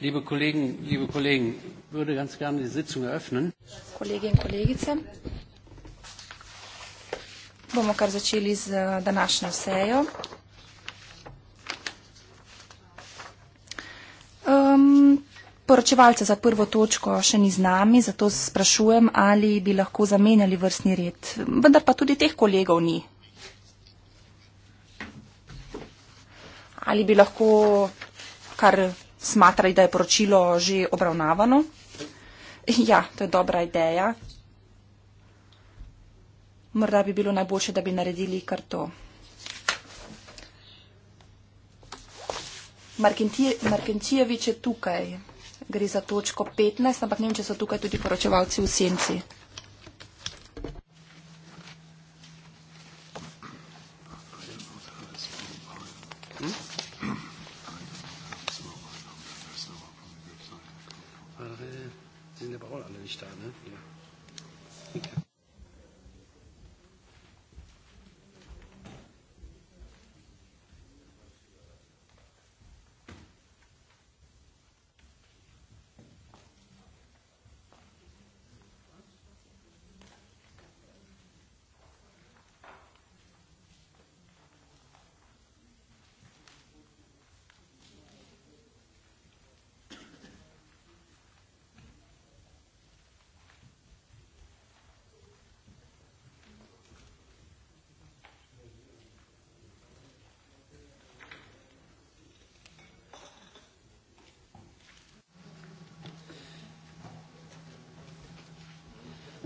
Liebe Kollegen, liebe Kollegen, ich würde ganz gerne die Sitzung eröffnen. Kolleginnen und Kollegen, bomo kar začeli z eh, današnjo sejo. Um, poročevalce za prvo točko še ni z nami, zato sprašujem, ali bi lahko zamenjali vrstni red. Vendar pa tudi teh kolegov ni. Ali bi lahko kar smatrali, da je poročilo že obravnavano. Ja, to je dobra ideja. Morda bi bilo najboljše, da bi naredili kar to. Markentijevič je tukaj. Gre za točko 15, ampak ne vem, če so tukaj tudi poročevalci v senci. ta, ne?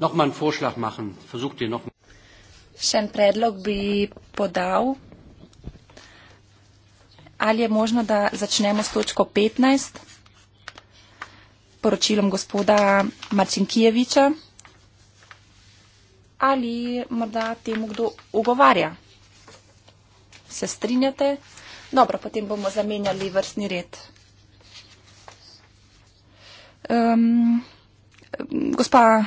noch mal einen Vorschlag machen. Versucht ihr noch Šen predlog bi podal, ali je možno, da začnemo s točko 15, poročilom gospoda Marcinkijeviča, ali morda temu, kdo ugovarja. Se strinjate? Dobro, potem bomo zamenjali vrstni red. Um, gospa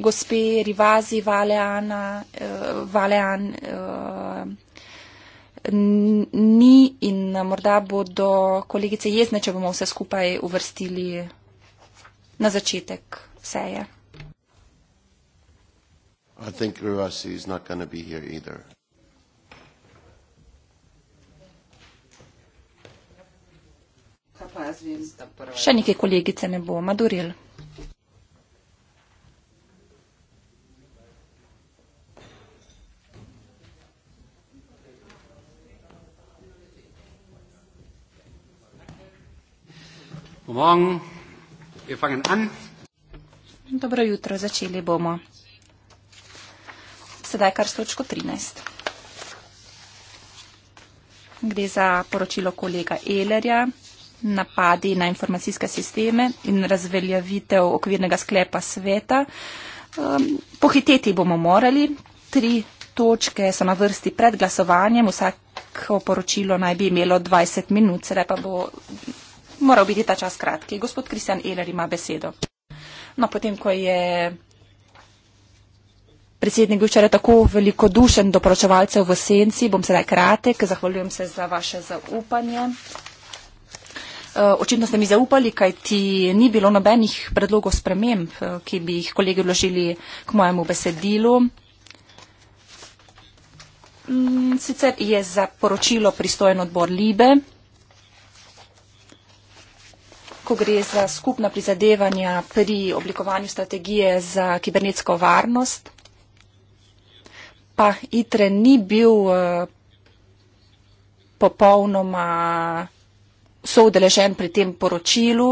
gospe Rivazi Valeana, uh, Valean uh, ni in morda bodo kolegice jezne, če bomo vse skupaj uvrstili na začetek seje. Še nekaj kolegice ne bo, Maduril. Morgen. Wir fangen an. Dobro jutro, začeli bomo. Sedaj kar s točko 13. Gre za poročilo kolega Elerja, napadi na informacijske sisteme in razveljavitev okvirnega sklepa sveta. Um, pohiteti bomo morali. Tri točke so na vrsti pred glasovanjem. Vsako poročilo naj bi imelo 20 minut, sedaj pa bo moral biti ta čas kratki. Gospod Kristjan Eler ima besedo. No, potem, ko je predsednik včeraj tako veliko dušen do poročevalcev v senci, bom sedaj kratek, zahvaljujem se za vaše zaupanje. Eh, očitno ste mi zaupali, kaj ti ni bilo nobenih predlogov sprememb, eh, ki bi jih kolegi vložili k mojemu besedilu. Mm, sicer je za poročilo pristojen odbor Libe ko gre za skupna prizadevanja pri oblikovanju strategije za kibernetsko varnost. Pa ITRE ni bil eh, popolnoma soudeležen pri tem poročilu,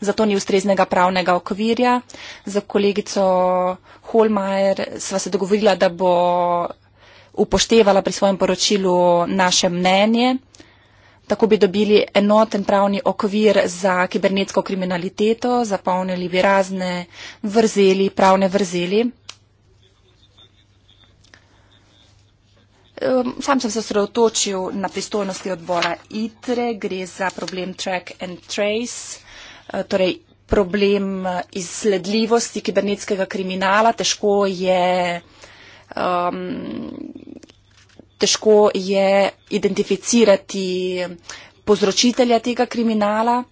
zato ni ustreznega pravnega okvirja. Za kolegico Holmajer sva se dogovorila, da bo upoštevala pri svojem poročilu naše mnenje. Tako bi dobili enoten pravni okvir za kibernetsko kriminaliteto, zapolnili bi razne vrzeli, pravne vrzeli. Sam sem se sredotočil na pristojnosti odbora ITRE, gre za problem track and trace, eh, torej problem eh, izsledljivosti kibernetskega kriminala, težko je um, težko je identificirati povzročitelja tega kriminala.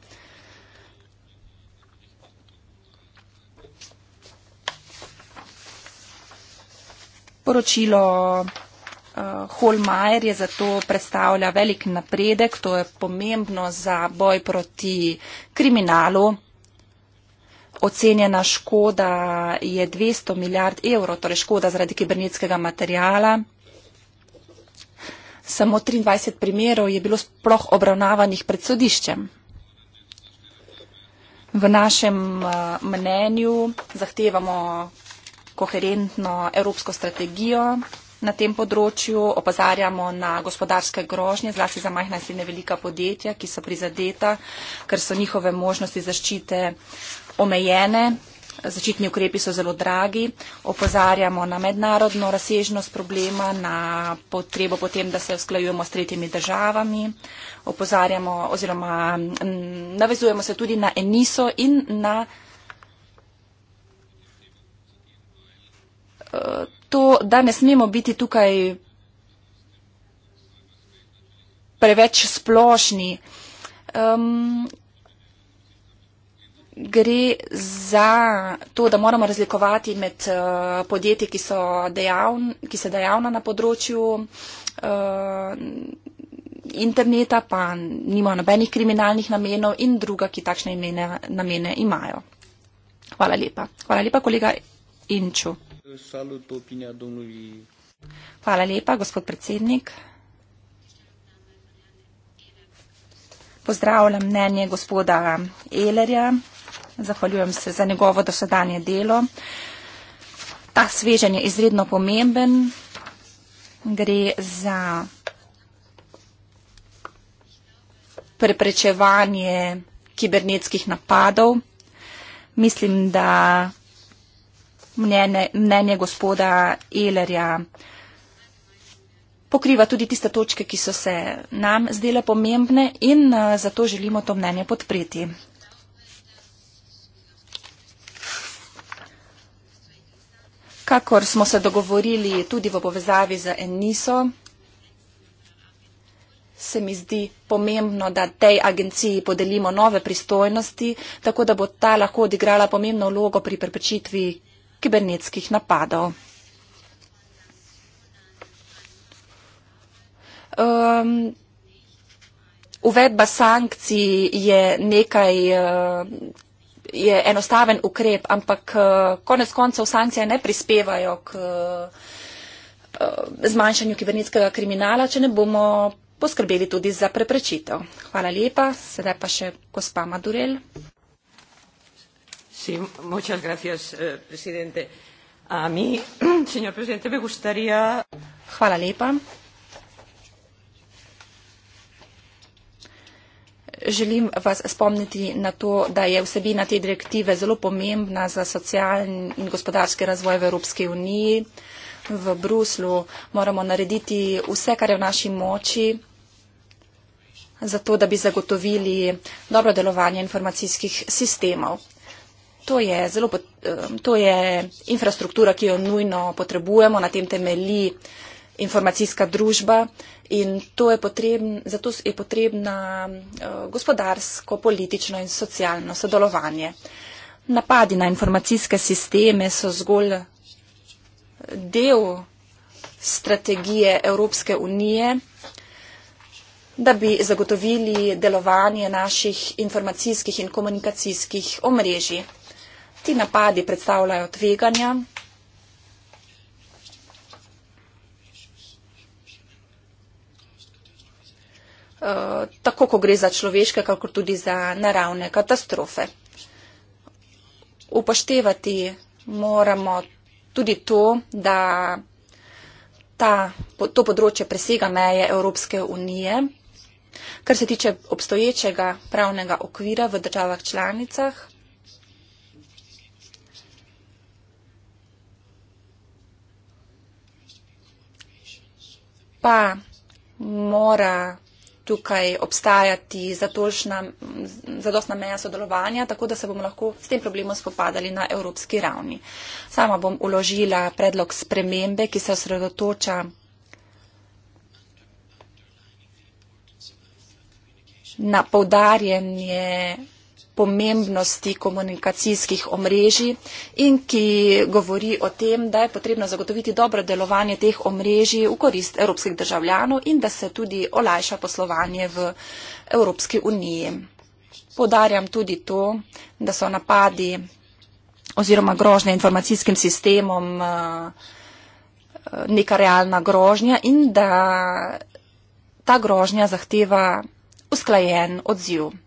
Poročilo uh, eh, Holmeier je zato predstavlja velik napredek, to je pomembno za boj proti kriminalu. Ocenjena škoda je 200 milijard evrov, torej škoda zaradi kibernetskega materijala samo 23 primerov je bilo sploh obravnavanih pred sodiščem. V našem eh, mnenju zahtevamo koherentno evropsko strategijo na tem področju, opozarjamo na gospodarske grožnje, zlasti za majhna in srednje velika podjetja, ki so prizadeta, ker so njihove možnosti zaščite omejene Začetni ukrepi so zelo dragi, opozarjamo na mednarodno razsežnost problema, na potrebo potem, da se usklajujemo s tretjimi državami, opozarjamo oziroma navezujemo se tudi na Eniso in na e, to, da ne smemo biti tukaj preveč splošni gre za to, da moramo razlikovati med uh, podjetji, ki, dejavn, ki se dejavna na področju uh, interneta, pa nimajo nobenih kriminalnih namenov in druga, ki takšne imene, namene imajo. Hvala lepa. Hvala lepa, kolega Inču. Hvala lepa, gospod predsednik. Pozdravljam mnenje gospoda Elerja. Zahvaljujem se za njegovo dosedanje delo. Ta svežen je izredno pomemben. Gre za preprečevanje kibernetskih napadov. Mislim, da mnenje, mnenje gospoda Elerja pokriva tudi tiste točke, ki so se nam zdele pomembne in eh, zato želimo to mnenje podpreti. kakor smo se dogovorili tudi v povezavi z Eniso, se mi zdi pomembno, da tej agenciji podelimo nove pristojnosti, tako da bo ta lahko odigrala pomembno vlogo pri preprečitvi kibernetskih napadov. Um, uvedba sankcij je nekaj, uh, je enostaven ukrep, ampak eh, konec koncev sankcije ne prispevajo k eh, zmanjšanju kibernetskega kriminala, če ne bomo poskrbeli tudi za preprečitev. Hvala lepa. Sedaj pa še gospa Madurel. Sí, muchas gracias, eh, presidente. A mi, señor presidente, me gustaría. Hvala lepa. želim vas spomniti na to, da je vsebina te direktive zelo pomembna za socialni in gospodarski razvoj v Evropski uniji. V Bruslu moramo narediti vse, kar je v naši moči, zato da bi zagotovili dobro delovanje informacijskih sistemov. To je, zelo, eh, to je infrastruktura, ki jo nujno potrebujemo, na tem temelji informacijska družba in to je potrebn, zato je potrebna eh, gospodarsko, politično in socialno sodelovanje. Napadi na informacijske sisteme so zgolj del strategije Evropske unije, da bi zagotovili delovanje naših informacijskih in komunikacijskih omrežij. Ti napadi predstavljajo tveganja, Eh, tako ko gre za človeške, kako tudi za naravne katastrofe. Upoštevati moramo tudi to, da ta, to področje presega meje Evropske unije. Kar se tiče obstoječega pravnega okvira v državah članicah, pa mora tukaj obstajati zadostna meja sodelovanja, tako da se bomo lahko s tem problemom spopadali na evropski ravni. Sama bom uložila predlog spremembe, ki se osredotoča na poudarjanje pomembnosti komunikacijskih omrežij in ki govori o tem, da je potrebno zagotoviti dobro delovanje teh omrežij v korist evropskih državljanov in da se tudi olajša poslovanje v Evropski uniji. Podarjam tudi to, da so napadi oziroma grožnje informacijskim sistemom eh, neka realna grožnja in da ta grožnja zahteva usklajen odziv.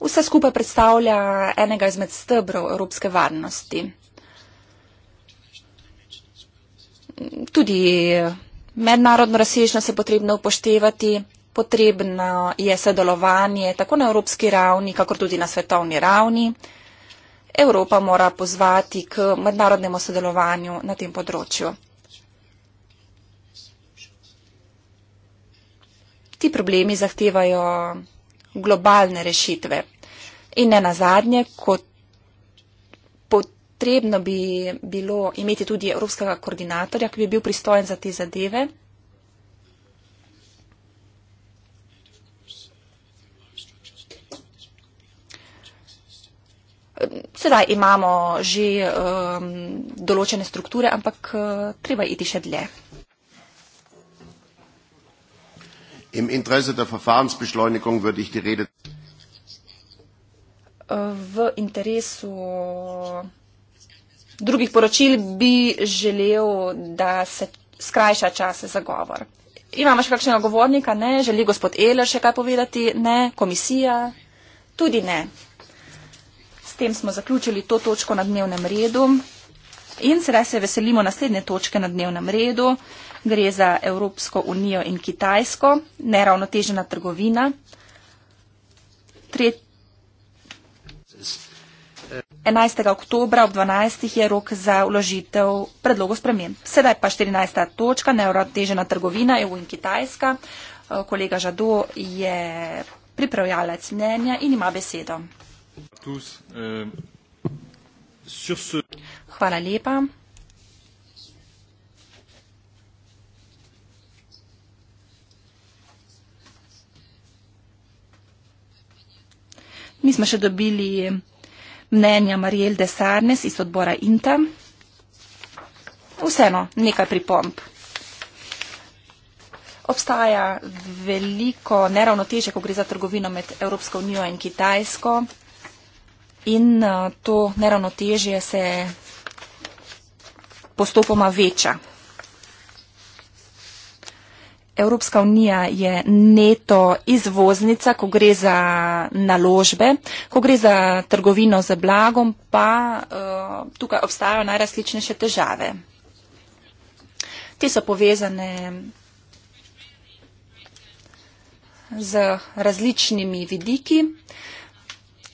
vse skupaj predstavlja enega izmed stebrov evropske varnosti. Tudi mednarodno razsežnost je potrebno upoštevati, potrebno je sodelovanje tako na evropski ravni, kakor tudi na svetovni ravni. Evropa mora pozvati k mednarodnemu sodelovanju na tem področju. Ti problemi zahtevajo globalne rešitve. In ne nazadnje, kot potrebno bi bilo imeti tudi evropskega koordinatorja, ki bi bil pristojen za te zadeve. Sedaj imamo že um, določene strukture, ampak uh, treba iti še dlje. Im Interesse der Verfahrensbeschleunigung würde ich die Rede. V interesu drugih poročil bi želel, da se skrajša čase za govor. Imamo še kakšnega govornika? Ne. Želi gospod Eler še kaj povedati? Ne. Komisija? Tudi ne. S tem smo zaključili to točko na dnevnem redu in sedaj se veselimo naslednje točke na dnevnem redu gre za Evropsko unijo in Kitajsko, neravnotežena trgovina. Tret... 11. oktobra ob 12. je rok za uložitev predlogov sprememb. Sedaj pa 14. točka, neravnotežena trgovina EU in Kitajska. Eh, kolega Žado je pripravljalec mnenja in ima besedo. Eh, Hvala lepa. Mi smo še dobili mnenja Marijel de Sarnes iz odbora INTA. Vseeno, nekaj pripomp. Obstaja veliko neravnoteže, ko gre za trgovino med Evropsko unijo in Kitajsko. In eh, to neravnotežje se postopoma veča. Evropska unija je neto izvoznica, ko gre za naložbe, ko gre za trgovino z blagom, pa uh, tukaj obstajajo najrazličnejše težave. Te so povezane z različnimi vidiki,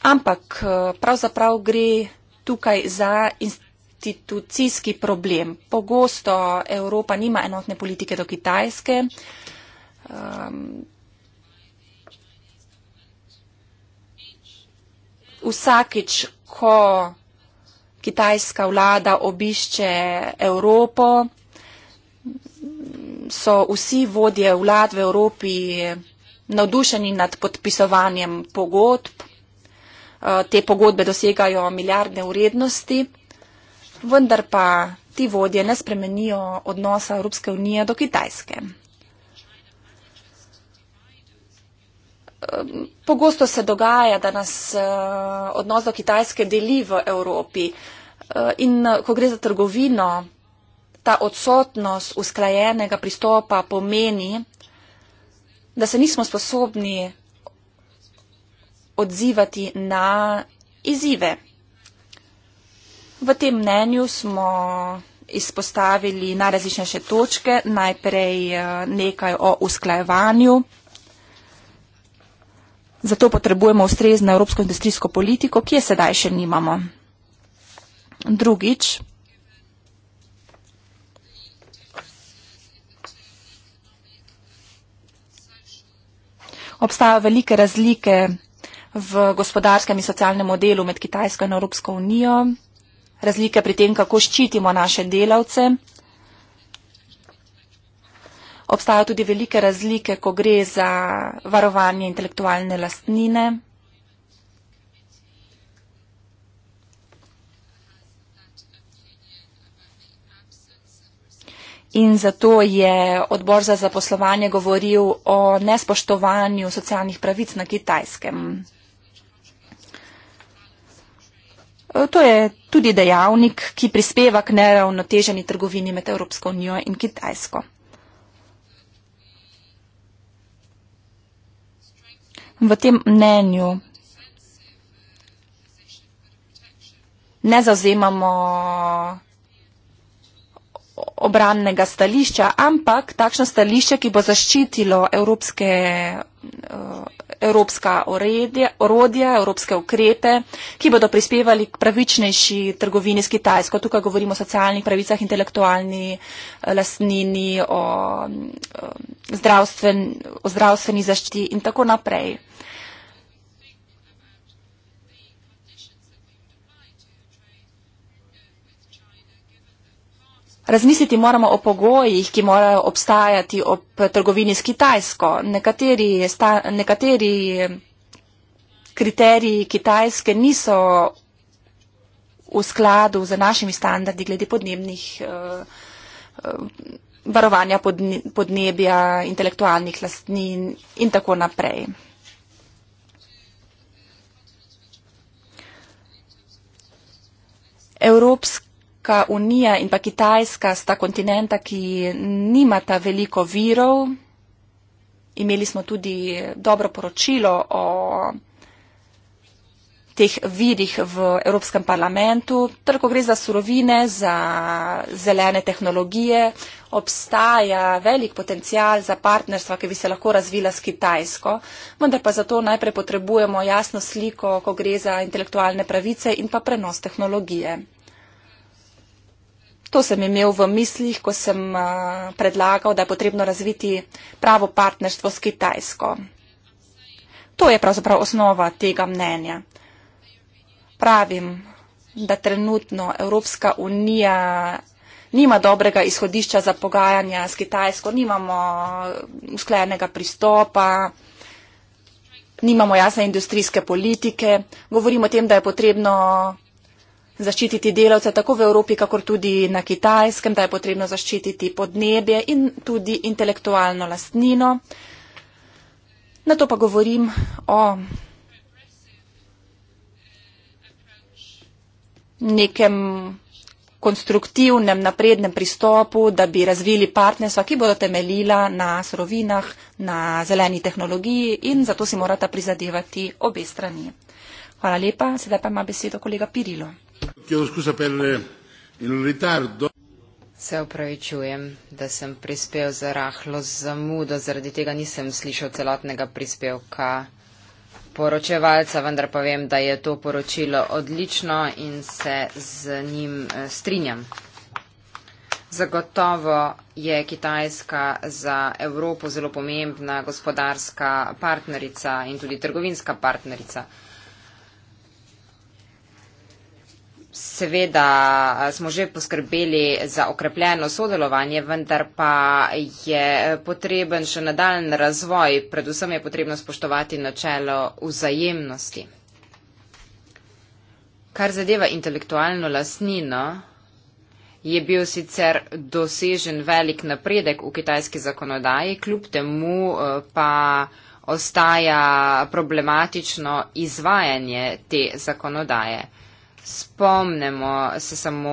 ampak eh, pravzaprav gre tukaj za institucije institucijski problem. Pogosto Evropa nima enotne politike do Kitajske. Um, vsakič, ko kitajska vlada obišče Evropo, so vsi vodje vlad v Evropi navdušeni nad podpisovanjem pogodb. Uh, te pogodbe dosegajo milijardne vrednosti vendar pa ti vodje ne spremenijo odnosa Evropske unije do Kitajske. Ehm, pogosto se dogaja, da nas eh, odnos do Kitajske deli v Evropi eh, in eh, ko gre za trgovino, ta odsotnost usklajenega pristopa pomeni, da se nismo sposobni odzivati na izive. V tem mnenju smo izpostavili najrazličnejše točke, najprej eh, nekaj o usklajevanju. Zato potrebujemo ustrezno evropsko industrijsko politiko, ki je sedaj še nimamo. Drugič, obstajajo velike razlike v gospodarskem in socialnem modelu med Kitajsko in Evropsko unijo razlike pri tem, kako ščitimo naše delavce. Obstajajo tudi velike razlike, ko gre za varovanje intelektualne lastnine. In zato je odbor za zaposlovanje govoril o nespoštovanju socialnih pravic na kitajskem. To je tudi dejavnik, ki prispeva k neravnoteženi trgovini med Evropsko unijo in Kitajsko. V tem mnenju ne zauzemamo obramnega stališča, ampak takšno stališče, ki bo zaščitilo evropske, eh, evropska orodja, orodja, evropske ukrepe, ki bodo prispevali k pravičnejši trgovini s Kitajsko. Tukaj govorimo o socialnih pravicah, intelektualni eh, lastnini, o, o, mm, eh, zdravstven, o zdravstveni zaščiti in tako naprej. Razmisliti moramo o pogojih, ki morajo obstajati ob trgovini s Kitajsko. Nekateri, sta, nekateri kriteriji Kitajske niso v skladu z našimi standardi glede podnebnih eh, eh, varovanja podnebja, intelektualnih lastnin in tako naprej. Evropski Evropska unija in pa Kitajska sta kontinenta, ki nimata veliko virov. Imeli smo tudi dobro poročilo o teh virih v Evropskem parlamentu. Tako, torej, ko gre za surovine, za zelene tehnologije, obstaja velik potencial za partnerstva, ki bi se lahko razvila s Kitajsko. Vendar pa zato najprej potrebujemo jasno sliko, ko gre za intelektualne pravice in pa prenos tehnologije. To sem imel v mislih, ko sem eh, predlagal, da je potrebno razviti pravo partnerstvo s Kitajsko. To je pravzaprav osnova tega mnenja. Pravim, da trenutno Evropska unija nima dobrega izhodišča za pogajanja s Kitajsko, nimamo eh, usklajenega pristopa, nimamo jasne industrijske politike, govorimo o tem, da je potrebno zaščititi delavce tako v Evropi, kakor tudi na kitajskem, da je potrebno zaščititi podnebje in tudi intelektualno lastnino. Na to pa govorim o nekem konstruktivnem, naprednem pristopu, da bi razvili partnerstva, ki bodo temeljila na sorovinah, na zeleni tehnologiji in zato si morata prizadevati obe strani. Hvala lepa, sedaj pa ima besedo kolega Pirilo. Chiedo scusa per eh, il ritardo. Se opravičujem, da sem prispel za rahlo zamudo, zaradi tega nisem slišal celotnega prispevka poročevalca, vendar pa vem, da je to poročilo odlično in se z njim eh, strinjam. Zagotovo je Kitajska za Evropo zelo pomembna gospodarska partnerica in tudi trgovinska partnerica. Seveda smo že poskrbeli za okrepljeno sodelovanje, vendar pa je potreben še nadaljen razvoj, predvsem je potrebno spoštovati načelo vzajemnosti. Kar zadeva intelektualno lasnino, je bil sicer dosežen velik napredek v kitajski zakonodaji, kljub temu e, pa ostaja problematično izvajanje te zakonodaje spomnimo se samo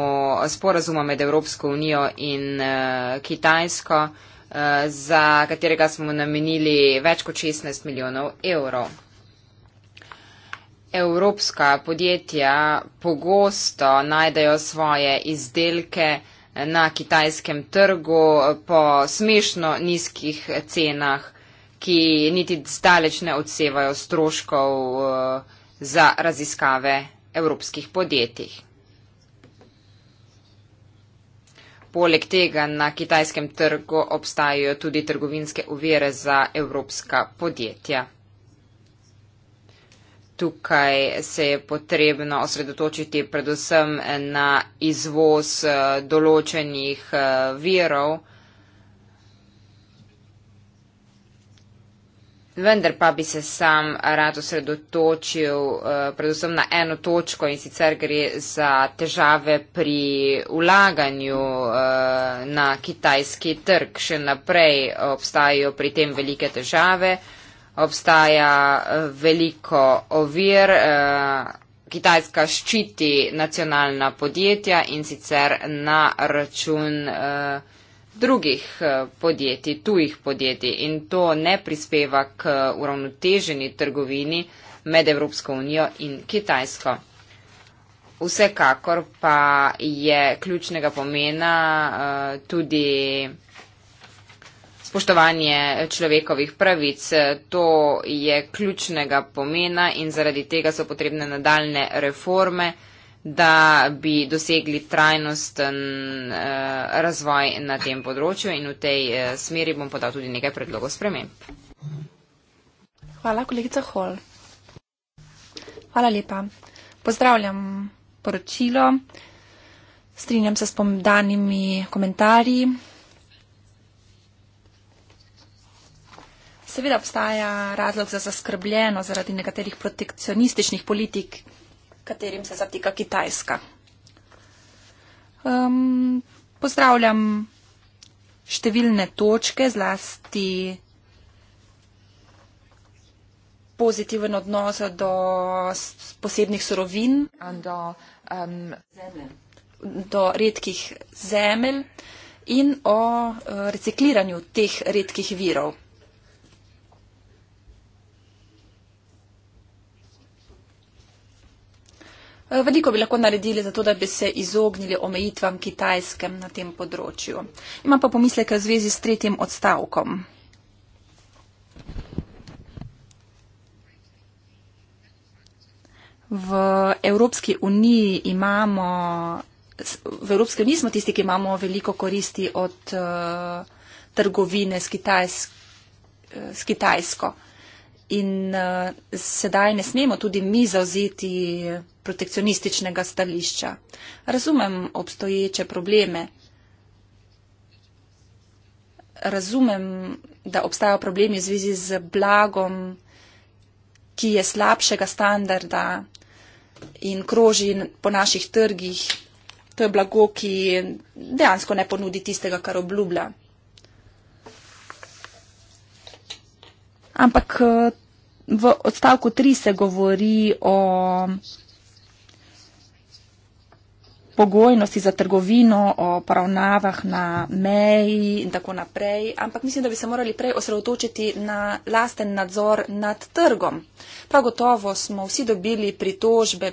sporazuma med Evropsko unijo in uh, Kitajsko, uh, za katerega smo namenili več kot 16 milijonov evrov. Evropska podjetja pogosto najdejo svoje izdelke eh, na kitajskem trgu po smešno nizkih cenah, ki niti zdaleč ne odsevajo stroškov za raziskave evropskih podjetjih. Poleg tega na kitajskem trgu obstajajo tudi trgovinske uvere za evropska podjetja. Tukaj se je potrebno osredotočiti predvsem na izvoz eh, določenih eh, virov, vendar pa bi se sam rad osredotočil eh, predvsem na eno točko in sicer gre za težave pri ulaganju eh, na kitajski trg. Še naprej obstajajo pri tem velike težave, obstaja eh, veliko ovir. Kitajska ščiti nacionalna podjetja in sicer na račun uh, drugih eh, podjetij, tujih podjetij in to ne prispeva k uravnoteženi trgovini med Evropsko unijo in Kitajsko. Vsekakor pa je ključnega pomena eh, tudi spoštovanje človekovih pravic. To je ključnega pomena in zaradi tega so potrebne nadaljne reforme da bi dosegli trajnosten eh, razvoj na tem področju in v tej eh, smeri bom podal tudi nekaj predlogov sprememb. Hvala, kolegica Hol. Hvala lepa. Pozdravljam poročilo. Strinjam se s pomdanimi komentarji. Seveda obstaja razlog za zaskrbljeno zaradi nekaterih protekcionističnih politik, katerim se zatika Kitajska. Um, pozdravljam številne točke, zlasti pozitiven odnos do posebnih surovin, do, um, do redkih zemelj in o eh, recikliranju teh redkih virov. Eh, veliko bi lahko naredili za to, da bi se izognili omejitvam kitajskem na tem področju. Imam pa pomisleke v zvezi s tretjim odstavkom. V Evropski uniji imamo, v Evropski uniji smo tisti, ki imamo veliko koristi od uh, trgovine s, kitajs, uh, s Kitajsko. In uh, sedaj ne smemo tudi mi zauzeti. Uh, protekcionističnega stališča. Razumem obstoječe probleme. Razumem, da obstajajo problemi v zvezi z blagom, ki je slabšega standarda in kroži po naših trgih. To je blago, ki dejansko ne ponudi tistega, kar obljublja. Ampak eh, v odstavku 3 se govori o pogojnosti za trgovino, o poravnavah na meji in tako naprej, ampak mislim, da bi se morali prej osredotočiti na lasten nadzor nad trgom. Prav gotovo smo vsi dobili pritožbe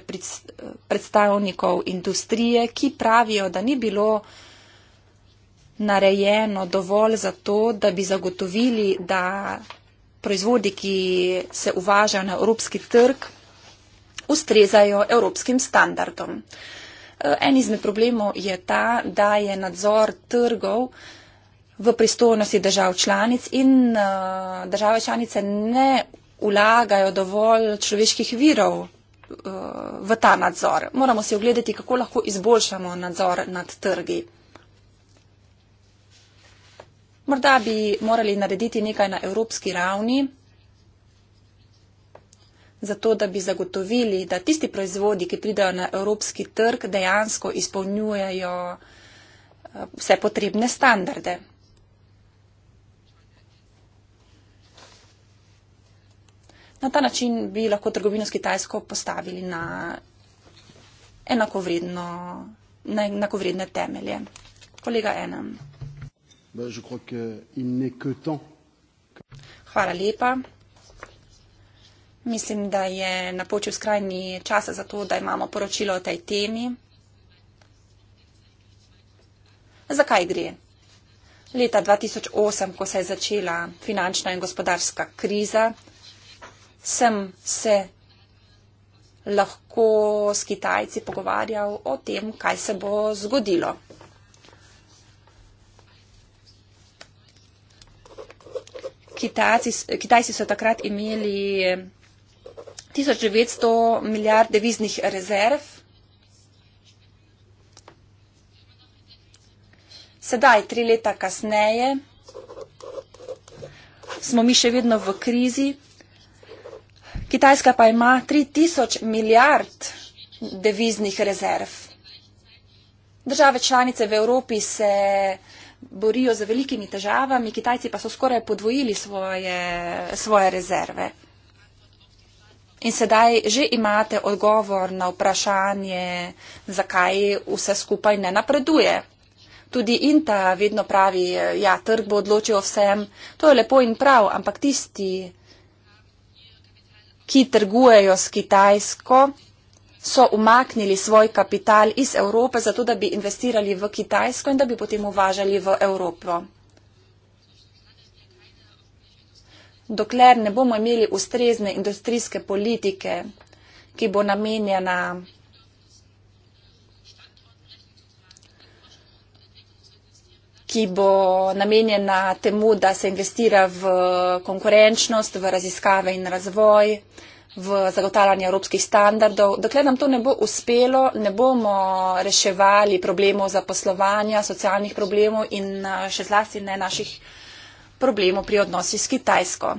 predstavnikov industrije, ki pravijo, da ni bilo narejeno dovolj za to, da bi zagotovili, da proizvodi, ki se uvažajo na evropski trg, ustrezajo evropskim standardom. Uh, En izmed problemov je ta, da je nadzor trgov v pristojnosti držav članic in eh, države članice ne vlagajo dovolj človeških virov eh, v ta nadzor. Moramo si ogledati, kako lahko izboljšamo nadzor nad trgi. Morda bi morali narediti nekaj na evropski ravni zato da bi zagotovili, da tisti proizvodi, ki pridajo na evropski trg, dejansko izpolnjujejo eh, vse potrebne standarde. Na ta način bi lahko trgovino s Kitajsko postavili na enakovredno, na enakovredne temelje. Kolega Enam. Hvala lepa. Mislim, da je napočil skrajni čas za to, da imamo poročilo o tej temi. Zakaj gre? Leta 2008, ko se je začela finančna in gospodarska kriza, sem se lahko s Kitajci pogovarjal o tem, kaj se bo zgodilo. Kitajci, Kitajci so takrat imeli 2900 milijard deviznih rezerv. Sedaj, tri leta kasneje, smo mi še vedno v krizi. Kitajska pa ima 3000 milijard deviznih rezerv. Države članice v Evropi se borijo z velikimi težavami, Kitajci pa so skoraj podvojili svoje, svoje rezerve. In sedaj že imate odgovor na vprašanje, zakaj vse skupaj ne napreduje. Tudi Inta vedno pravi, ja, trg bo odločil vsem. To je lepo in prav, ampak tisti, ki trgujejo s Kitajsko, so umaknili svoj kapital iz Evrope, zato da bi investirali v Kitajsko in da bi potem uvažali v Evropo. dokler ne bomo imeli ustrezne industrijske politike, ki bo namenjena ki bo namenjena temu, da se investira v konkurenčnost, v raziskave in razvoj, v zagotavljanje evropskih standardov. Dokler nam to ne bo uspelo, ne bomo reševali problemov zaposlovanja, socialnih problemov in eh, še zlasti ne naših problemu pri odnosi s Kitajsko.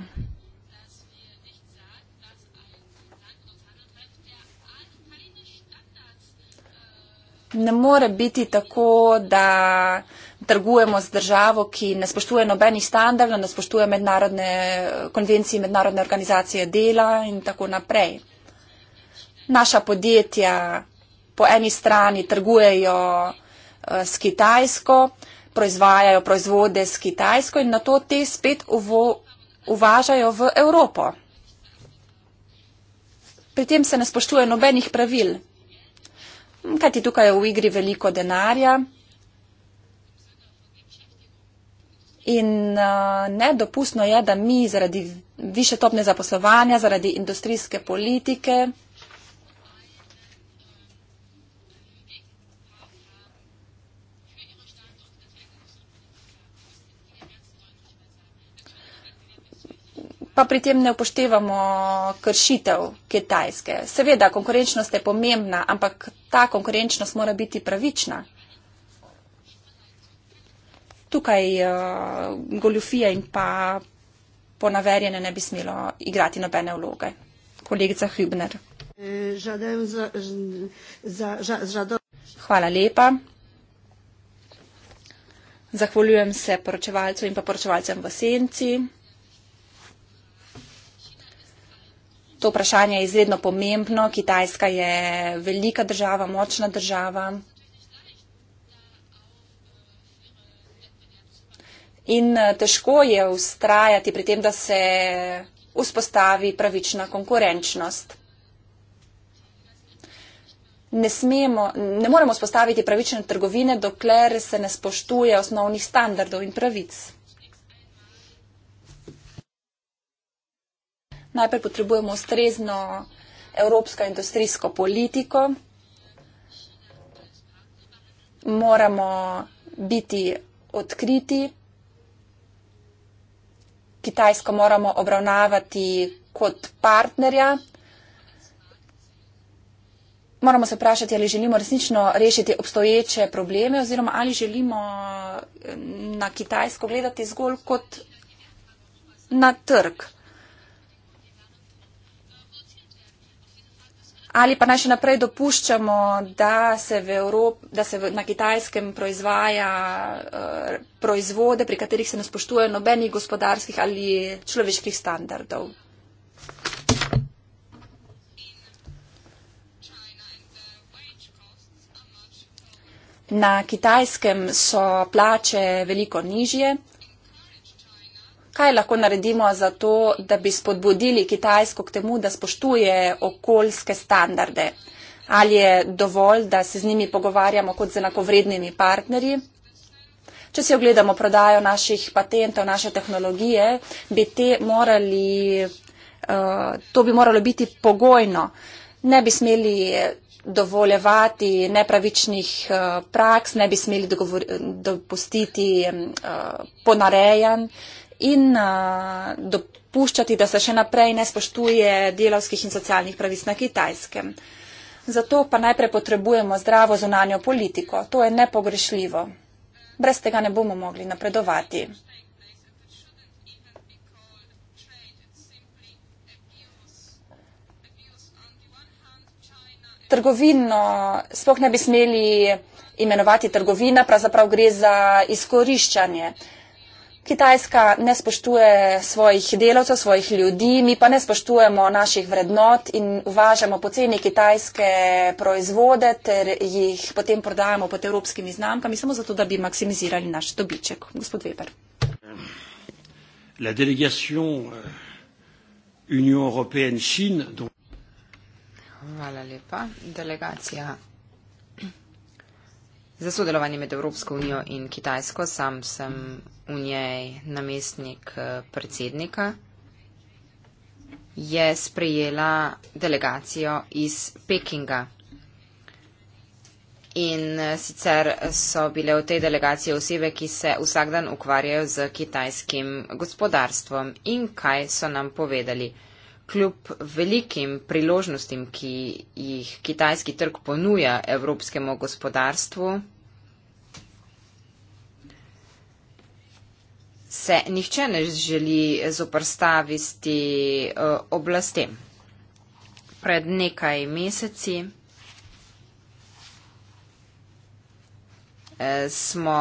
Ne more biti tako, da trgujemo z državo, ki ne spoštuje nobenih standardov, ne spoštuje mednarodne konvencije, mednarodne organizacije dela in tako naprej. Naša podjetja po eni strani trgujejo eh, s Kitajsko, proizvajajo proizvode s Kitajsko in na to te spet uvo, uvažajo v Evropo. Pri tem se ne spoštuje nobenih pravil, kajti tukaj je v igri veliko denarja in uh, nedopustno je, da mi zaradi više topne zaposlovanja, zaradi industrijske politike, pa pri tem ne upoštevamo kršitev Kitajske. Seveda, konkurenčnost je pomembna, ampak ta konkurenčnost mora biti pravična. Tukaj uh, eh, goljofija in pa ponaverjene ne bi smelo igrati nobene vloge. Kolegica Hübner. Hvala lepa. Zahvaljujem se poročevalcu in pa poročevalcem v senci. To vprašanje je izredno pomembno. Kitajska je velika država, močna država. In eh, težko je ustrajati pri tem, da se vzpostavi pravična konkurenčnost. Ne, smemo, ne moremo vzpostaviti pravične trgovine, dokler se ne spoštuje osnovnih standardov in pravic. Najprej potrebujemo ustrezno evropsko industrijsko politiko. Moramo biti odkriti. Kitajsko moramo obravnavati kot partnerja. Moramo se vprašati, ali želimo resnično rešiti obstoječe probleme oziroma ali želimo eh, na Kitajsko gledati zgolj kot na trg. Ali pa naj še naprej dopuščamo, da se, v Evrop, da se na kitajskem proizvaja eh, proizvode, pri katerih se ne spoštuje nobenih gospodarskih ali človeških standardov. Na kitajskem so plače veliko nižje, kaj lahko naredimo za to, da bi spodbudili Kitajsko k temu, da spoštuje okoljske standarde? Ali je dovolj, da se z njimi pogovarjamo kot z enakovrednimi partnerji? Če si ogledamo prodajo naših patentov, naše tehnologije, bi te morali, eh, to bi moralo biti pogojno. Ne bi smeli dovoljevati nepravičnih eh, praks, ne bi smeli dopustiti eh, ponarejanj in dopuščati, da se še naprej ne spoštuje delavskih in socialnih pravic na kitajskem. Zato pa najprej potrebujemo zdravo zunanjo politiko. To je nepogrešljivo. Brez tega ne bomo mogli napredovati. Trgovino spoh ne bi smeli imenovati trgovina, pravzaprav gre za izkoriščanje. Kitajska ne spoštuje svojih delavcev, svojih ljudi, mi pa ne spoštujemo naših vrednot in uvažamo poceni kitajske proizvode ter jih potem prodajamo pod evropskimi znamkami, samo zato, da bi maksimizirali naš dobiček. Gospod Weber. Euh, Hvala lepa. Delegacija za sodelovanje med Evropsko unijo in Kitajsko. Sam sem v njej namestnik eh, predsednika. Je sprejela delegacijo iz Pekinga. In eh, sicer so bile v tej delegaciji osebe, ki se vsak dan ukvarjajo z kitajskim gospodarstvom. In kaj so nam povedali? Kljub velikim priložnostim, ki jih kitajski trg ponuja evropskemu gospodarstvu, se nihče ne želi zoprstaviti eh, oblasti. Pred nekaj meseci eh, smo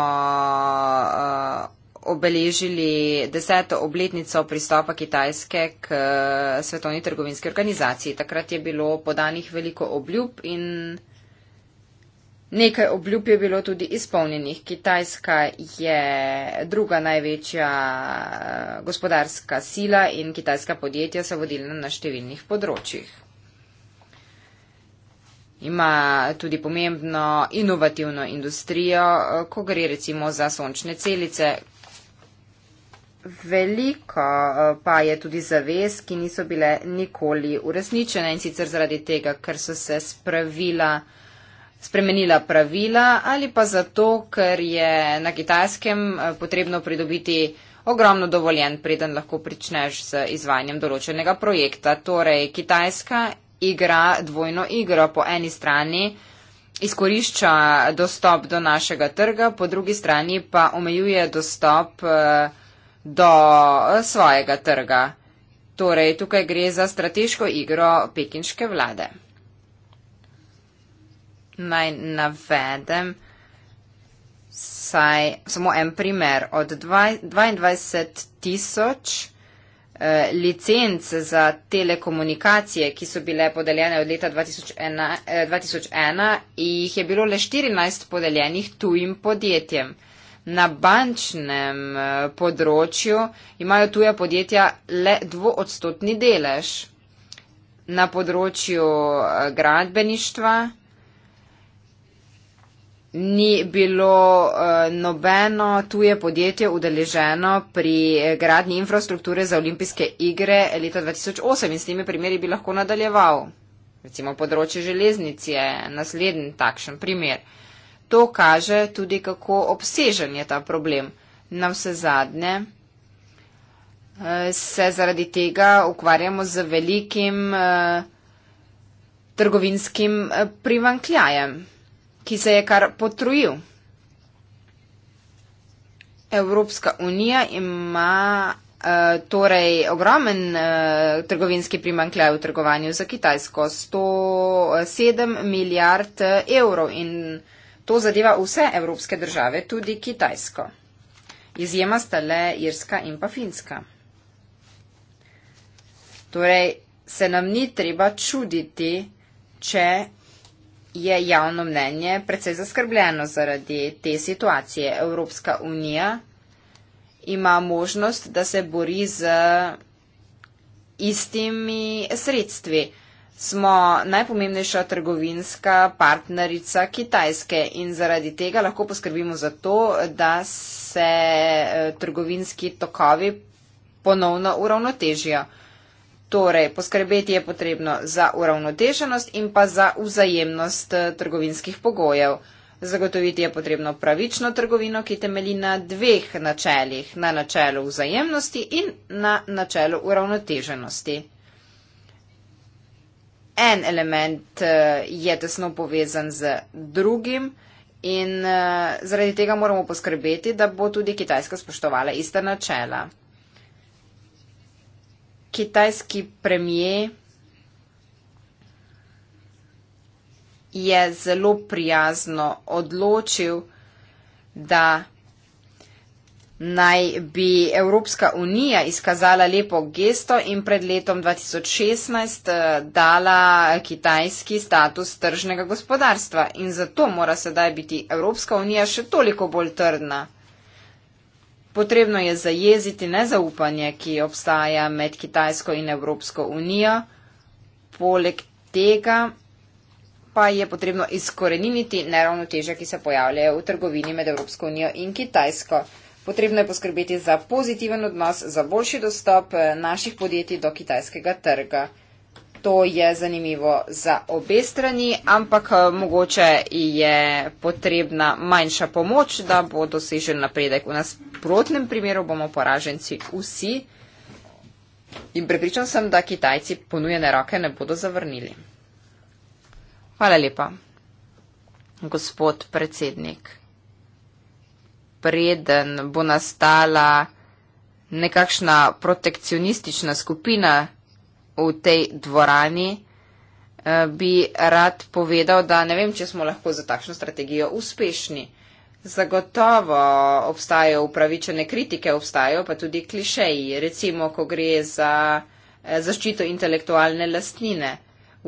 eh, obeležili deseto obletnico pristopa Kitajske k eh, svetovni trgovinski organizaciji. Takrat je bilo podanih veliko obljub in nekaj obljub je bilo tudi izpolnjenih. Kitajska je druga največja eh, gospodarska sila in kitajska podjetja so vodilna na številnih področjih. Ima tudi pomembno inovativno industrijo, eh, ko gre recimo za sončne celice, veliko eh, pa je tudi zavez, ki niso bile nikoli uresničene in sicer zaradi tega, ker so se spravila, spremenila pravila ali pa zato, ker je na kitajskem eh, potrebno pridobiti ogromno dovoljen, preden lahko prečneš z izvajanjem določenega projekta. Torej, kitajska igra dvojno igro po eni strani izkorišča dostop do našega trga, po drugi strani pa omejuje dostop uh, do svojega trga. Torej, tukaj gre za strateško igro pekinške vlade. Naj navedem saj, samo en primer. Od 22 tisoč eh, licenc za telekomunikacije, ki so bile podeljene od leta 2001, eh, 2001 jih je bilo le 14 podeljenih tujim podjetjem na bančnem eh, področju imajo tuja podjetja le dvoodstotni delež. Na področju eh, gradbeništva ni bilo eh, nobeno tuje podjetje udeleženo pri gradni infrastrukture za olimpijske igre leta 2008 in s temi primeri bi lahko nadaljeval. Recimo področje železnic je naslednji takšen primer. To kaže tudi, kako obsežen je ta problem. Na vse zadnje eh, se zaradi tega ukvarjamo z velikim eh, trgovinskim eh, privankljajem, ki se je kar potrujil. Evropska unija ima torej ogromen trgovinski primankljaj v trgovanju za Kitajsko, 107 milijard evrov in evrov. To zadeva vse evropske države, tudi Kitajsko. Izjema sta le Irska in pa Finska. Torej, se nam ni treba čuditi, če je javno mnenje precej zaskrbljeno zaradi te situacije. Evropska unija ima možnost, da se bori z istimi sredstvi smo najpomembnejša trgovinska partnerica Kitajske in zaradi tega lahko poskrbimo za to, da se eh, trgovinski tokovi ponovno uravnotežijo. Torej, poskrbeti je potrebno za uravnoteženost in pa za vzajemnost eh, trgovinskih pogojev. Zagotoviti je potrebno pravično trgovino, ki temeli na dveh načeljih, na načelu vzajemnosti in na načelu uravnoteženosti en element eh, je tesno povezan z drugim in eh, zaradi tega moramo poskrbeti, da bo tudi Kitajska spoštovala ista načela. Kitajski premijer je zelo prijazno odločil, da naj bi Evropska unija izkazala lepo gesto in pred letom 2016 eh, dala kitajski status tržnega gospodarstva. In zato mora sedaj biti Evropska unija še toliko bolj trdna. Potrebno je zajeziti nezaupanje, ki obstaja med Kitajsko in Evropsko unijo. Poleg tega pa je potrebno izkoreniniti neravnoteže, ki se pojavljajo v trgovini med Evropsko unijo in Kitajsko. Potrebno je poskrbeti za pozitiven odnos, za boljši dostop eh, naših podjetij do kitajskega trga. To je zanimivo za obe strani, ampak eh, mogoče je potrebna manjša pomoč, da bo dosežen napredek. V nasprotnem primeru bomo poraženci vsi in prepričan sem, da Kitajci ponujene roke ne bodo zavrnili. Hvala lepa, gospod predsednik preden bo nastala nekakšna protekcionistična skupina v tej dvorani, eh, bi rad povedal, da ne vem, če smo lahko za takšno strategijo uspešni. Zagotovo obstajajo upravičene kritike, obstajajo pa tudi klišeji, recimo, ko gre za eh, zaščito intelektualne lastnine.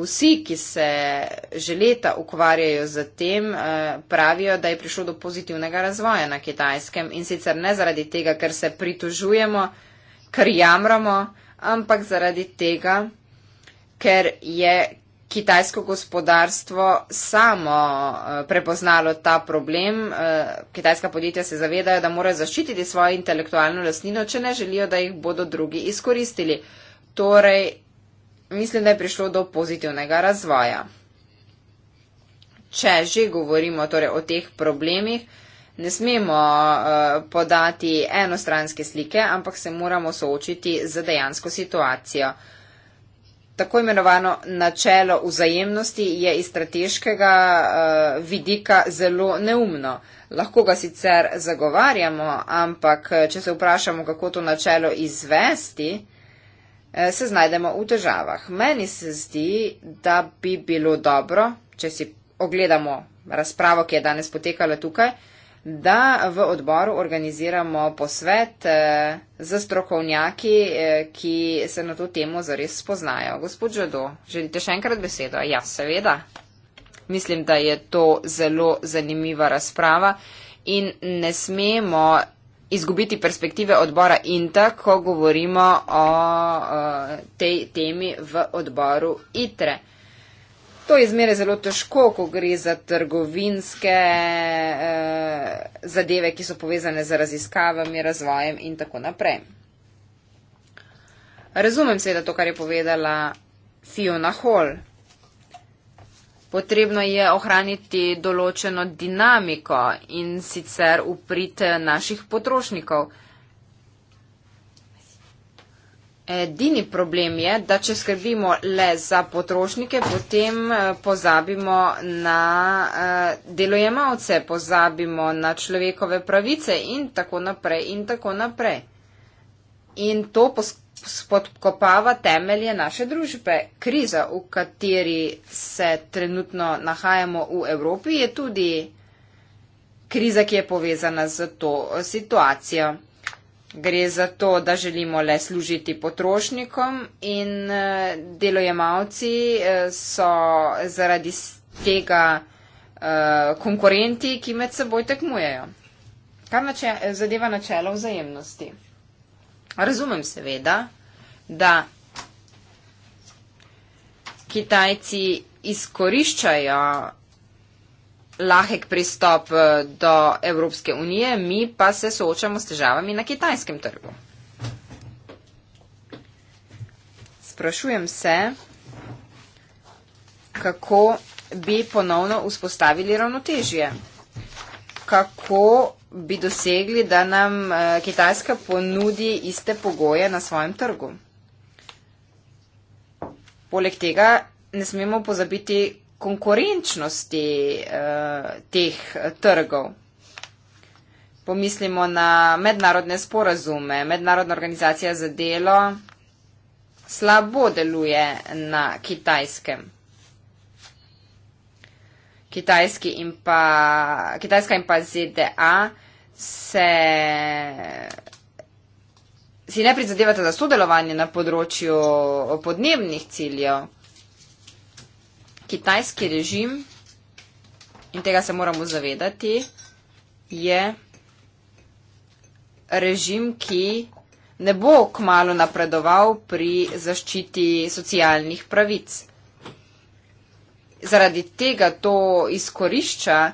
Vsi, ki se že leta ukvarjajo z tem, eh, pravijo, da je prišlo do pozitivnega razvoja na kitajskem in sicer ne zaradi tega, ker se pritožujemo, ker jamramo, ampak zaradi tega, ker je kitajsko gospodarstvo samo eh, prepoznalo ta problem. Eh, kitajska podjetja se zavedajo, da morajo zaščititi svojo intelektualno lastnino, če ne želijo, da jih bodo drugi izkoristili. Torej, mislim, da je prišlo do pozitivnega razvoja. Če že govorimo torej, o teh problemih, ne smemo uh, podati enostranske slike, ampak se moramo soočiti z dejansko situacijo. Tako imenovano načelo vzajemnosti je iz strateškega uh, vidika zelo neumno. Lahko ga sicer zagovarjamo, ampak eh, če se vprašamo, kako to načelo izvesti, uh, Eh, se znajdemo v težavah. Meni se zdi, da bi bilo dobro, če si ogledamo razpravo, ki je danes potekala tukaj, da v odboru organiziramo posvet z eh, strokovnjaki, eh, ki se na to temo zares spoznajo. Gospod Žado, želite še enkrat besedo? Ja, seveda. Mislim, da je to zelo zanimiva razprava in ne smemo izgubiti perspektive odbora INTA, ko govorimo o tej temi v odboru ITRE. To je izmere zelo težko, ko gre za trgovinske eh, zadeve, ki so povezane z raziskavami, razvojem in tako naprej. Razumem seveda to, kar je povedala Fiona Hall. Potrebno je ohraniti določeno dinamiko in sicer uprite naših potrošnikov. Edini problem je, da če skrbimo le za potrošnike, potem eh, pozabimo na eh, delojemalce, pozabimo na človekove pravice in tako naprej in tako naprej. In to poskušamo spodkopava temelje naše družbe. Kriza, v kateri se trenutno nahajamo v Evropi, je tudi kriza, ki je povezana z to situacijo. Gre za to, da želimo le služiti potrošnikom in eh, delojemalci eh, so zaradi tega eh, konkurenti, ki med seboj tekmujejo. Kar nače, zadeva načelo vzajemnosti. Razumem seveda, da Kitajci izkoriščajo lahek pristop eh, do Evropske unije, mi pa se soočamo s težavami na kitajskem trgu. Sprašujem se, kako bi ponovno vzpostavili ravnotežje kako bi dosegli, da nam uh, Kitajska ponudi iste pogoje na svojem trgu. Poleg tega ne smemo pozabiti konkurenčnosti uh, teh trgov. Pomislimo na mednarodne sporazume. Mednarodna organizacija za delo slabo deluje na kitajskem. Kitajski in pa, Kitajska in pa ZDA se, si ne prizadevate za sodelovanje na področju podnebnih ciljev. Kitajski režim, in tega se moramo zavedati, je režim, ki ne bo kmalo napredoval pri zaščiti socialnih pravic zaradi tega to izkorišča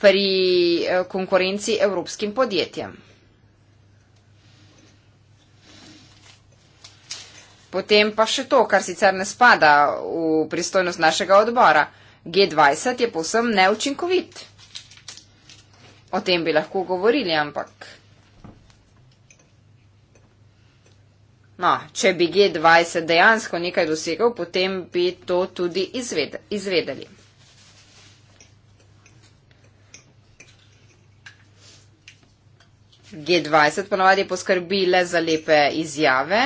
pri eh, konkurenci evropskim podjetjem. Potem pa še to, kar sicer ne spada v pristojnost našega odbora. G20 je povsem neučinkovit. O tem bi lahko govorili, ampak. No, če bi G20 dejansko nekaj dosegal, potem bi to tudi izvedeli. G20 ponovadi poskrbi le za lepe izjave,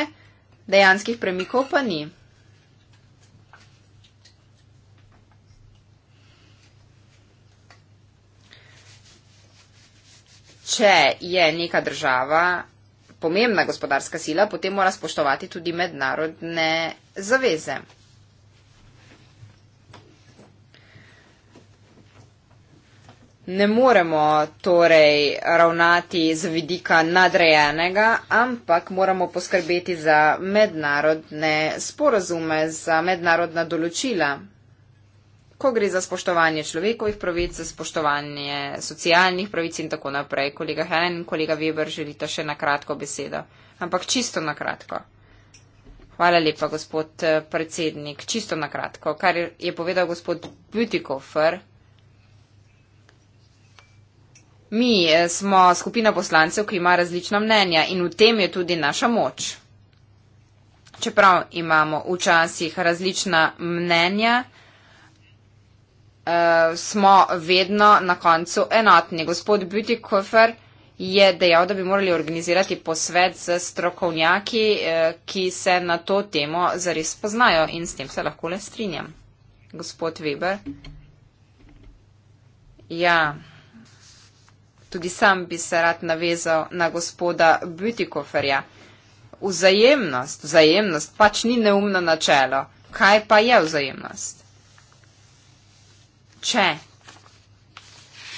dejanskih premikov pa ni. Če je neka država pomembna gospodarska sila, potem mora spoštovati tudi mednarodne zaveze. Ne moremo torej ravnati z vidika nadrejenega, ampak moramo poskrbeti za mednarodne sporozume, za mednarodna določila ko gre za spoštovanje človekovih pravic, za spoštovanje socialnih pravic in tako naprej. Kolega Hen, kolega Weber, želite še na kratko besedo? Ampak čisto na kratko. Hvala lepa, gospod eh, predsednik. Čisto na kratko, kar je povedal gospod Butikofer. Mi eh, smo skupina poslancev, ki ima različna mnenja in v tem je tudi naša moč. Čeprav imamo včasih različna mnenja, uh, smo vedno na koncu enotni. Gospod Bütikofer je dejal, da bi morali organizirati posvet z strokovnjaki, uh, ki se na to temo zares poznajo in s tem se lahko le strinjam. Gospod Weber. Ja, tudi sam bi se rad navezal na gospoda Bütikoferja. Vzajemnost, vzajemnost pač ni neumno načelo. Kaj pa je vzajemnost? če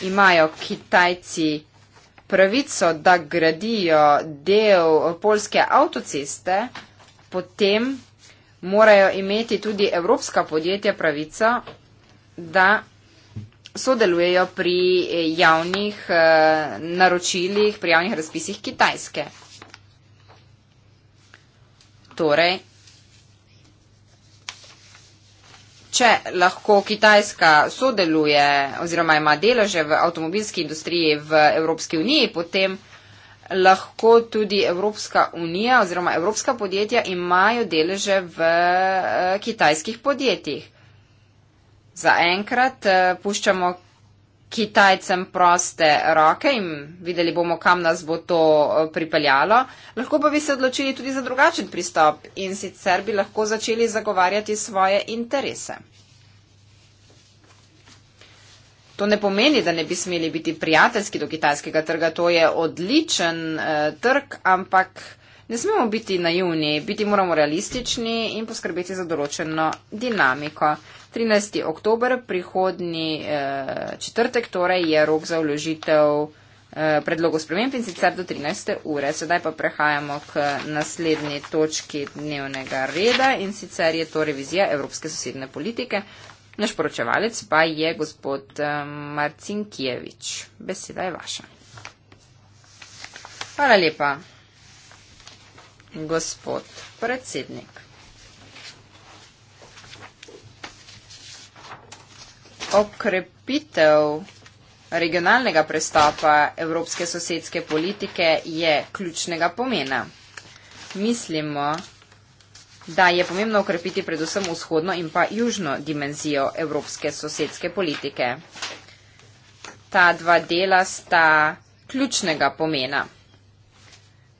imajo Kitajci pravico, da gradijo del polske avtoceste, potem morajo imeti tudi evropska podjetja pravico, da sodelujejo pri eh, javnih eh, naročilih, pri javnih razpisih Kitajske. Torej, Če lahko Kitajska sodeluje oziroma ima delože v avtomobilski industriji v Evropski uniji, potem lahko tudi Evropska unija oziroma evropska podjetja imajo delože v eh, kitajskih podjetjih. Zaenkrat eh, puščamo Kitajcem proste roke in videli bomo, kam nas bo to eh, pripeljalo. Lahko pa bi se odločili tudi za drugačen pristop in sicer bi lahko začeli zagovarjati svoje interese. To ne pomeni, da ne bi smeli biti prijateljski do kitajskega trga, to je odličen eh, trg, ampak ne smemo biti naivni, biti moramo realistični in poskrbeti za določeno dinamiko. 13. oktober, prihodni eh, četrtek, torej je rok za vložitev eh, predlogov sprememb in sicer do 13. ure. Sedaj pa prehajamo k naslednji točki dnevnega reda in sicer je to revizija Evropske sosedne politike. Naš poročevalec pa je gospod eh, Marcin Kijevič. Beseda je vaša. Hvala lepa, gospod predsednik. Okrepitev regionalnega prestopa evropske sosedske politike je ključnega pomena. Mislimo, da je pomembno okrepiti predvsem vzhodno in pa južno dimenzijo evropske sosedske politike. Ta dva dela sta ključnega pomena.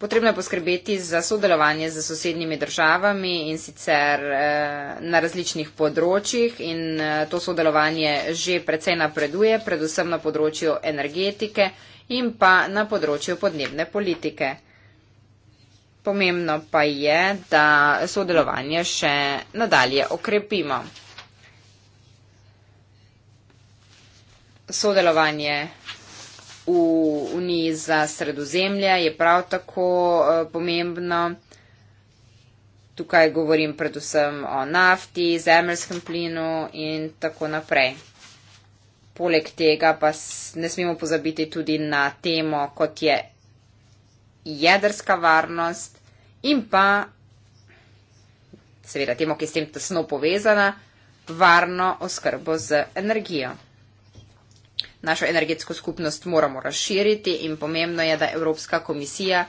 Potrebno je poskrbeti za sodelovanje z sosednjimi državami in sicer eh, na različnih področjih in eh, to sodelovanje že precej napreduje, predvsem na področju energetike in pa na področju podnebne politike. Pomembno pa je, da sodelovanje še nadalje okrepimo. Sodelovanje v Uniji za sredozemlje je prav tako eh, pomembno. Tukaj govorim predvsem o nafti, zemljskem plinu in tako naprej. Poleg tega pa ne smemo pozabiti tudi na temo, kot je jedrska varnost in pa, seveda, temo, ki je s tem tesno povezana, varno oskrbo z energijo. Našo energetsko skupnost moramo razširiti in pomembno je, da Evropska komisija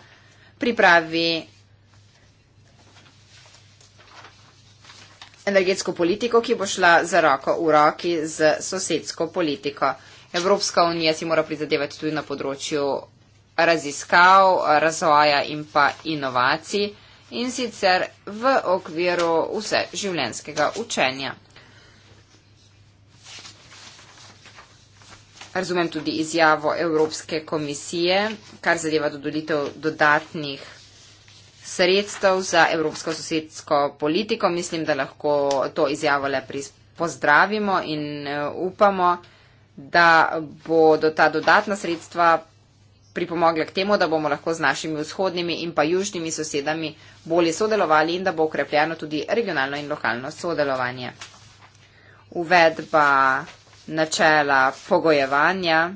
pripravi energetsko politiko, ki bo šla za roko v roki z sosedsko politiko. Evropska unija si mora prizadevati tudi na področju raziskav, razvoja in pa inovacij in sicer v okviru vse življenskega učenja. Razumem tudi izjavo Evropske komisije, kar zadeva dodelitev dodatnih sredstev za evropsko sosedsko politiko. Mislim, da lahko to izjavo le pozdravimo in eh, upamo, da bodo ta dodatna sredstva pripomogla k temu, da bomo lahko z našimi vzhodnimi in pa južnimi sosedami bolje sodelovali in da bo ukrepljeno tudi regionalno in lokalno sodelovanje. Uvedba načela pogojevanja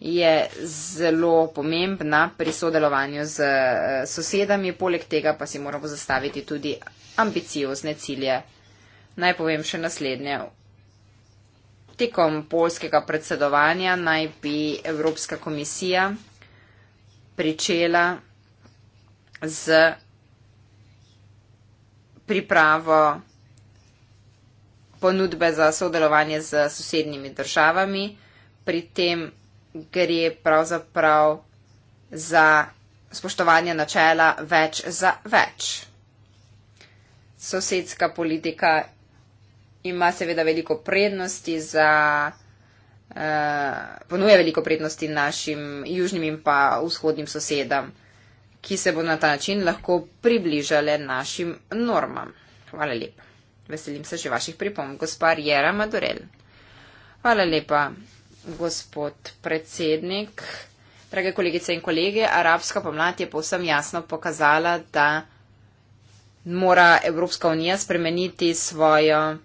je zelo pomembna pri sodelovanju z eh, sosedami, poleg tega pa si moramo zastaviti tudi ambiciozne cilje. Naj povem še naslednje. Tekom polskega predsedovanja naj bi Evropska komisija pričela z pripravo ponudbe za sodelovanje z sosednjimi državami, pri tem gre pravzaprav za spoštovanje načela več za več. Sosedska politika ima seveda veliko prednosti za. Eh, Ponuja veliko prednosti našim južnim in pa vzhodnim sosedam, ki se bodo na ta način lahko približale našim normam. Hvala lepa. Veselim se že vaših pripomb, gospa Jera Madurel. Hvala lepa, gospod predsednik. Drage kolegice in kolege, arabska pomlad je povsem jasno pokazala, da mora Evropska unija spremeniti svojo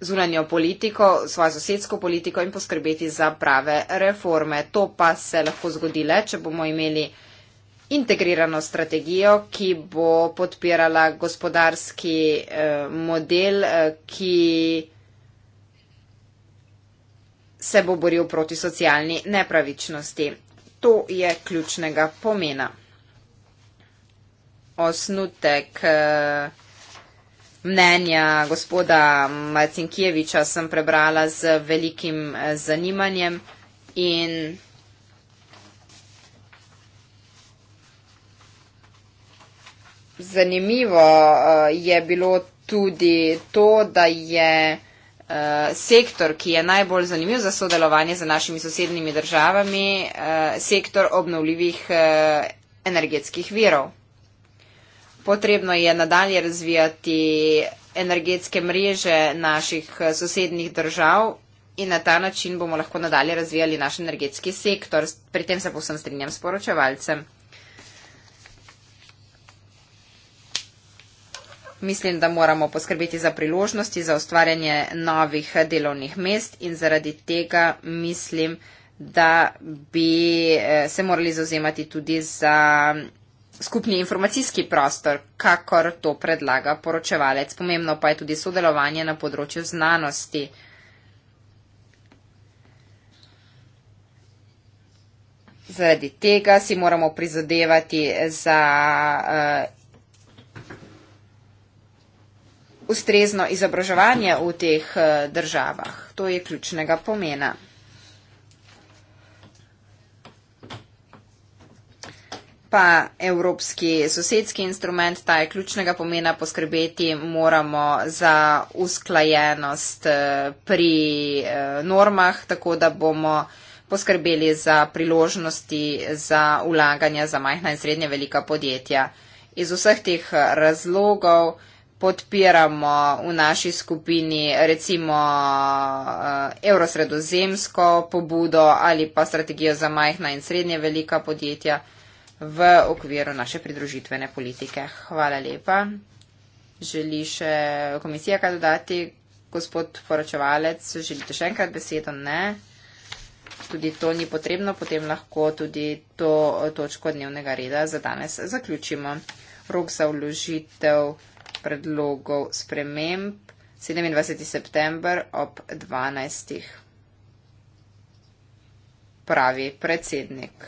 zunanjo politiko, svojo sosedsko politiko in poskrbeti za prave reforme. To pa se lahko zgodi le, če bomo imeli integrirano strategijo, ki bo podpirala gospodarski eh, model, eh, ki se bo boril proti socialni nepravičnosti. To je ključnega pomena. Osnutek eh, mnenja gospoda Macinkijeviča sem prebrala z velikim zanimanjem in Zanimivo eh, je bilo tudi to, da je eh, sektor, ki je najbolj zanimiv za sodelovanje z našimi sosednjimi državami, eh, sektor obnovljivih energetskih virov. Potrebno je nadalje razvijati energetske mreže naših sosednjih držav in na ta način bomo lahko nadalje razvijali naš energetski sektor. Pri tem se posem strinjam s poročevalcem. Mislim, da moramo poskrbeti za priložnosti, za ustvarjanje novih delovnih mest in zaradi tega mislim, da bi eh, se morali zauzemati tudi za skupni informacijski prostor, kakor to predlaga poročevalec. Pomembno pa je tudi sodelovanje na področju znanosti. Zaradi tega si moramo prizadevati za uh, ustrezno izobraževanje v teh eh, državah. To je ključnega pomena. Pa evropski sosedski instrument, ta je ključnega pomena poskrbeti, moramo za usklajenost eh, pri eh, normah, tako da bomo poskrbeli za priložnosti za ulaganja za majhna in srednje velika podjetja. Iz vseh teh razlogov podpiramo v naši skupini recimo eh, evrosredozemsko pobudo ali pa strategijo za majhna in srednje velika podjetja v okviru naše pridružitvene politike. Hvala lepa. Želi še komisija kaj dodati? Gospod poročevalec, želite še enkrat besedo? Ne. Tudi to ni potrebno, potem lahko tudi to eh, točko dnevnega reda za danes zaključimo. Rok za vložitev predlogov sprememb 27. september ob 12. pravi predsednik.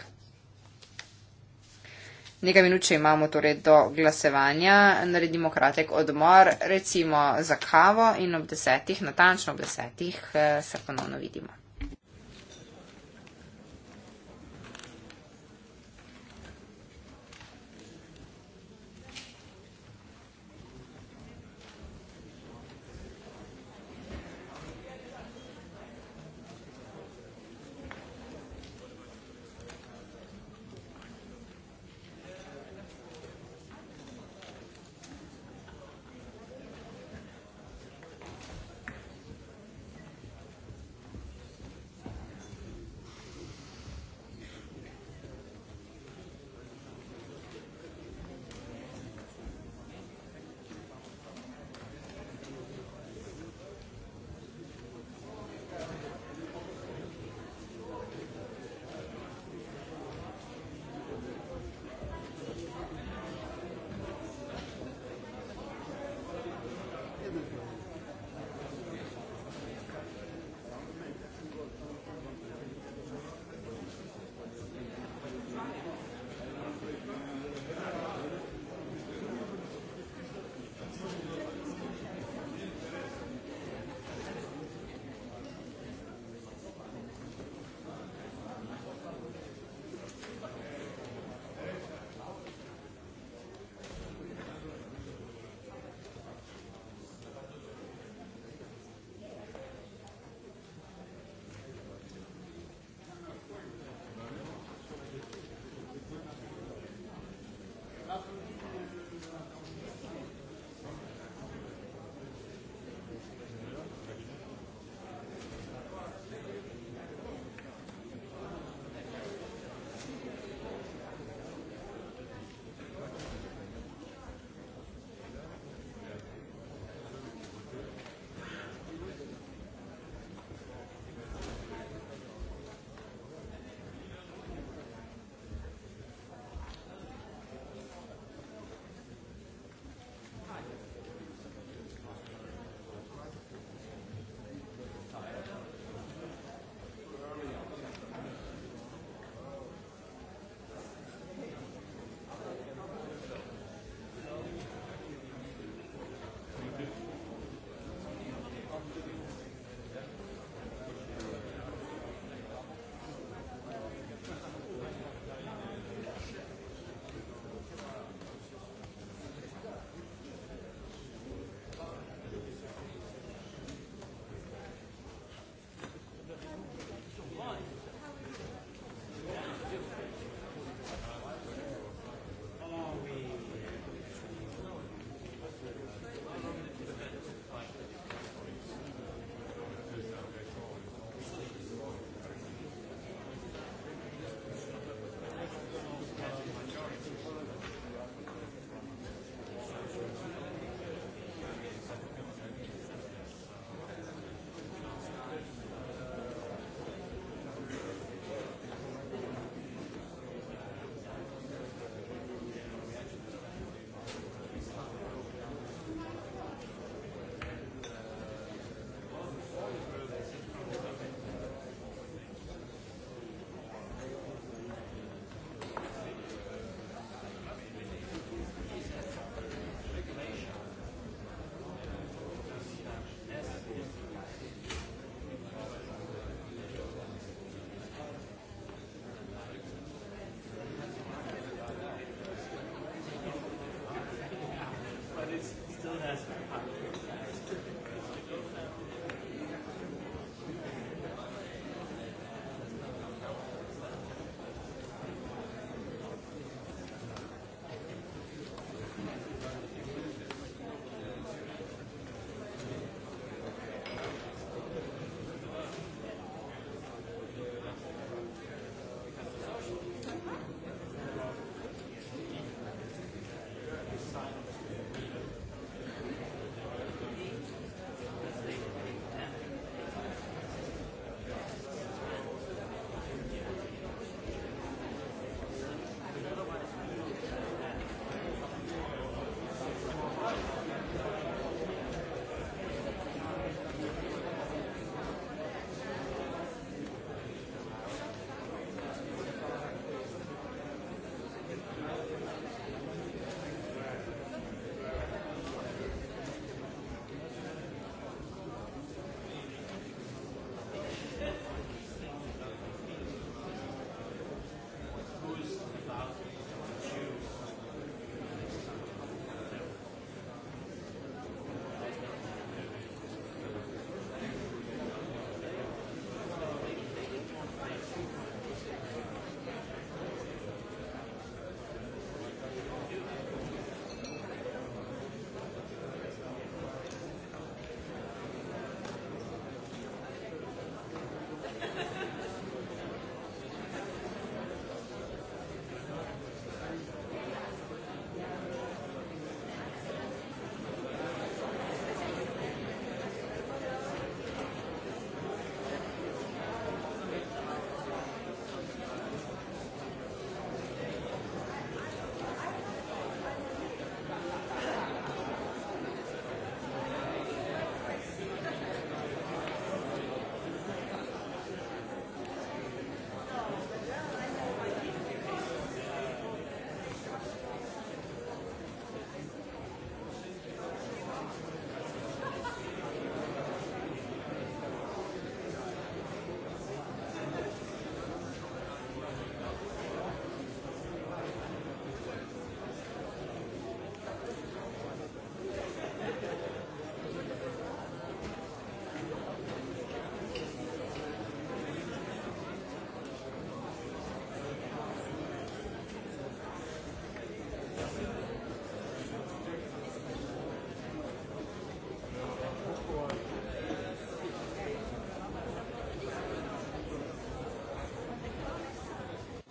Nekaj minut, če imamo torej do glasevanja, naredimo kratek odmor, recimo za kavo in ob desetih, natančno ob desetih eh, se ponovno vidimo.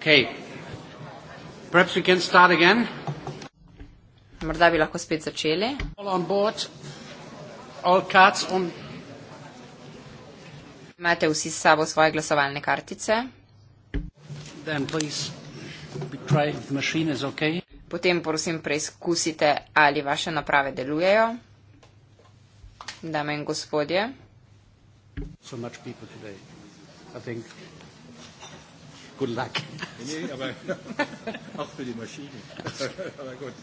Okay. Perhaps we can start again. Morda bi lahko spet začeli. All on board. All cards on. Imate vsi s sabo svoje glasovalne kartice? Then please try if the machine is okay. Potem prosim preizkusite, ali vaše naprave delujejo. Dame in gospodje. So much people today. I think good luck. Nee, aber auch für die Maschine. aber gut.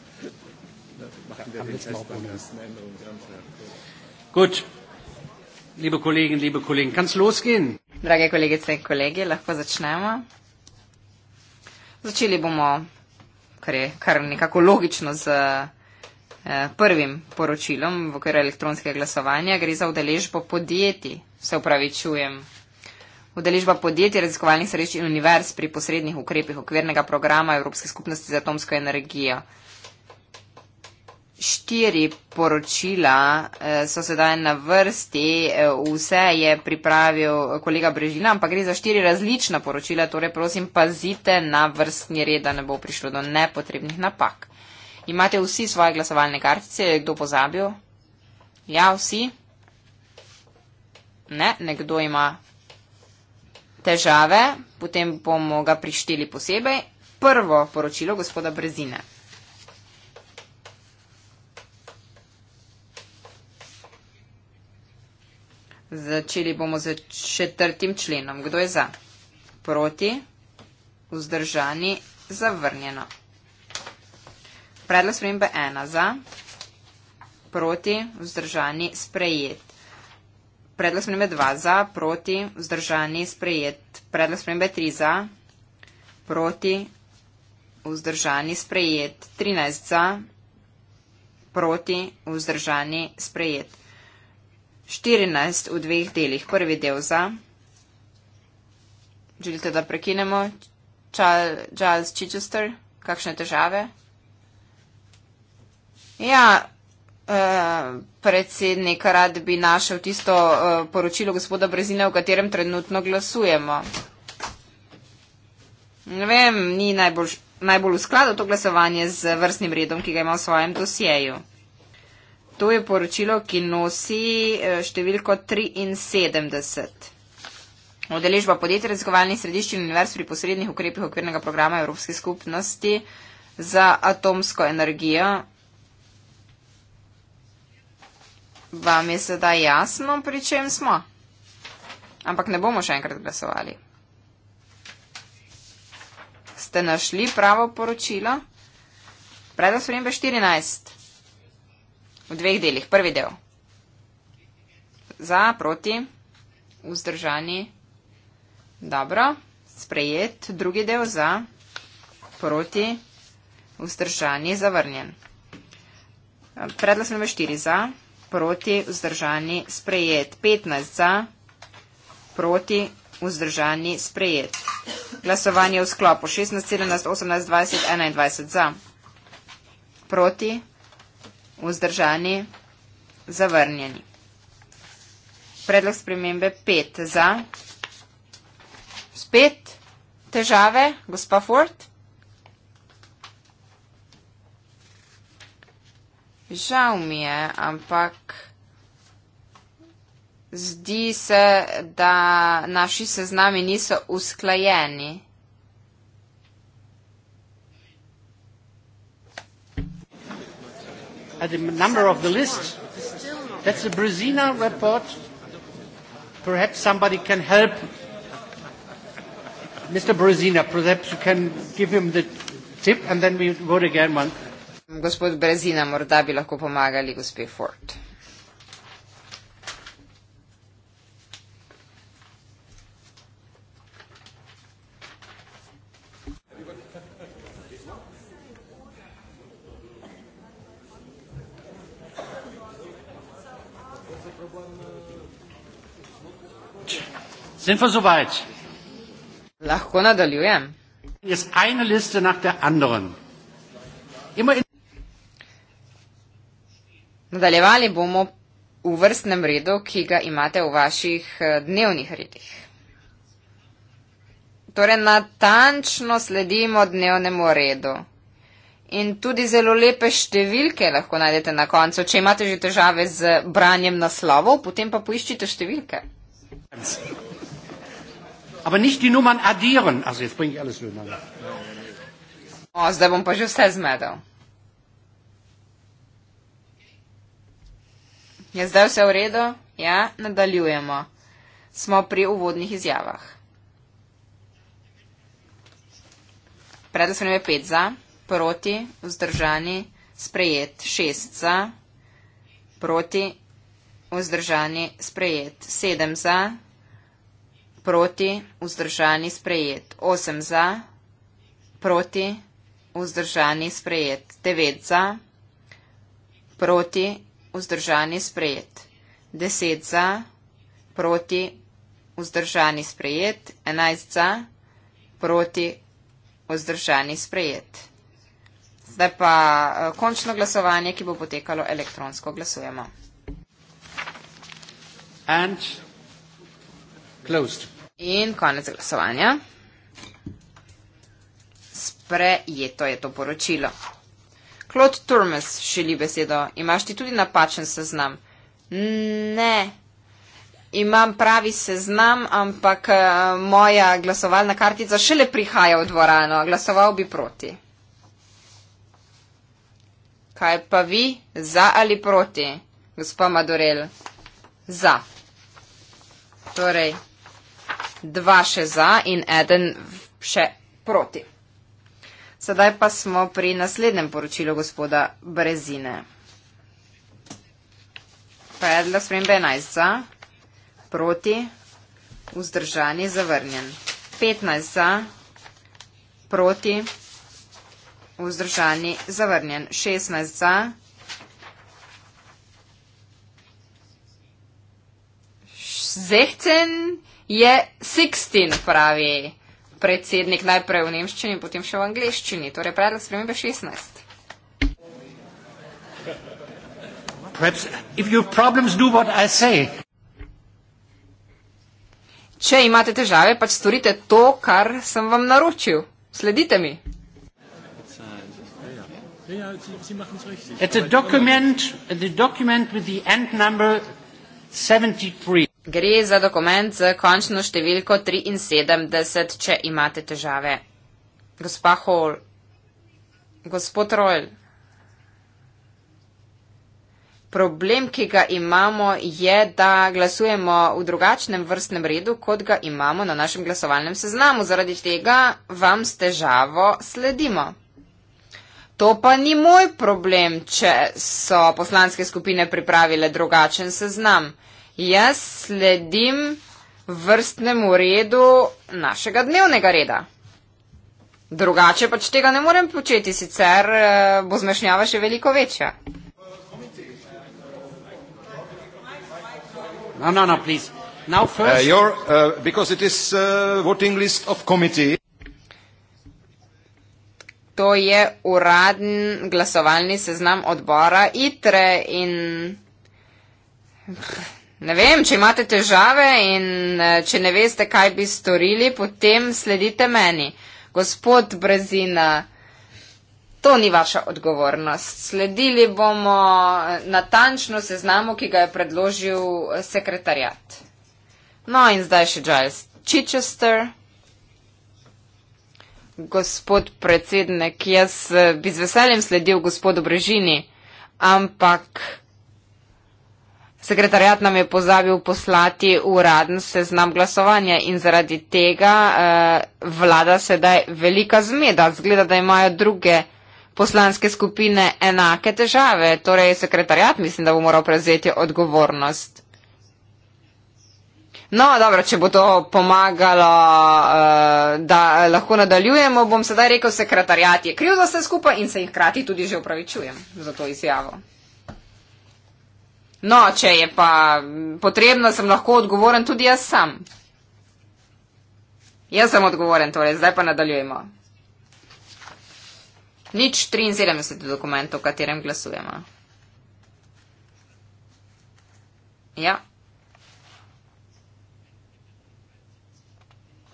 Machen wir jetzt beim ersten Änderungsantrag. Gut. Liebe Kolleginnen, liebe Kollegen, kann es losgehen? Drage kolegice in kolegi, lahko začnemo. Začeli bomo, kar je kar nekako logično, z eh, prvim poročilom v okviru elektronskega glasovanja. Gre za udeležbo podjetij. Se upravičujem, Udeležba podjetij raziskovalnih središč in univerz pri posrednih ukrepih okvirnega programa Evropske skupnosti za atomsko energijo. Štiri poročila eh, so sedaj na vrsti, eh, vse je pripravil eh, kolega Brežina, ampak gre za štiri različna poročila, torej prosim pazite na vrstni red, da ne bo prišlo do nepotrebnih napak. Imate vsi svoje glasovalne kartice, je kdo pozabil? Ja, vsi? Ne, nekdo ima težave, potem bomo ga prišteli posebej. Prvo poročilo gospoda Brezine. Začeli bomo z četrtim členom. Kdo je za? Proti? Vzdržani? Zavrnjeno. Predlog spremembe 1 za? Proti? Vzdržani? Sprejet predlog spremembe 2 za, proti, vzdržani, sprejet. Predlog spremembe 3 za, proti, vzdržani, sprejet. 13 za, proti, vzdržani, sprejet. 14 v dveh delih. Prvi del za. Želite, da prekinemo? Charles Chichester, kakšne težave? Ja, Eh, predsednik rad bi našel tisto eh, poročilo gospoda Brezine, o katerem trenutno glasujemo. Ne vem, ni najbolj, najbolj v skladu to glasovanje z vrstnim redom, ki ga ima v svojem dosjeju. To je poročilo, ki nosi eh, številko 73. Odeležba podjetja raziskovalnih središč in univerz pri posrednih ukrepih okvirnega programa Evropske skupnosti za atomsko energijo Vam je sedaj jasno, pri čem smo? Ampak ne bomo še enkrat glasovali. Ste našli pravo poročilo? Predlog spremembe 14. V dveh delih. Prvi del. Za, proti, vzdržani. Dobro, sprejet. Drugi del za, proti, vzdržani, zavrnjen. Predlog spremembe 4 za proti, vzdržani, sprejet. 15 za, proti, vzdržani, sprejet. Glasovanje v sklopu 16, 17, 18, 20, 21 za, proti, vzdržani, zavrnjeni. Predlog spremembe 5 za, spet težave, gospa Ford. Žal mi je, ampak zdi se, da naši seznami niso usklajeni. The number of the list, that's a Brezina report. Perhaps somebody can help Mr. Brezina. Perhaps you can give him the tip and then we vote again once gospod Brezina, morda bi lahko pomagali gospe Ford. Lahko nadaljujem. Je ena lista nach der anderen. Nadaljevali bomo v vrstnem redu, ki ga imate v vaših eh, dnevnih redih. Torej, natančno sledimo dnevnemu redu. In tudi zelo lepe številke lahko najdete na koncu. Če imate že težave z branjem naslovov, potem pa poiščite številke. O, no, zdaj bom pa že vse zmedel. Je zdaj vse v redu? Ja, nadaljujemo. Smo pri uvodnih izjavah. Predlog sprememb je 5 za, proti, vzdržani, sprejet 6 za, proti, vzdržani, sprejet 7 za, proti, vzdržani, sprejet 8 za, proti, vzdržani, sprejet 9 za, proti, vzdržani sprejet. 10 za, proti, vzdržani sprejet. 11 za, proti, vzdržani sprejet. Zdaj pa eh, končno glasovanje, ki bo potekalo elektronsko. Glasujemo. In konec glasovanja. Sprejeto je to poročilo. Klod Turmes, šeli besedo, imaš ti tudi napačen seznam? Ne. Imam pravi seznam, ampak eh, moja glasovalna kartica šele prihaja v dvorano. Glasoval bi proti. Kaj pa vi? Za ali proti? Gospa Madurel. Za. Torej, dva še za in eden še proti. Sedaj pa smo pri naslednjem poročilu gospoda Brezine. Predlog spremembe 11 za, proti, vzdržani, zavrnjen. 15 za, proti, vzdržani, zavrnjen. 16 za, 16 je 16 pravi predsednik najprej v nemščini, potem še v angliščini. Torej, predlog spremembe 16. Say, Če imate težave, pač storite to, kar sem vam naročil. Sledite mi. It's a document, the document with the end number 73. Gre za dokument z končno številko 73, če imate težave. Gospa Hall. Gospod Rojl. Problem, ki ga imamo, je, da glasujemo v drugačnem vrstnem redu, kot ga imamo na našem glasovalnem seznamu. Zaradi tega vam s težavo sledimo. To pa ni moj problem, če so poslanske skupine pripravile drugačen seznam jaz sledim vrstnemu redu našega dnevnega reda. Drugače pač tega ne morem početi, sicer eh, bo zmešnjava še veliko večja. No, no, no, uh, uh, uh, To je uradni glasovalni seznam odbora ITRE in Ne vem, če imate težave in eh, če ne veste, kaj bi storili, potem sledite meni. Gospod Brezina, to ni vaša odgovornost. Sledili bomo eh, natančno seznamu, ki ga je predložil eh, sekretarjat. No in zdaj še Giles Chichester. Gospod predsednik, jaz bi z veseljem sledil gospodu Brežini, ampak. Sekretarjat nam je pozabil poslati uraden seznam glasovanja in zaradi tega eh, vlada sedaj velika zmeda. Zgleda, da imajo druge poslanske skupine enake težave. Torej, sekretarjat mislim, da bo moral prevzeti odgovornost. No, dobro, če bo to pomagalo, eh, da lahko nadaljujemo, bom sedaj rekel, sekretarjat je kriv za vse skupaj in se jih hkrati tudi že upravičujem za to izjavo. No, če je pa potrebno, sem lahko odgovoren tudi jaz sam. Jaz sem odgovoren, torej zdaj pa nadaljujemo. Nič 73 dokumentov, o katerem glasujemo. Ja.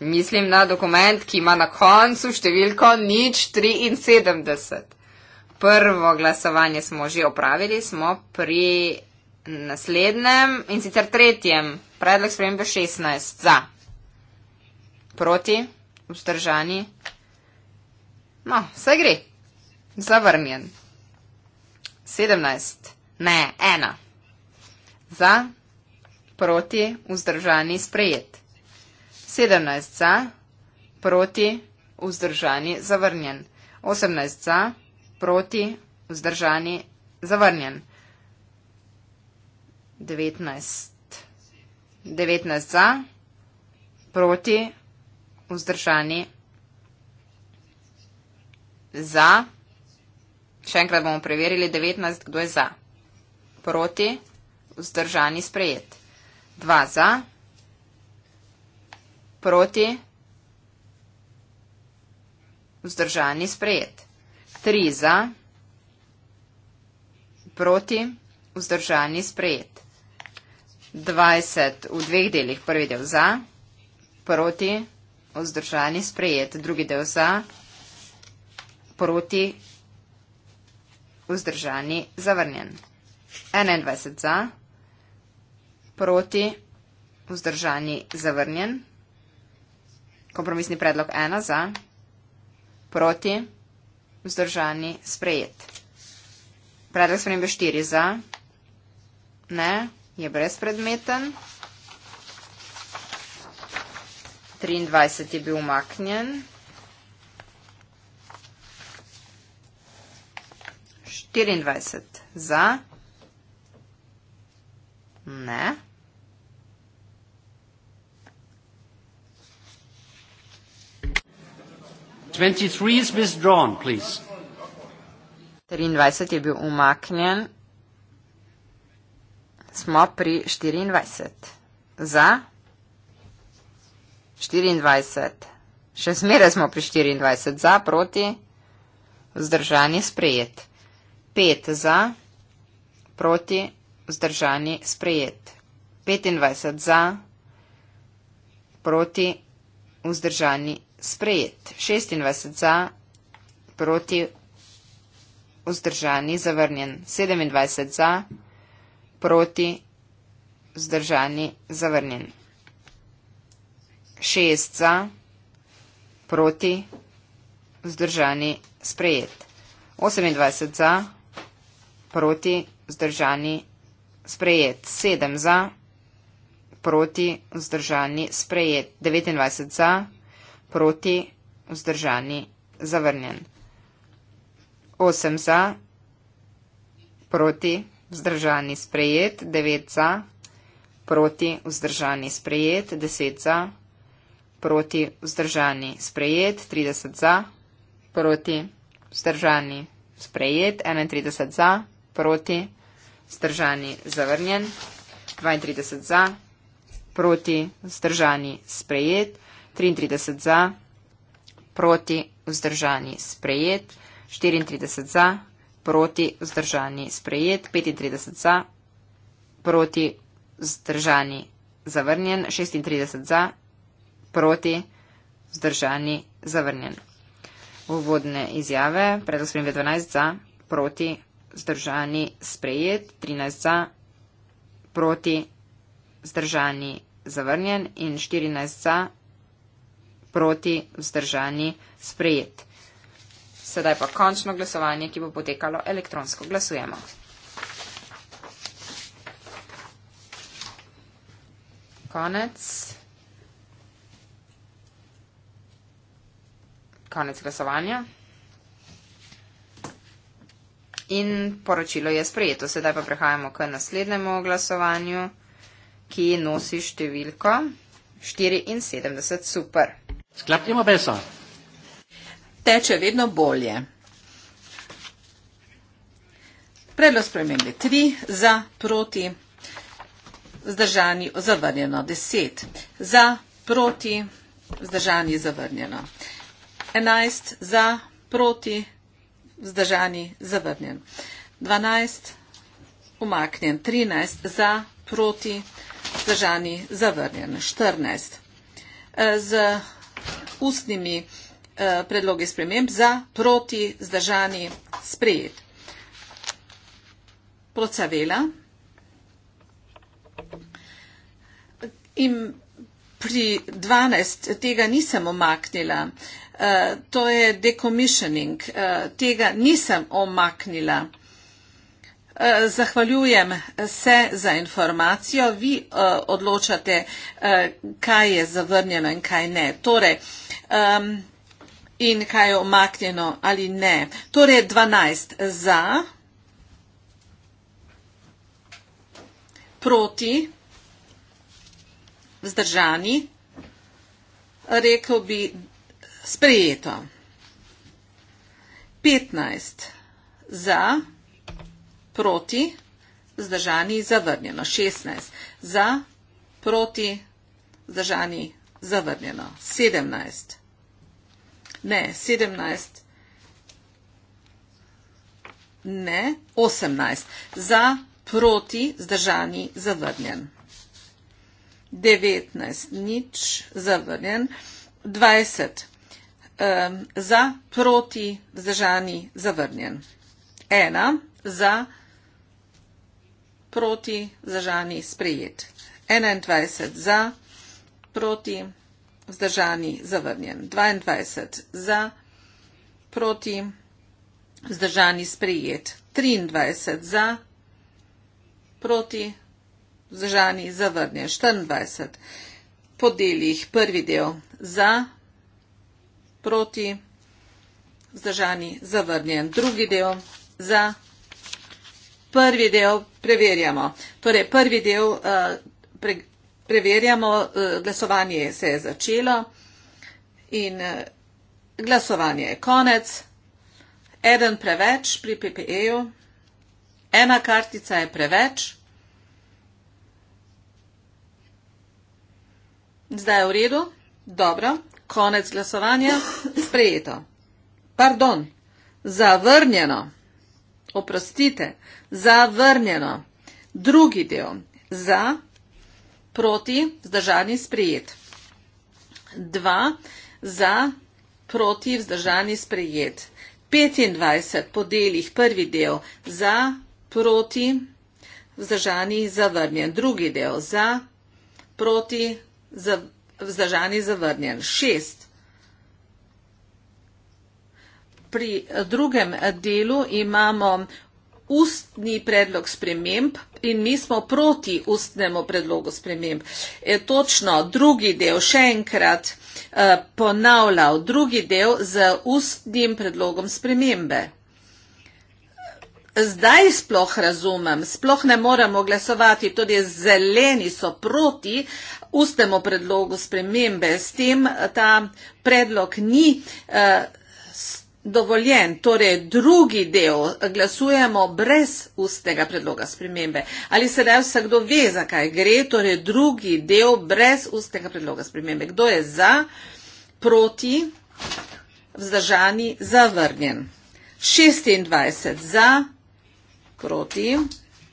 Mislim na dokument, ki ima na koncu številko nič 73. Prvo glasovanje smo že opravili, smo pri naslednjem in sicer tretjem, predlog spremembe 16 za, proti, vzdržani, no, vse gre, zavrnjen, 17, ne, ena, za, proti, vzdržani, sprejet, 17 za, proti, vzdržani, zavrnjen, 18 za, proti, vzdržani, zavrnjen. 19. 19 za, proti, vzdržani, za. Še enkrat bomo preverili 19, kdo je za. Proti, vzdržani, sprejet. 2 za, proti, vzdržani, sprejet. 3 za, proti, vzdržani, sprejet. 20 v dveh delih. Prvi del za, proti, vzdržani, sprejet. Drugi del za, proti, vzdržani, zavrnjen. 21 za, proti, vzdržani, zavrnjen. Kompromisni predlog 1 za, proti, vzdržani, sprejet. Predlog spremembe 4 za, ne, je brezpredmeten. 23 je bil umaknjen. 24 za. Ne. 23 is withdrawn, please. 23 je bil umaknjen smo pri 24. Za 24. Še zmeraj smo pri 24. Za, proti, vzdržani, sprejet. 5 za, proti, vzdržani, sprejet. 25 za, proti, vzdržani, sprejet. 26 za, proti, vzdržani, zavrnjen. 27 za, proti proti, vzdržani, zavrnjen. Šest za, proti, vzdržani, sprejet. 28 za, proti, vzdržani, sprejet. 7 za, proti, vzdržani, sprejet. 29 za, proti, vzdržani, zavrnjen. 8 za, proti, vzdržani, sprejet vzdržani sprejet, 9 za, proti vzdržani sprejet, 10 za, proti vzdržani sprejet, 30 za, proti vzdržani sprejet, 31 za, proti vzdržani zavrnjen, 32 za, proti vzdržani sprejet, 33 za, proti vzdržani sprejet, 34 za, proti vzdržani sprejet, 35 za, proti vzdržani zavrnjen, 36 za, proti vzdržani zavrnjen. Uvodne izjave, predlog spremembe 12 za, proti vzdržani sprejet, 13 za, proti vzdržani zavrnjen in 14 za, proti vzdržani sprejet. Sedaj pa končno glasovanje, ki bo potekalo elektronsko. Glasujemo. Konec. Konec glasovanja. In poročilo je sprejeto. Sedaj pa prehajamo k naslednjemu glasovanju, ki nosi številko 74. Super. Sklapnimo besedo teče vedno bolje. Predlog spremembe 3 za proti zdržani zavrnjeno 10. Za proti zdržani zavrnjeno 11. Za proti zdržani zavrnjen 12. Umaknjen 13. Za proti zdržani zavrnjen 14. Z ustnimi. Eh, predloge sprememb za, proti, zdržani, sprejet. Procavela. In pri 12 tega nisem omaknila. Eh, to je decommissioning. Eh, tega nisem omaknila. Zahvaljujem se za informacijo. Vi odločate, kaj je zavrnjeno in kaj ne. Torej, vsega, ehm, in kaj je omaknjeno ali ne. Torej, 12 za, proti, vzdržani, rekel bi sprejeto. 15 za, proti, vzdržani, zavrnjeno. 16 za, proti, vzdržani, zavrnjeno. 17 za, proti, vzdržani, zavrnjeno. Ne, 17. Ne, 18. Za, proti, zdržani, zavrnjen. 19. Nič, zavrnjen. 20. Za, proti, zdržani, zavrnjen. 1. Za, proti, zdržani, sprejet. 21. Za, proti, zdržani, sprejet vzdržani, zavrnjen. 22 za, proti, vzdržani, sprejet. 23 za, proti, vzdržani, zavrnjen. 24 po delih, prvi del za, proti, vzdržani, zavrnjen. Drugi del za, prvi del preverjamo. Torej, prvi del uh, pre, Preverjamo, eh, glasovanje se je začelo in eh, glasovanje je konec. Eden preveč pri PPE-ju, ena kartica je preveč. Zdaj je v redu, dobro, konec glasovanja, sprejeto. Pardon, zavrnjeno. Oprostite, zavrnjeno. Drugi del. Za proti, vzdržani, sprejet. Dva, za, proti, vzdržani, sprejet. 25 po delih, prvi del, za, proti, vzdržani, zavrnjen. Drugi del, za, proti, vzdržani, zavrnjen. Šest. Pri drugem delu imamo ustni predlog sprememb in mi smo proti ustnemu predlogu sprememb. E, točno drugi del, še enkrat e, ponavljal, drugi del z ustnim predlogom spremembe. Zdaj sploh razumem, sploh ne moremo glasovati, tudi zeleni so proti ustnemu predlogu spremembe, s tem ta predlog ni. E, dovoljen, torej drugi del, glasujemo brez ustnega predloga spremembe. Ali sedaj vsakdo ve, zakaj gre, torej drugi del brez ustnega predloga spremembe. Kdo je za, proti, vzdržani, zavrnjen. 26 za, proti,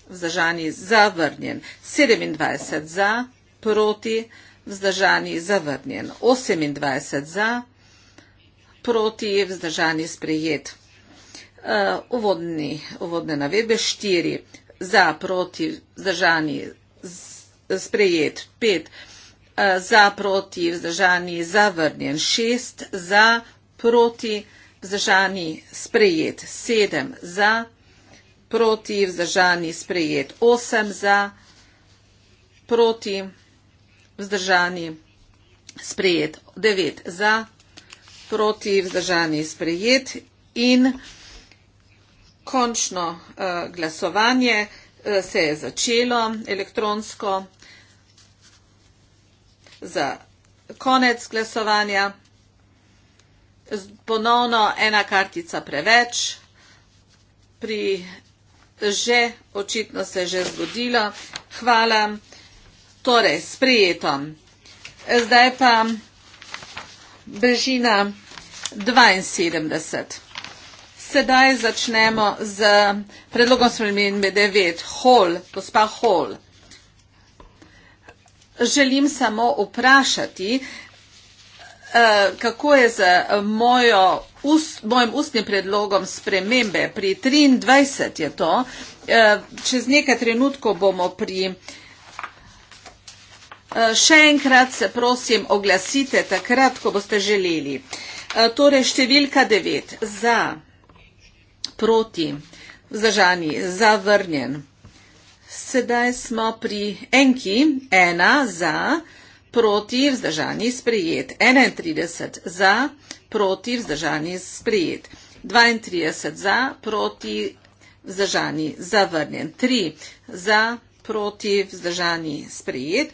vzdržani, zavrnjen. 27 za, proti, vzdržani, zavrnjen. 28 za, proti proti je vzdržanje sprejet. Uh, uvodni, uvodne navedbe štiri za proti vzdržanje sprejet pet uh, za proti vzdržanje zavrnjen šest za proti vzdržanje sprejet sedem za proti vzdržanje sprejet osem za proti vzdržanje sprejet devet za proti proti vzdržani sprejet in končno eh, glasovanje eh, se je začelo elektronsko za konec glasovanja. Ponovno ena kartica preveč, pri že, očitno se je že zgodilo. Hvala, torej sprejeto. Zdaj pa bržina. 72. Sedaj začnemo z predlogom spremenbe 9. Hol, gospa Hol. Želim samo vprašati, eh, kako je z mojo, ust, mojim ustnim predlogom spremembe. Pri 23 je to. Eh, čez nekaj trenutkov bomo pri. Eh, še enkrat se prosim oglasite takrat, ko boste želeli. Eh, torej, številka devet. Za, proti, vzdržani, zavrnjen. Sedaj smo pri enki. Ena za, proti, vzdržani, sprejet. 31 za, proti, vzdržani, sprejet. 32 za, proti, vzdržani, zavrnjen. 3 za, proti, vzdržani, sprejet.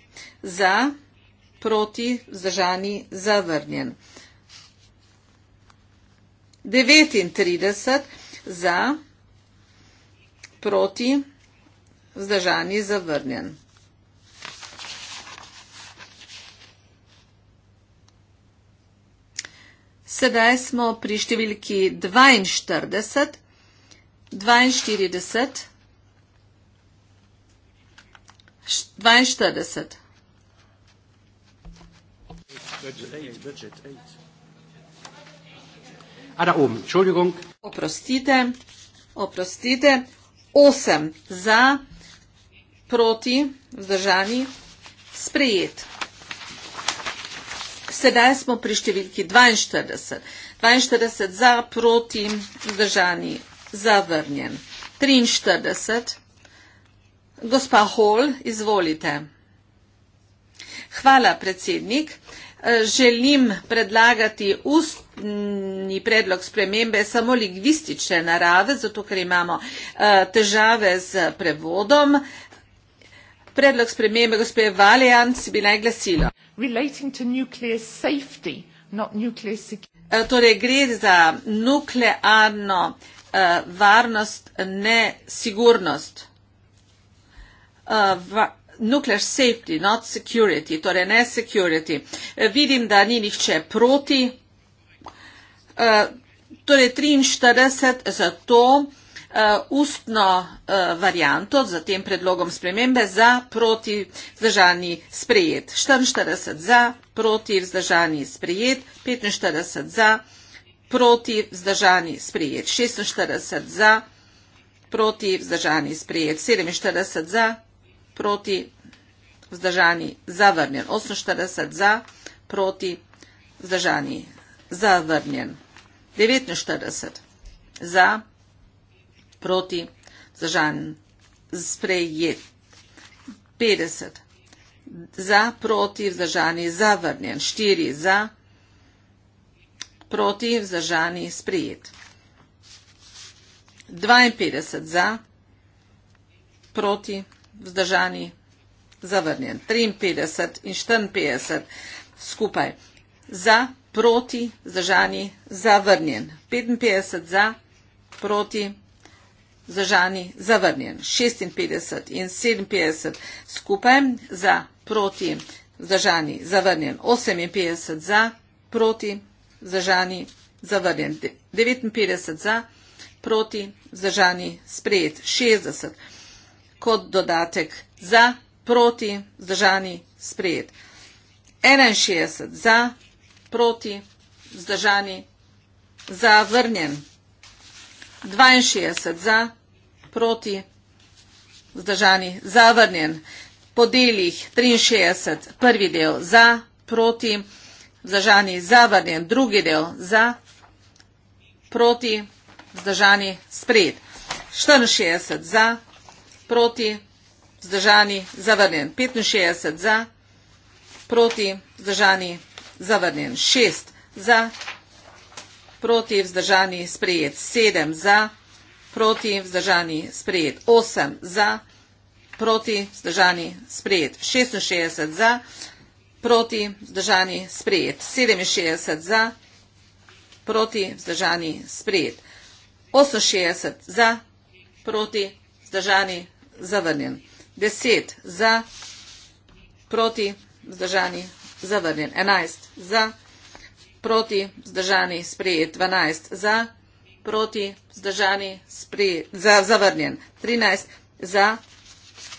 za, proti, vzdržani, zavrnjen. 39 za, proti, vzdržani, zavrnjen. Sedaj smo pri številki 42, 42, 42. A ah, da oben, Entschuldigung. Oprostite, oprostite. Osem za, proti, vzdržani, sprejet. Sedaj smo pri številki 42. 42 za, proti, vzdržani, zavrnjen. 43. Gospa Hol, izvolite. Hvala, predsednik. Eh, želim predlagati ustni predlog spremembe samo lingvistične narave, zato ker imamo eh, težave z prevodom. Predlog spremembe gospe Valjanc bi naj glasilo. Eh, torej gre za nuklearno varnost, ne sigurnost nuclear safety, not security, torej ne security. E, vidim, da ni nihče proti, e, torej 43 za to e, ustno varianto za tem predlogom spremembe za proti vzdržani sprejet. 44 za proti vzdržani sprejet, 45 za proti vzdržani sprejet, 46 za proti vzdržani sprejet, 47 za proti vzdržani sprejet proti, vzdržani, zavrnjen. 48 za, proti, vzdržani, zavrnjen. 49 za, proti, vzdržani, sprejet. 50 za, proti, vzdržani, zavrnjen. 4 za, proti, vzdržani, sprejet. 52 za, proti, vzdržani, vzdržani, zavrnjen. 53 in 54 skupaj. Za, proti, vzdržani, zavrnjen. 55 za, proti, vzdržani, zavrnjen. 56 in 57 skupaj. Za, proti, vzdržani, zavrnjen. 58 za, proti, vzdržani, zavrnjen. 59 za, proti, vzdržani, sprejet. 60 za, proti, vzdržani, sprejet kot dodatek za, proti, zdržani, sprejet. 61 za, proti, zdržani, zavrnjen. 62 za, proti, zdržani, zavrnjen. Po delih 63, prvi del za, proti, zdržani, zavrnjen. Drugi del za, proti, zdržani, sprejet. 64 za, proti, zdržani, zavrnjen proti, zdržani, zavrnjen. 65 za, proti, zdržani, zavrnjen. 6 za, proti, vzdržani, sprejet. 7 za, proti, vzdržani, sprejet. 8 za, proti, vzdržani, sprejet. 66 za, proti, vzdržani, sprejet. 67 za, proti, vzdržani, sprejet. 68 za, proti, vzdržani, sprejet zavrnjen. 10 za, proti, zdržani, zavrnjen. 11 za, proti, zdržani, sprejet. 12 za, proti, zdržani, sprejet, za, zavrnjen. 13 za,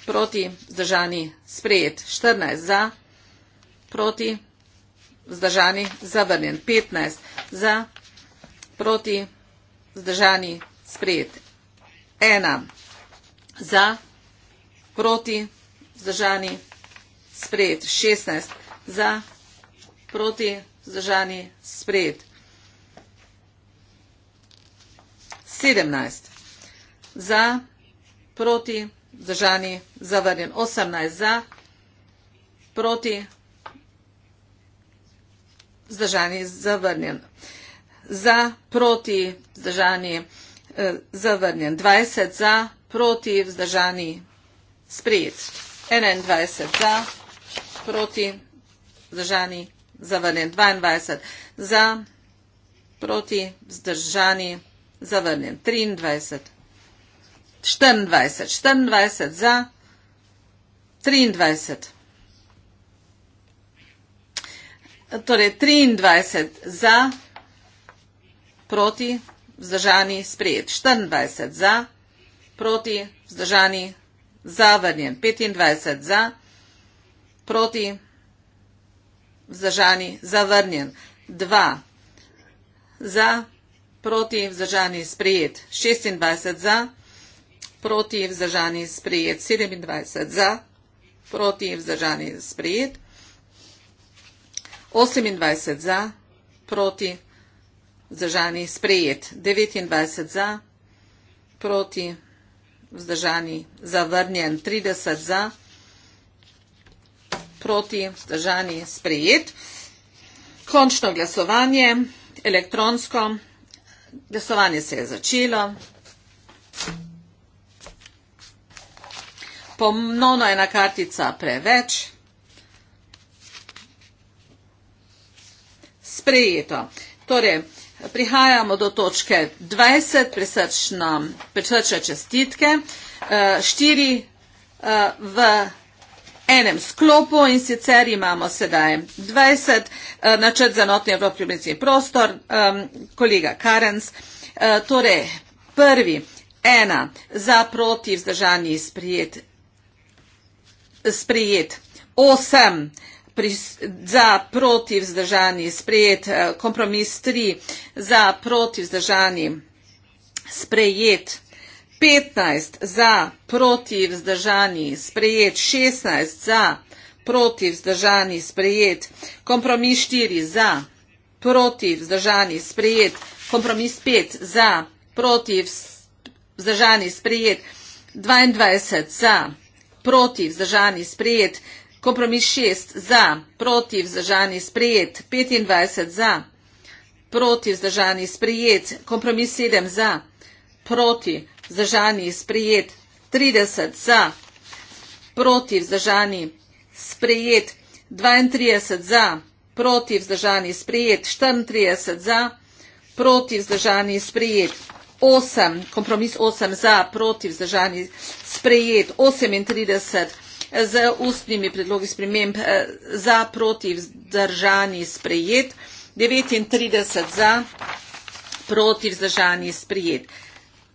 proti, zdržani, sprejet. 14 za, proti, zdržani, zavrnjen. 15 za, proti, zdržani, sprejet. 1 za, proti, zdržani, sprejet proti, zdržani, sprejet. 16 za, proti, zdržani, sprejet. 17 za, proti, zdržani, zavrnjen. 18 za, proti, zdržani, zavrnjen. Za, proti, zdržani, eh, zavrnjen. 20 za, proti, zdržani, zavrnjen sprejet. 21 za, proti, zdržani, zavrnjen. 22 za, proti, zdržani, zavrnjen. 23, 24, 24 za, 23. Torej, 23 za, proti, zdržani, sprejet. 24 za, proti, zdržani, zavrnjen zavrnjen, 25 za, proti, vzdržani, zavrnjen, 2 za, proti, vzdržani, sprijet, 26 za, proti, vzdržani, sprijet, 27 za, proti, vzdržani, sprijet, 28 za, proti, vzdržani, sprijet, 29 za, proti, vzdržani, sprijet, vzdržani, zavrnjen, 30 za, proti, vzdržani, sprejet. Končno glasovanje, elektronsko, glasovanje se je začelo. Ponovno ena kartica preveč. Sprejeto. Torej, Prihajamo do točke 20, presrčna, presrčne čestitke, eh, štiri eh, v enem sklopu in sicer imamo sedaj 20, eh, načrt za notni evropljubljenski prostor, kolega Karens, torej prvi, ena, za proti vzdržanji sprijet, sprijet, osem, pris, eh, za proti vzdržani sprejet, kompromis 3 za proti vzdržani sprejet. 15 za proti vzdržani sprejet, 16 za proti vzdržani sprejet, kompromis 4 za proti vzdržani sprejet, kompromis 5 za proti vzdržani sprejet, 22 za proti vzdržani sprejet, Kompromis 6 za, proti vzdržani sprejet, 25 za, proti vzdržani sprejet, kompromis 7 za, proti vzdržani sprejet, 30 za, proti vzdržani sprejet, 32 za, proti vzdržani sprejet, 34 za, proti vzdržani sprejet, 8, kompromis 8 za, proti vzdržani sprejet, 38 za, z ustnimi predlogi sprememb eh, za proti vzdržani sprejet, 39 za proti vzdržani sprejet.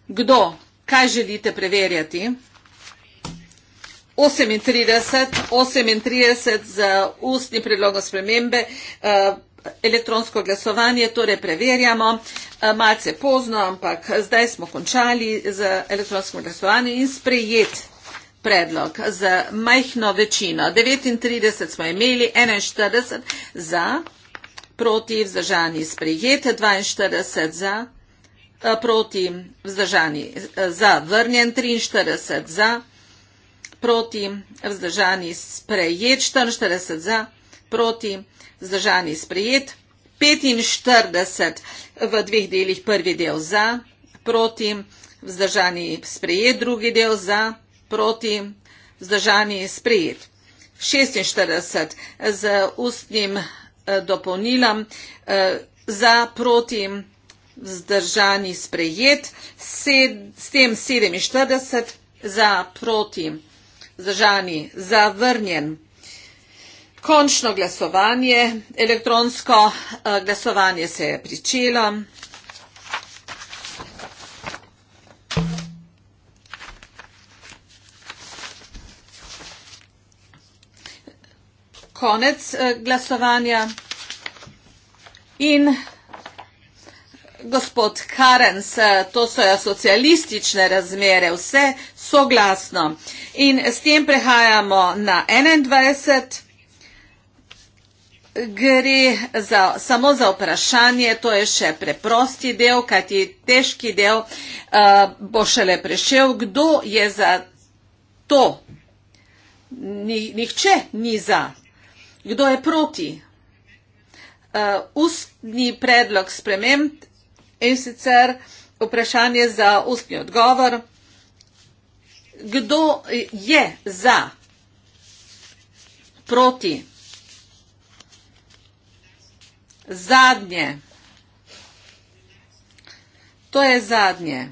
Kdo? Kaj želite preverjati? 38, 38 z ustnim predlogom spremembe, eh, elektronsko glasovanje, torej preverjamo, eh, malce pozno, ampak zdaj smo končali z elektronskim glasovanjem in sprejet predlog z majhno večino. 39 smo imeli, 41 za, proti vzdržani sprejet, 42 za, eh, proti vzdržani eh, za vrnjen, 43 za, proti vzdržani sprejet, 44 za, proti vzdržani sprejet, 45 v dveh delih prvi del za, proti vzdržani sprejet, drugi del za, proti zdržani sprejet. 46 z ustnim eh, dopolnilom eh, za proti zdržani sprejet, s tem 47 za proti zdržani zavrnjen. Končno glasovanje, elektronsko eh, glasovanje se je pričelo. konec eh, glasovanja. In gospod Karens, eh, to so socialistične razmere, vse soglasno. In s tem prehajamo na 21. Gre za, samo za vprašanje, to je še preprosti del, kajti težki del uh, bo šele prešel. Kdo je za to? Ni, nihče ni za Kdo je proti? Uh, ustni predlog sprememb in sicer vprašanje za ustni odgovor. Kdo je za? Proti? Zadnje. To je zadnje.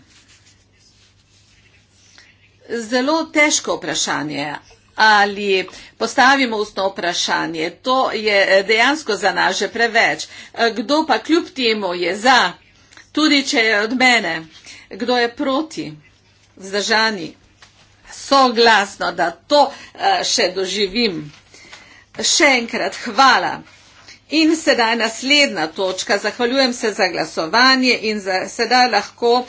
Zelo težko vprašanje, ali postavimo ustno vprašanje. To je eh, dejansko za nas že preveč. Eh, kdo pa kljub temu je za, tudi če je od mene, kdo je proti, vzdržani, soglasno, da to eh, še doživim. Še enkrat hvala. In sedaj naslednja točka. Zahvaljujem se za glasovanje in za, sedaj lahko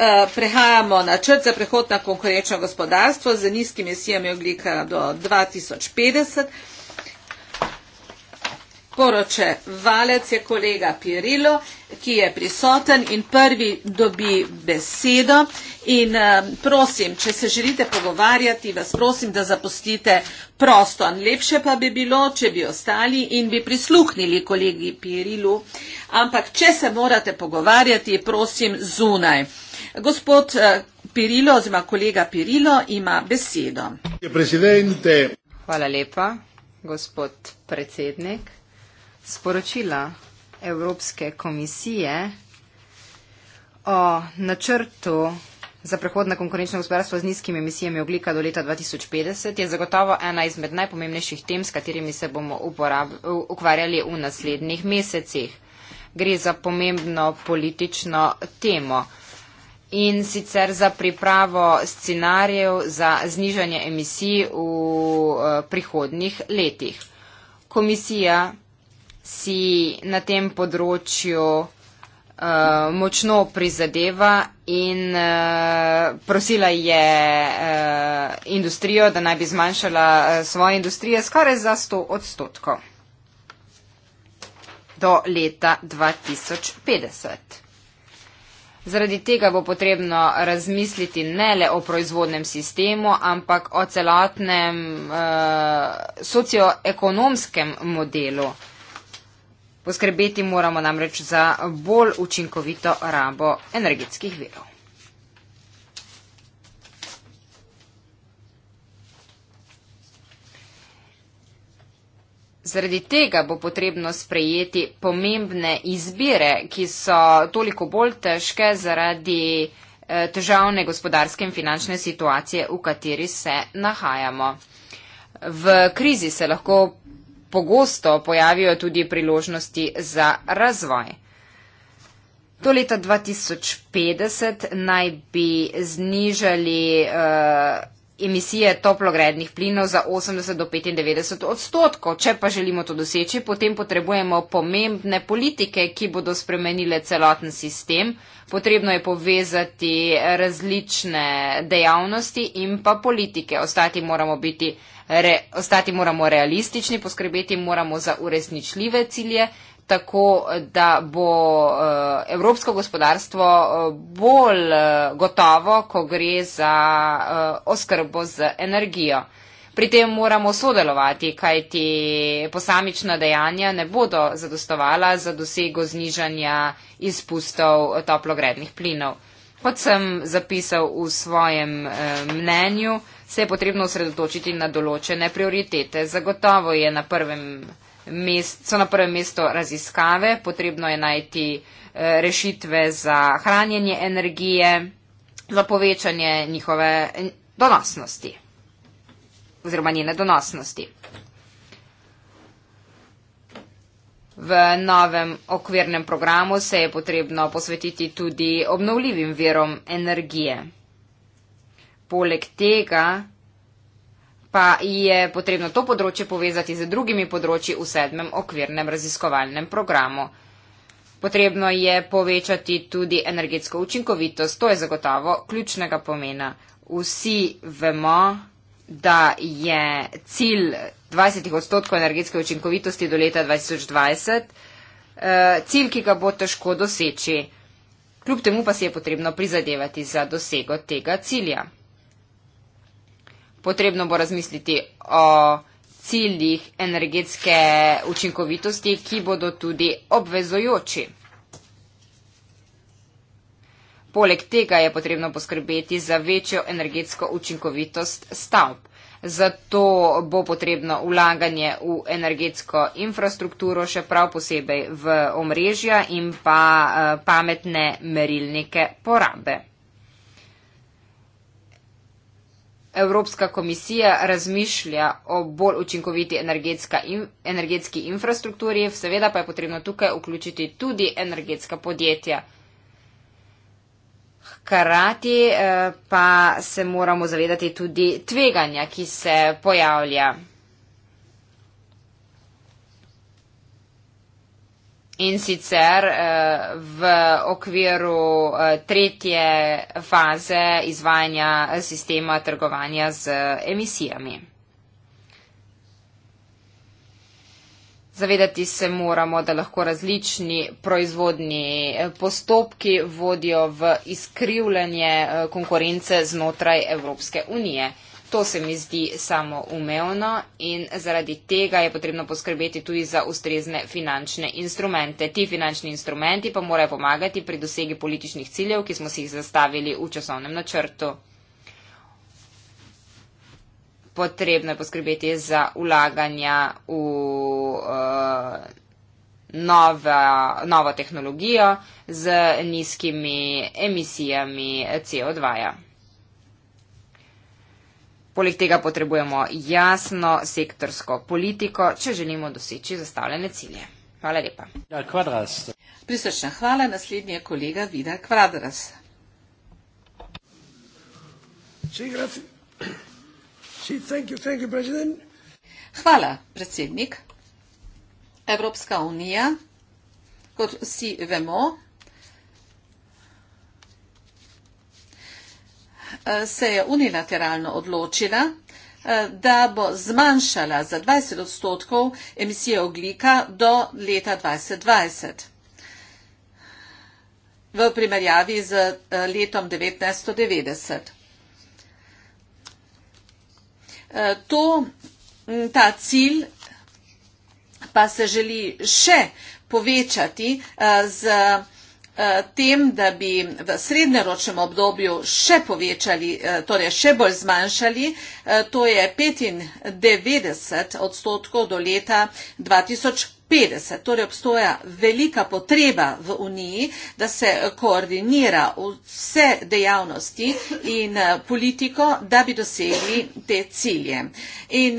Eh, prehajamo na črt za prehod na konkurenčno gospodarstvo z nizkimi emisijami oglika do 2050. Poročevalec je kolega Pirilo, ki je prisoten in prvi dobi besedo. In eh, prosim, če se želite pogovarjati, vas prosim, da zapustite prosto. Lepše pa bi bilo, če bi ostali in bi prisluhnili kolegi Pirilu. Ampak, če se morate pogovarjati, prosim, zunaj. Gospod eh, Pirilo, oziroma kolega Pirilo, ima besedo. Hvala lepa, gospod predsednik. Sporočila Evropske komisije o načrtu za prehod na konkurenčno gospodarstvo z nizkimi emisijami oglika do leta 2050 je zagotovo ena izmed najpomembnejših tem, s katerimi se bomo uporab, ukvarjali v naslednjih mesecih. Gre za pomembno politično temo in sicer za pripravo scenarijev za znižanje emisij v eh, prihodnih letih. Komisija si na tem področju uh, močno prizadeva in uh, prosila je uh, industrijo, da naj bi zmanjšala uh, svoje industrije skoraj za 100 odstotkov do leta 2050. Zaradi tega bo potrebno razmisliti ne le o proizvodnem sistemu, ampak o celotnem eh, socioekonomskem modelu. Poskrbeti moramo namreč za bolj učinkovito rabo energetskih virov. Zaradi tega bo potrebno sprejeti pomembne izbire, ki so toliko bolj težke zaradi eh, težavne gospodarske in finančne situacije, v kateri se nahajamo. V krizi se lahko pogosto pojavijo tudi priložnosti za razvoj. Do leta 2050 naj bi znižali. Uh, emisije toplogrednih plinov za 80 do 95 odstotkov. Če pa želimo to doseči, potem potrebujemo pomembne politike, ki bodo spremenile celoten sistem. Potrebno je povezati različne dejavnosti in pa politike. Ostati moramo biti. Re, ostati moramo realistični, poskrbeti moramo za uresničljive cilje tako da bo eh, evropsko gospodarstvo eh, bolj eh, gotovo, ko gre za oskrbo z energijo. Pri tem moramo sodelovati, kaj ti posamična dejanja ne bodo zadostovala za dosego znižanja izpustov toplogrednih plinov. Kot sem zapisal v svojem mnenju, se je potrebno osredotočiti na določene prioritete. Zagotovo je na prvem mestu mest, so na prvem mestu raziskave, potrebno je najti eh, rešitve za hranjenje energije, za povečanje njihove eh, donosnosti oziroma njene donosnosti. V novem okvirnem programu se je potrebno posvetiti tudi obnovljivim verom energije. Poleg tega pa je potrebno to področje povezati z drugimi področji v sedmem okvirnem raziskovalnem programu. Potrebno je povečati tudi energetsko učinkovitost, to je zagotovo ključnega pomena. Vsi vemo, da je cilj 20 odstotkov energetske učinkovitosti do leta 2020 eh, cilj, ki ga bo težko doseči. Kljub temu pa si je potrebno prizadevati za dosego tega cilja potrebno bo razmisliti o ciljih energetske učinkovitosti, ki bodo tudi obvezojoči. Poleg tega je potrebno poskrbeti za večjo energetsko učinkovitost stavb. Zato bo potrebno ulaganje v energetsko infrastrukturo, še prav posebej v omrežja in pa eh, pametne merilnike porabe. Evropska komisija razmišlja o bolj učinkoviti energetski infrastrukturi, seveda pa je potrebno tukaj vključiti tudi energetska podjetja. Hkrati eh, pa se moramo zavedati tudi tveganja, ki se pojavlja. In sicer eh, v okviru eh, tretje faze izvajanja sistema trgovanja z eh, emisijami. Zavedati se moramo, da lahko različni proizvodni postopki vodijo v izkrivljanje konkurence znotraj Evropske unije. To se mi zdi samo umevno in zaradi tega je potrebno poskrbeti tudi za ustrezne finančne instrumente. Ti finančni instrumenti pa morajo pomagati pri dosegi političnih ciljev, ki smo si jih zastavili v časovnem načrtu. Potrebno je poskrbeti za ulaganja v uh, nova, novo tehnologijo z nizkimi emisijami CO2. -ja. Poleg tega potrebujemo jasno sektorsko politiko, če želimo doseči zastavljene cilje. Hvala lepa. Ja, Prisrčna hvala, naslednji je kolega Vida Kvadras. Hvala, predsednik. Evropska unija, kot vsi vemo, Eh, se je unilateralno odločila, eh, da bo zmanjšala za 20 odstotkov emisije oglika do leta 2020 v primerjavi z eh, letom 1990. To, mm, ta cilj pa se želi še povečati z 20 odstotkov Eh, tem, da bi v srednjeročnem obdobju še povečali, eh, torej še bolj zmanjšali, eh, to je 95 odstotkov do leta 2050. Torej obstoja velika potreba v Uniji, da se koordinira vse dejavnosti in politiko, da bi dosegli te cilje. In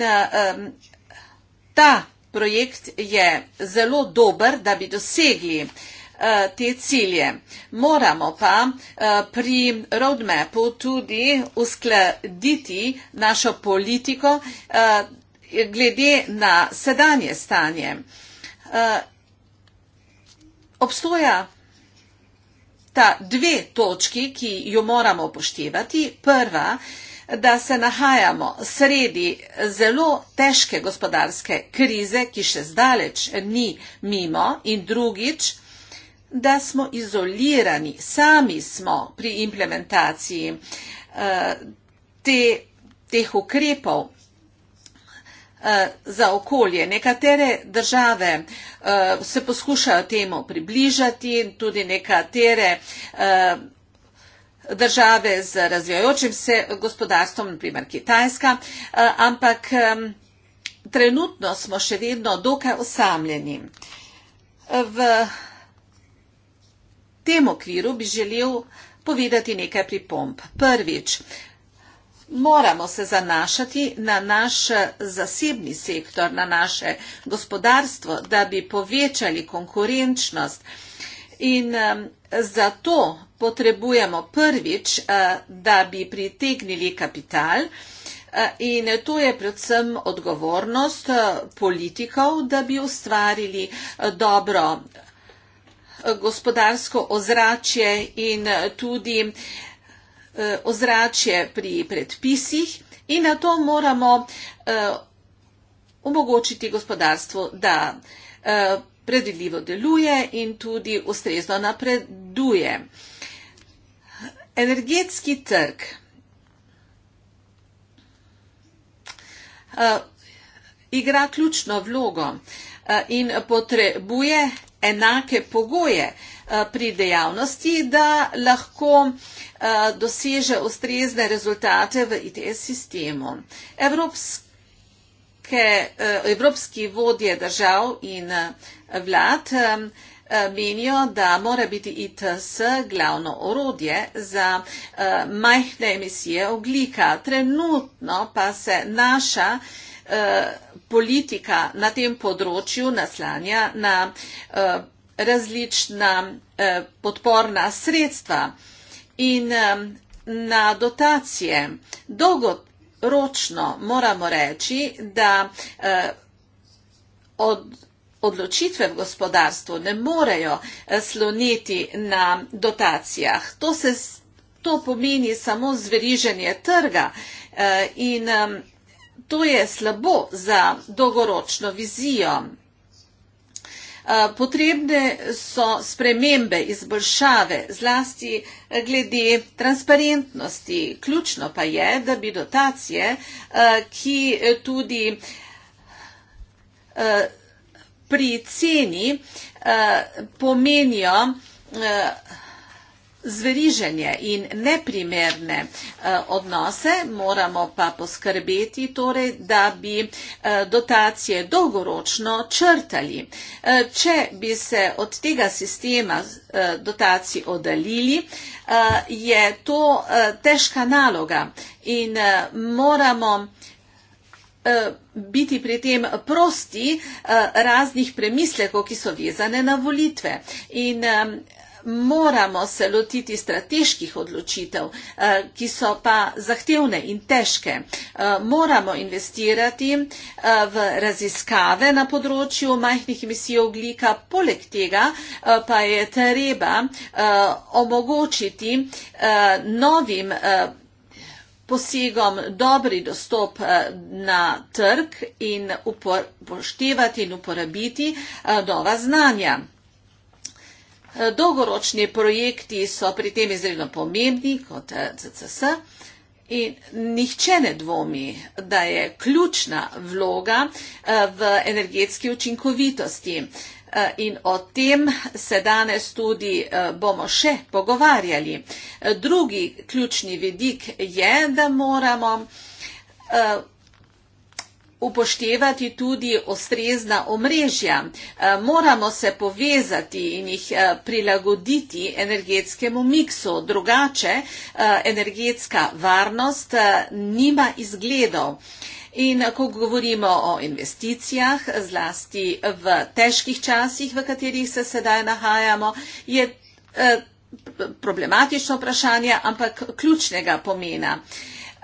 ta projekt je zelo dober, da bi dosegli Eh, te cilje. Moramo pa eh, pri roadmapu tudi uskladiti našo politiko eh, glede na sedanje stanje. Obstoja ta dve točki, ki jo moramo poštevati. Prva, da se nahajamo sredi zelo težke gospodarske krize, ki še zdaleč ni mimo in drugič, da smo izolirani, sami smo pri implementaciji eh, te, teh ukrepov eh, za okolje. Nekatere države eh, se poskušajo temu približati, tudi nekatere države z razvijajočim se gospodarstvom, naprimer Kitajska, ampak trenutno smo še vedno dokaj osamljeni. V tem okviru bi želel povedati nekaj pripomb. Prvič, moramo se zanašati na naš zasebni sektor, na naše gospodarstvo, da bi povečali konkurenčnost. In um, zato potrebujemo prvič, uh, da bi pritegnili kapital. Uh, in to je predvsem odgovornost uh, politikov, da bi ustvarili dobro gospodarsko ozračje in eh, tudi eh, ozračje pri predpisih in na to moramo eh, omogočiti gospodarstvu, da predvidljivo deluje in tudi ustrezno napreduje. Energetski trg igra ključno vlogo in potrebuje enake pogoje eh, pri dejavnosti, da lahko eh, doseže ustrezne rezultate v ITS sistemu. Evropske, eh, evropski vodje držav in vlad menijo, da mora biti ITS glavno orodje za majhne emisije oglika. Trenutno pa se naša Eh, politika na tem področju naslanja na eh, različna eh, podporna sredstva in na dotacije. Dolgoročno moramo reči, da od odločitve v gospodarstvu ne morejo sloniti na dotacijah. To, se, to pomeni samo zveriženje trga in to je slabo za dolgoročno vizijo. Eh, potrebne so spremembe, izboljšave, zlasti glede transparentnosti. Ključno pa je, da bi dotacije, eh, ki tudi eh, pri ceni pomenijo zveriženje in neprimerne eh, odnose, moramo pa poskrbeti torej, da bi eh, dotacije dolgoročno črtali. Eh, če bi se od tega sistema dotacij odalili, je to težka naloga in moramo biti pri tem prosti raznih premislekov, ki so vezane na volitve. In moramo se lotiti strateških odločitev, eh, ki so pa zahtevne in težke. Eh, moramo investirati eh, v raziskave na področju majhnih emisij oglika, poleg tega pa je treba omogočiti novim posegom dobri dostop na trg in upoštevati in uporabiti nova znanja. Eh, dolgoročni projekti so pri tem izredno pomembni kot eh, CCS in nihče ne dvomi, da je ključna vloga eh, v energetski učinkovitosti. In o tem se danes tudi bomo še pogovarjali. Drugi ključni vidik je, da moramo upoštevati tudi ustrezna omrežja. Eh, moramo se povezati in jih eh, prilagoditi energetskemu miksu. Drugače, eh, energetska varnost nima izgledov. In ko govorimo o investicijah, zlasti v težkih časih, v katerih se sedaj nahajamo, je problematično vprašanje, ampak ključnega pomena.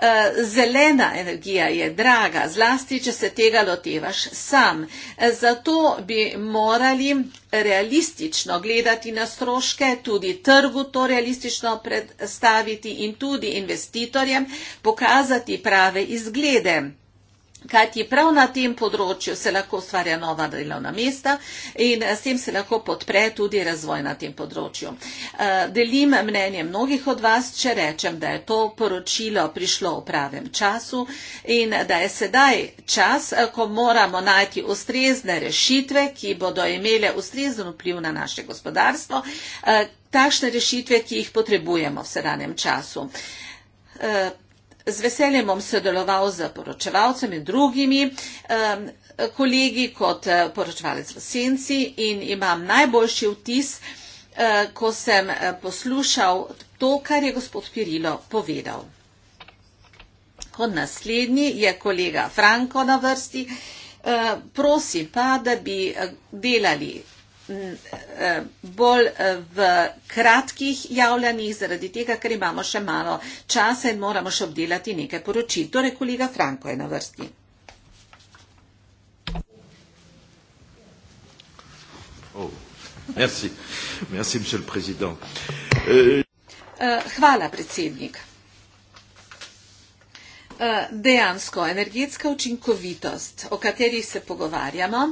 Eh, zelena energija je draga, zlasti, če se tega lotevaš sam. Eh, zato bi morali realistično gledati na stroške, tudi trgu to realistično predstaviti in tudi investitorjem pokazati prave izglede. Kajti prav na tem področju se lahko ustvarja nova delovna mesta in eh, s tem se lahko podpre tudi razvoj na tem področju. Eh, delim mnenje mnogih od vas, če rečem, da je to poročilo prišlo v pravem času in da je sedaj čas, eh, ko moramo najti ustrezne rešitve, ki bodo imele ustrezen vpliv na naše gospodarstvo, takšne rešitve, ki jih potrebujemo v sedanjem času. Z veseljem bom sodeloval z poročevalcem in drugimi um, kolegi kot eh, poročevalec v Senci in imam najboljši vtis, uh, ko sem eh, poslušal to, kar je gospod Pirilo povedal. Kot naslednji je kolega Franko na vrsti. Uh, prosim pa, da bi delali Eh, bolj eh, v kratkih javljanjih, zaradi tega, ker imamo še malo časa in moramo še obdelati nekaj poročil. Torej, kolega Franko je na vrsti. Oh, eh, hvala, predsednik. Dejansko, energetska učinkovitost, o kateri se pogovarjamo,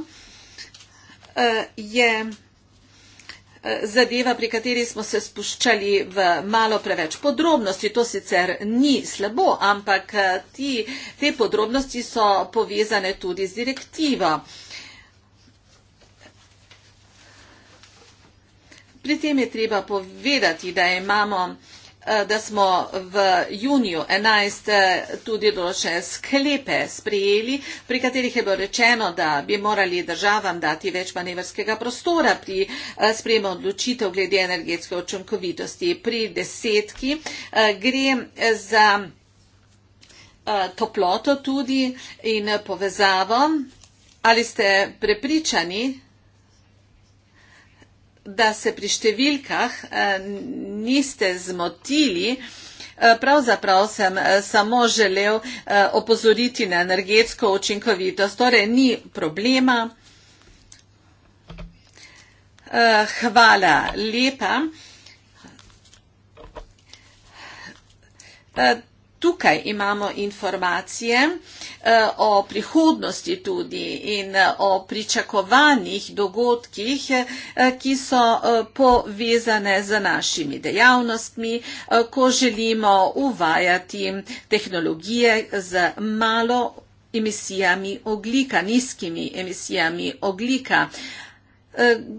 Eh, je eh, zadeva, pri kateri smo se spuščali v malo preveč podrobnosti. To sicer ni slabo, ampak eh, ti, te podrobnosti so povezane tudi z direktivo. Pri tem je treba povedati, da imamo Eh, da smo v juniju 11 eh, tudi določene sklepe sprejeli, pri katerih je bilo rečeno, da bi morali državam dati več manevrskega prostora pri eh, sprejemu odločitev glede energetske očunkovitosti. Pri desetki gre za toploto tudi in povezavo. Ali ste prepričani? da se pri številkah eh, niste zmotili. Eh, pravzaprav sem eh, samo želel opozoriti na energetsko učinkovitost. Torej, ni problema. Hvala lepa tukaj imamo informacije eh, o prihodnosti tudi in eh, o pričakovanih dogodkih, eh, ki so povezane z našimi dejavnostmi, ko želimo uvajati tehnologije z malo emisijami oglika, nizkimi emisijami oglika.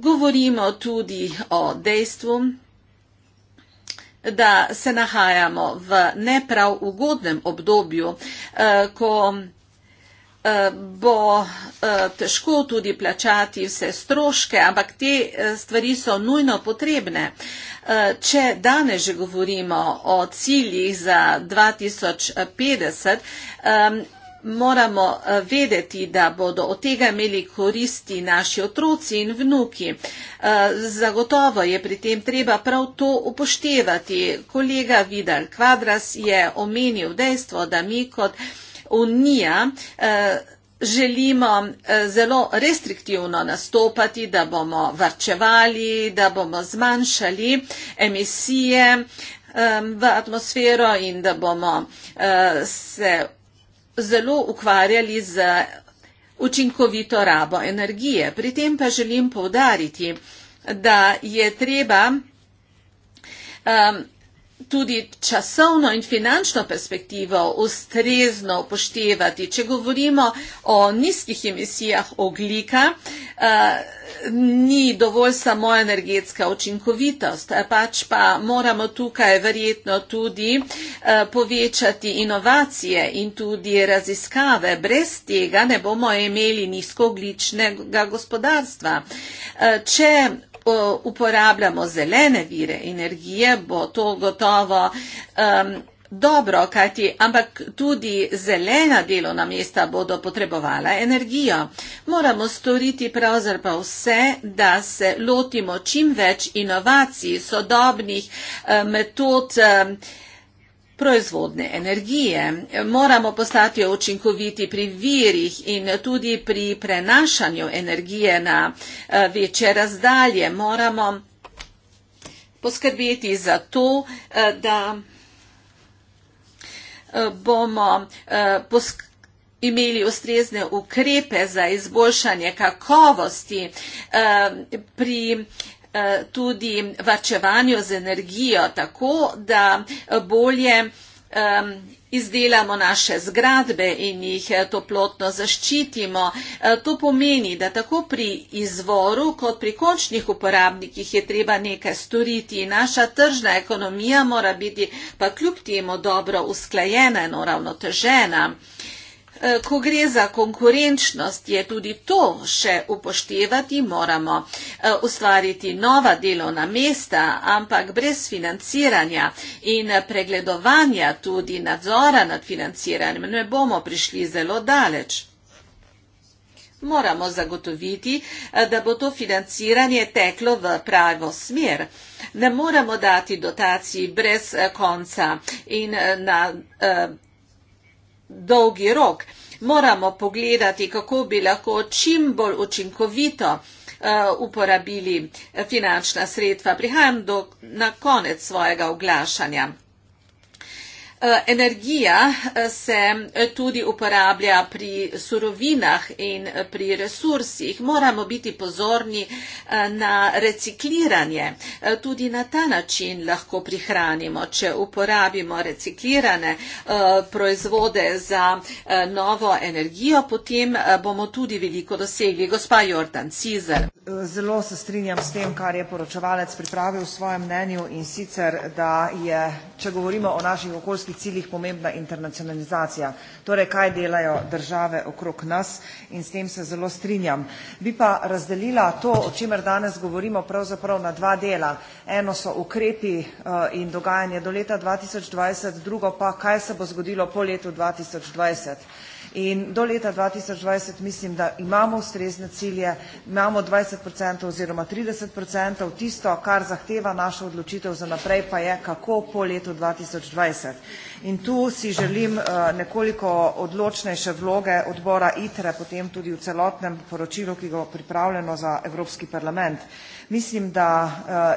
Govorimo tudi o dejstvu, da se nahajamo v neprav ugodnem obdobju, eh, ko eh, bo eh, težko tudi plačati vse stroške, ampak te stvari so nujno potrebne. Če danes že govorimo o ciljih za 2050, moramo eh, vedeti, da bodo od tega imeli koristi naši otroci in vnuki. Eh, zagotovo je pri tem treba prav to upoštevati. Kolega Vidal Kvadras je omenil dejstvo, da mi kot Unija eh, želimo zelo restriktivno nastopati, da bomo varčevali, da bomo zmanjšali emisije v atmosfero in da bomo se zelo ukvarjali z učinkovito rabo energije. Pri tem pa želim povdariti, da je treba um, tudi časovno in finančno perspektivo ustrezno upoštevati. Če govorimo o nizkih emisijah oglika, eh, ni dovolj samo energetska učinkovitost, pač pa moramo tukaj verjetno tudi eh, povečati inovacije in tudi raziskave. Brez tega ne bomo imeli nizkoogličnega gospodarstva. Eh, če uporabljamo zelene vire energije, bo to gotovo um, dobro, kajti ampak tudi zelena delovna mesta bodo potrebovala energijo. Moramo storiti pravzaprav vse, da se lotimo čim več inovacij, sodobnih uh, metod. Uh, proizvodne energije. Moramo postati očinkoviti pri virih in tudi pri prenašanju energije na eh, večje razdalje. Moramo poskrbeti za to, eh, da eh, bomo imeli ustrezne ukrepe za izboljšanje kakovosti pri Eh, tudi varčevanju z energijo, tako da bolje izdelamo naše zgradbe in jih eh, toplotno zaščitimo. Eh, to pomeni, da tako pri izvoru kot pri končnih uporabnikih je treba nekaj storiti. Naša tržna ekonomija mora biti pa kljub temu dobro usklajena in uravnotežena. Eh, ko gre za konkurenčnost, je tudi to še upoštevati. Moramo eh, ustvariti nova delovna mesta, ampak brez financiranja in pregledovanja tudi nadzora nad financiranjem ne bomo prišli zelo daleč. Moramo zagotoviti, eh, da bo to financiranje teklo v pravo smer. Ne moremo dati dotacij brez konca in na dolgi rok. Moramo pogledati, kako bi lahko čim bolj učinkovito eh, uporabili eh, finančna sredstva. Prihajam do, na konec svojega oglašanja. Eh, energija eh, se eh, tudi uporablja pri surovinah in pri resursih. Moramo biti pozorni na recikliranje. Tudi na ta način lahko prihranimo, če uporabimo reciklirane proizvode za novo energijo, potem bomo tudi veliko dosegli. Gospa Jordan Cizer. Zelo se strinjam s tem, kar je poročevalec pripravil v svojem mnenju in sicer, da je, če govorimo o naših okoljskih evropskih ciljih pomembna internacionalizacija, torej kaj delajo države okrog nas in s tem se zelo strinjam. Bi pa razdelila to, o čemer danes govorimo, pravzaprav na dva dela. Eno so ukrepi eh, in dogajanje do leta 2020, drugo pa, kaj se bo zgodilo po letu 2020. In do leta 2020 mislim, da imamo ustrezne cilje, imamo 20 oziroma 30 tisto, kar zahteva naša odločitev za naprej, pa je, kako po letu 2020. In tu si želim eh, nekoliko odločnejše vloge odbora ITRE, potem tudi v celotnem poročilu, ki ga bo pripravljeno za Evropski parlament. Mislim, da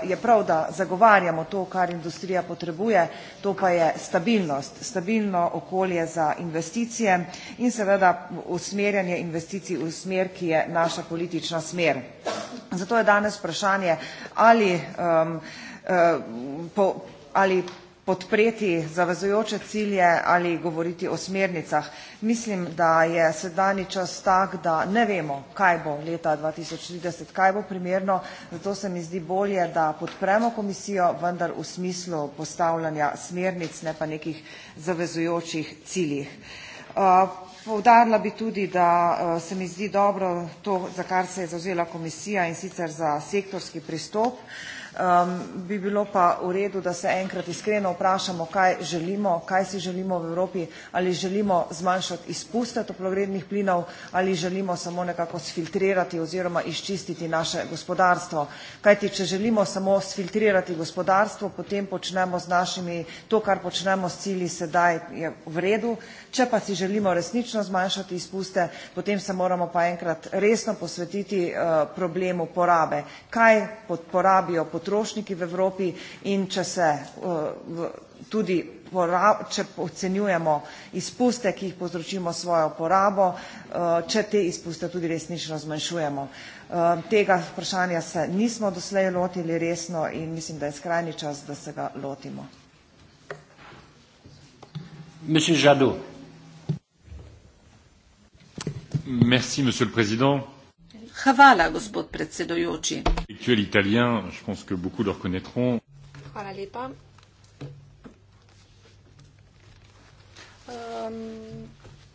eh, je prav, da zagovarjamo to, kar industrija potrebuje, to pa je stabilnost, stabilno okolje za investicije in seveda usmerjanje investicij v smer, ki je naša politična smer. Zato je danes vprašanje, ali ehm, eh, podpreti zavezujoče cilje ali govoriti o smernicah. Mislim, da je sedani čas tak, da ne vemo, kaj bo leta 2030, kaj bo primerno, zato se mi zdi bolje, da podpremo komisijo, vendar v smislu postavljanja smernic, ne pa nekih zavezujočih ciljih. Uh, Povdarila bi tudi, da uh, se mi zdi dobro to, za kar se je zauzela komisija in sicer za sektorski pristop bi bilo pa v redu, da se enkrat iskreno vprašamo, kaj želimo, kaj si želimo v Evropi, ali želimo zmanjšati izpuste toplogrednih plinov, ali želimo samo nekako sfiltrirati oziroma izčistiti naše gospodarstvo. Kajti, če želimo samo sfiltrirati gospodarstvo, potem počnemo z našimi, to, kar počnemo s cilji sedaj, je v redu, Če pa si želimo resnično zmanjšati izpuste, potem se moramo pa enkrat resno posvetiti eh, problemu porabe. Kaj porabijo potrošniki v Evropi in če se eh, tudi če ocenjujemo izpuste, ki jih povzročimo svojo porabo, eh, če te izpuste tudi resnično zmanjšujemo. Tega vprašanja se nismo doslej lotili resno in mislim, da je skrajni čas, da se ga lotimo. Monsieur Jadot. Merci, monsieur le président. Hvala, gospod predsedujoči. Italien, je pense que beaucoup le reconnaîtront. Hvala lepa. Um,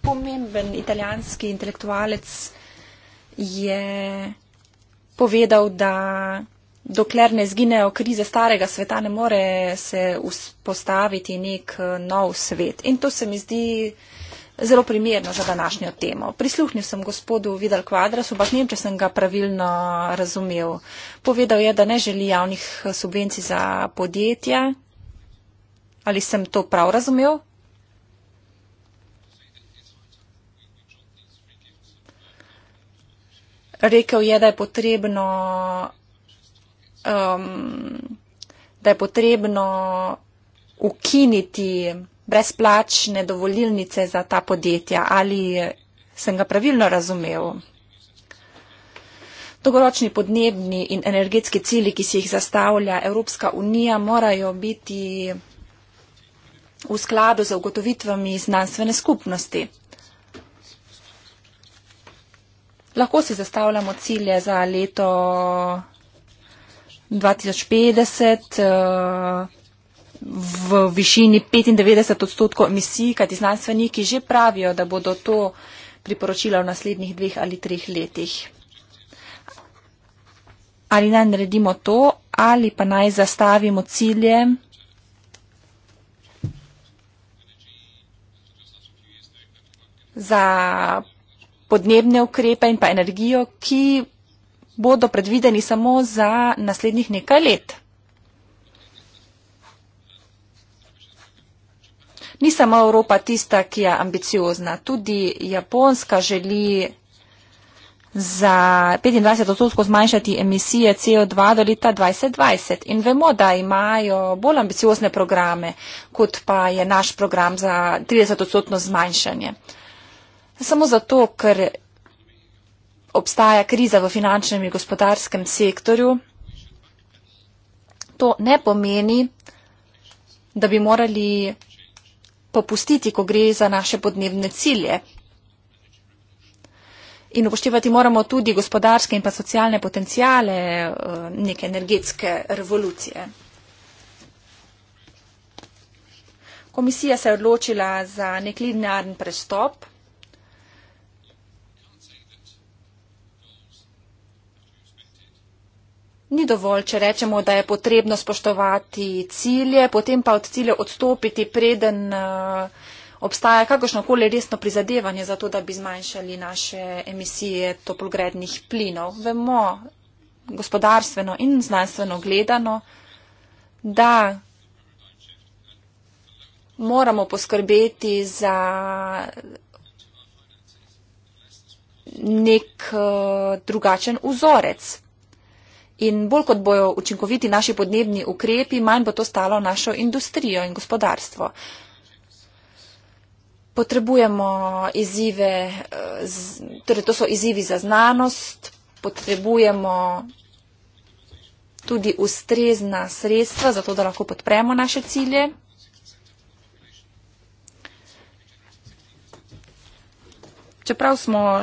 pomemben italijanski intelektualec je povedal, da dokler ne zginejo krize starega sveta, ne more se vzpostaviti nek eh, nov svet. In to se mi zdi zelo primerno za današnjo temo. Prisluhnil sem gospodu Vidal Kvadras, oba ne vem, če sem ga pravilno razumel. Povedal je, da ne želi javnih subvencij za podjetja. Ali sem to prav razumel? Rekel je, da je potrebno. Um, da je potrebno ukiniti brezplačne dovolilnice za ta podjetja. Ali sem ga pravilno razumel? Dolgoročni podnebni in energetski cili, ki si jih zastavlja Evropska unija, morajo biti v skladu z ugotovitvami znanstvene skupnosti. Lahko si zastavljamo cilje za leto 2050 v višini 95 odstotkov emisij, kajti znanstveniki že pravijo, da bodo to priporočila v naslednjih dveh ali treh letih. Ali naj naredimo to, ali pa naj zastavimo cilje. za podnebne ukrepe in pa energijo, ki bodo predvideni samo za naslednjih nekaj let. ni samo Evropa tista, ki je ambiciozna. Tudi Japonska želi za 25 odstotkov zmanjšati emisije CO2 do leta 2020. In vemo, da imajo bolj ambiciozne programe, kot pa je naš program za 30 odstotno zmanjšanje. Samo zato, ker obstaja kriza v finančnem in gospodarskem sektorju, to ne pomeni, da bi morali popustiti, ko gre za naše podnebne cilje. In upoštevati moramo tudi gospodarske in pa socialne potencijale eh, neke energetske revolucije. Komisija se je odločila za nek linearen prestop. ni dovolj, če rečemo, da je potrebno spoštovati cilje, potem pa od cilja odstopiti, preden eh, obstaja kakršnokoli resno prizadevanje za to, da bi zmanjšali naše emisije toplogrednih plinov. Vemo gospodarstveno in znanstveno gledano, da moramo poskrbeti za nek eh, drugačen vzorec In bolj kot bojo učinkoviti naši podnebni ukrepi, manj bo to stalo našo industrijo in gospodarstvo. Potrebujemo izzive, eh, torej to so izzivi za znanost, potrebujemo tudi ustrezna sredstva, zato da lahko podpremo naše cilje. Čeprav smo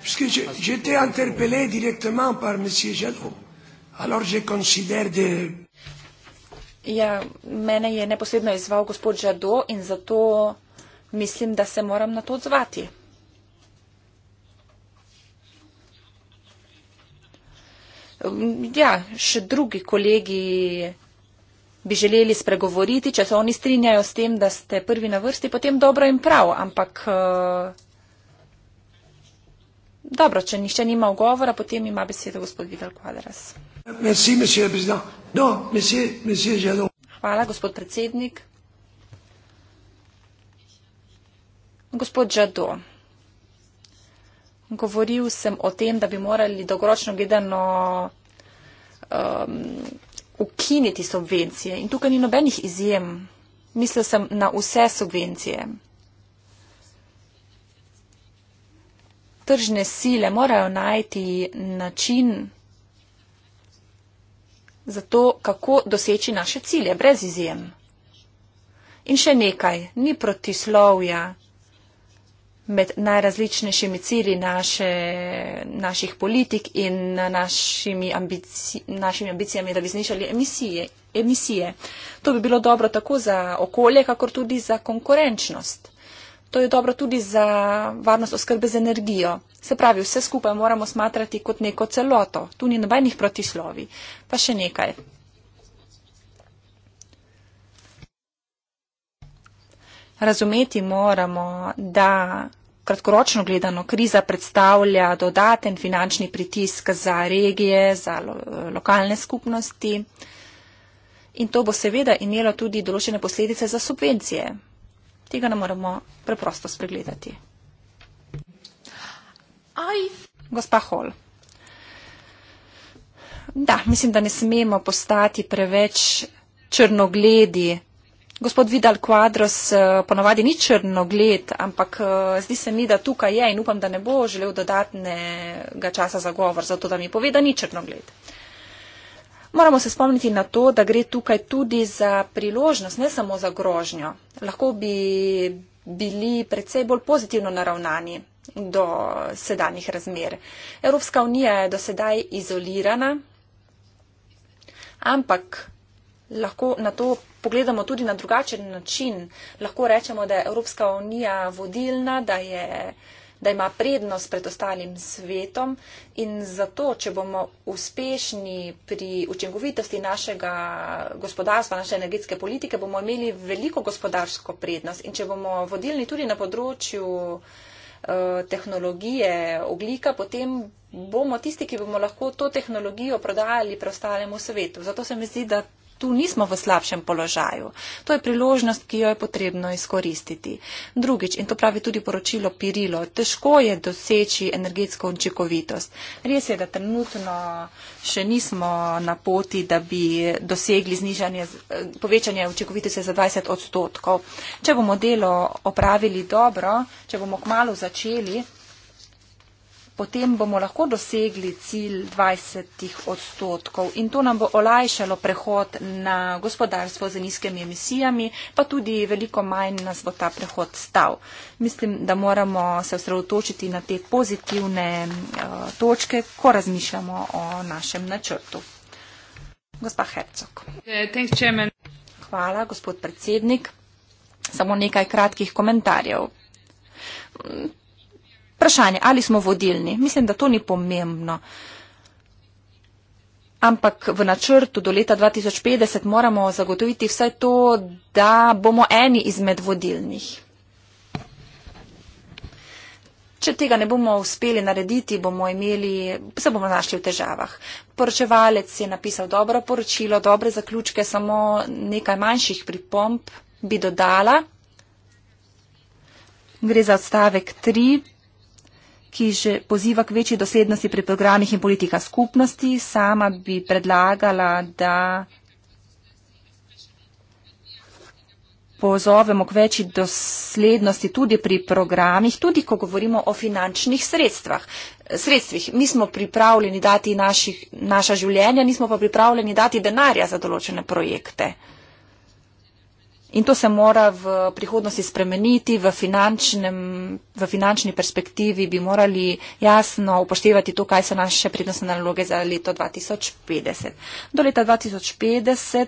Parce que j'étais interpellé directement par M. Jadot. Alors je considère de. Ja, mene je neposredno izval gospod Žado in zato mislim, da se moram na to odzvati. Ja, še drugi kolegi bi želeli spregovoriti, če se oni strinjajo s tem, da ste prvi na vrsti, potem dobro in prav, ampak. Uh, Dobro, če nišče nima ogovora, potem ima besedo gospod Vidal Kvadras. Hvala, gospod predsednik. Gospod Žado, govoril sem o tem, da bi morali dolgoročno gledano um, ukiniti subvencije in tukaj ni nobenih izjem. Mislil sem na vse subvencije. tržne sile morajo najti način za to, kako doseči naše cilje, brez izjem. In še nekaj, ni protislovja med najrazličnejšimi cilji naše, naših politik in našimi, ambici, našimi ambicijami, da bi znižali emisije, emisije. To bi bilo dobro tako za okolje, kakor tudi za konkurenčnost. To je dobro tudi za varnost oskrbe z energijo. Se pravi, vse skupaj moramo smatrati kot neko celoto. Tu ni nobenih protislovi. Pa še nekaj. Razumeti moramo, da kratkoročno gledano kriza predstavlja dodaten finančni pritisk za regije, za lo lokalne skupnosti. In to bo seveda imelo tudi določene posledice za subvencije tega ne moremo preprosto spregledati. Gospa Hol. Da, mislim, da ne smemo postati preveč črnogledi. Gospod Vidal Quadros eh, ponavadi ni črnogled, ampak eh, zdi se mi, da tukaj je in upam, da ne bo želel dodatnega časa za govor, zato da mi pove, da ni črnogled. Moramo se spomniti na to, da gre tukaj tudi za priložnost, ne samo za grožnjo. Lahko bi bili predvsej bolj pozitivno naravnani do sedanjih razmer. Evropska unija je do sedaj izolirana, ampak lahko na to pogledamo tudi na drugačen način. Lahko rečemo, da je Evropska unija vodilna, da je da ima prednost pred ostalim svetom in zato, če bomo uspešni pri učinkovitosti našega gospodarstva, naše energetske politike, bomo imeli veliko gospodarsko prednost in če bomo vodilni tudi na področju eh, tehnologije oglika, potem bomo tisti, ki bomo lahko to tehnologijo prodajali preostalemu svetu. Zato se mi zdi, da tu nismo v slabšem položaju. To je priložnost, ki jo je potrebno izkoristiti. Drugič, in to pravi tudi poročilo Pirilo, težko je doseči energetsko učinkovitost. Res je, da trenutno še nismo na poti, da bi dosegli povečanje učinkovitosti za 20 odstotkov. Če bomo delo opravili dobro, če bomo kmalo začeli, potem bomo lahko dosegli cilj 20 odstotkov in to nam bo olajšalo prehod na gospodarstvo z nizkimi emisijami, pa tudi veliko manj nas bo ta prehod stal. Mislim, da moramo se osredotočiti na te pozitivne eh, točke, ko razmišljamo o našem načrtu. Gospa Hercog. Eh, Hvala, gospod predsednik. Samo nekaj kratkih komentarjev vprašanje, ali smo vodilni. Mislim, da to ni pomembno. Ampak v načrtu do leta 2050 moramo zagotoviti vse to, da bomo eni izmed vodilnih. Če tega ne bomo uspeli narediti, bomo imeli, se bomo našli v težavah. Poročevalec je napisal dobro poročilo, dobre zaključke, samo nekaj manjših pripomp bi dodala. Gre za odstavek 3 ki že poziva k večji doslednosti pri programih in politikah skupnosti. Sama bi predlagala, da pozovemo k večji doslednosti tudi pri programih, tudi ko govorimo o finančnih sredstvah. sredstvih. Mi smo pripravljeni dati naših, naša življenja, nismo pa pripravljeni dati denarja za določene projekte. In to se mora v prihodnosti spremeniti, v, v finančni perspektivi bi morali jasno upoštevati to, kaj so naše prednostne naloge za leto 2050. Do leta 2050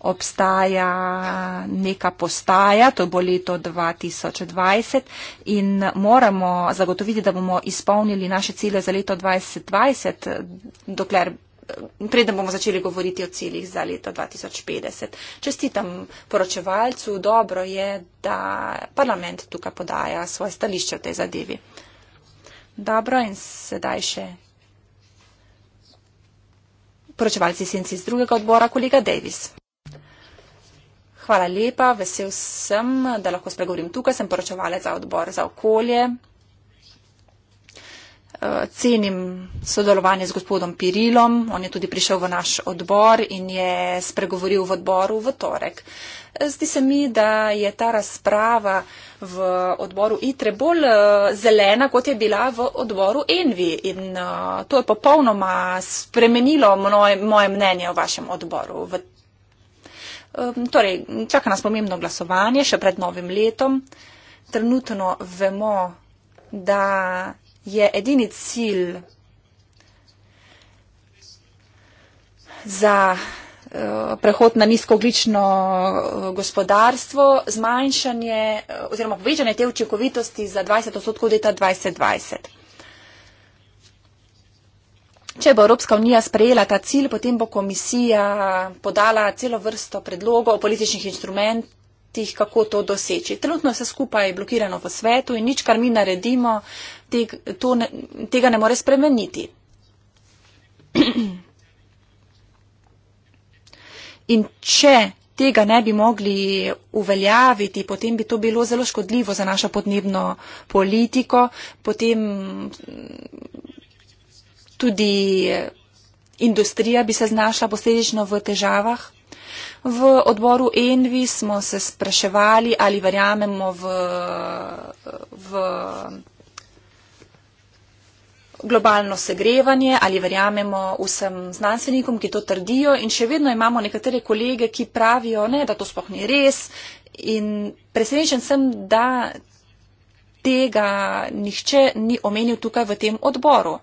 obstaja neka postaja, to bo leto 2020 in moramo zagotoviti, da bomo izpolnili naše cilje za leto 2020, dokler preden bomo začeli govoriti o ciljih za leto 2050. Čestitam poročevalcu, dobro je, da parlament tukaj podaja svoje stališče v tej zadevi. Dobro in sedaj še poročevalci senci iz drugega odbora, kolega Davis. Hvala lepa, vesel sem, da lahko spregovorim tukaj, sem poročevalec za odbor za okolje uh, cenim sodelovanje z gospodom Pirilom. On je tudi prišel v naš odbor in je spregovoril v odboru v torek. Zdi se mi, da je ta razprava v odboru ITRE bolj eh, zelena, kot je bila v odboru ENVI. In eh, to je popolnoma spremenilo moje, moje mnenje o vašem odboru. V, eh, torej, čaka nas pomembno glasovanje še pred novim letom. Trenutno vemo, da je edini cilj za eh, prehod na nizkoglično eh, gospodarstvo, zmanjšanje eh, oziroma povečanje te učinkovitosti za 20 odstotkov leta 2020. Če bo Evropska unija sprejela ta cilj, potem bo komisija podala celo vrsto predlogov o političnih instrumentih, kako to doseči. Trenutno je vse skupaj blokirano v svetu in nič, kar mi naredimo, teg, to ne, tega ne more spremeniti. In če tega ne bi mogli uveljaviti, potem bi to bilo zelo škodljivo za našo podnebno politiko, potem tudi industrija bi se znašla posledično v težavah. V odboru Envi smo se spraševali, ali verjamemo v, v globalno segrevanje, ali verjamemo vsem znanstvenikom, ki to trdijo in še vedno imamo nekatere kolege, ki pravijo, ne, da to sploh ni res in presenečen sem, da tega nihče ni omenil tukaj v tem odboru.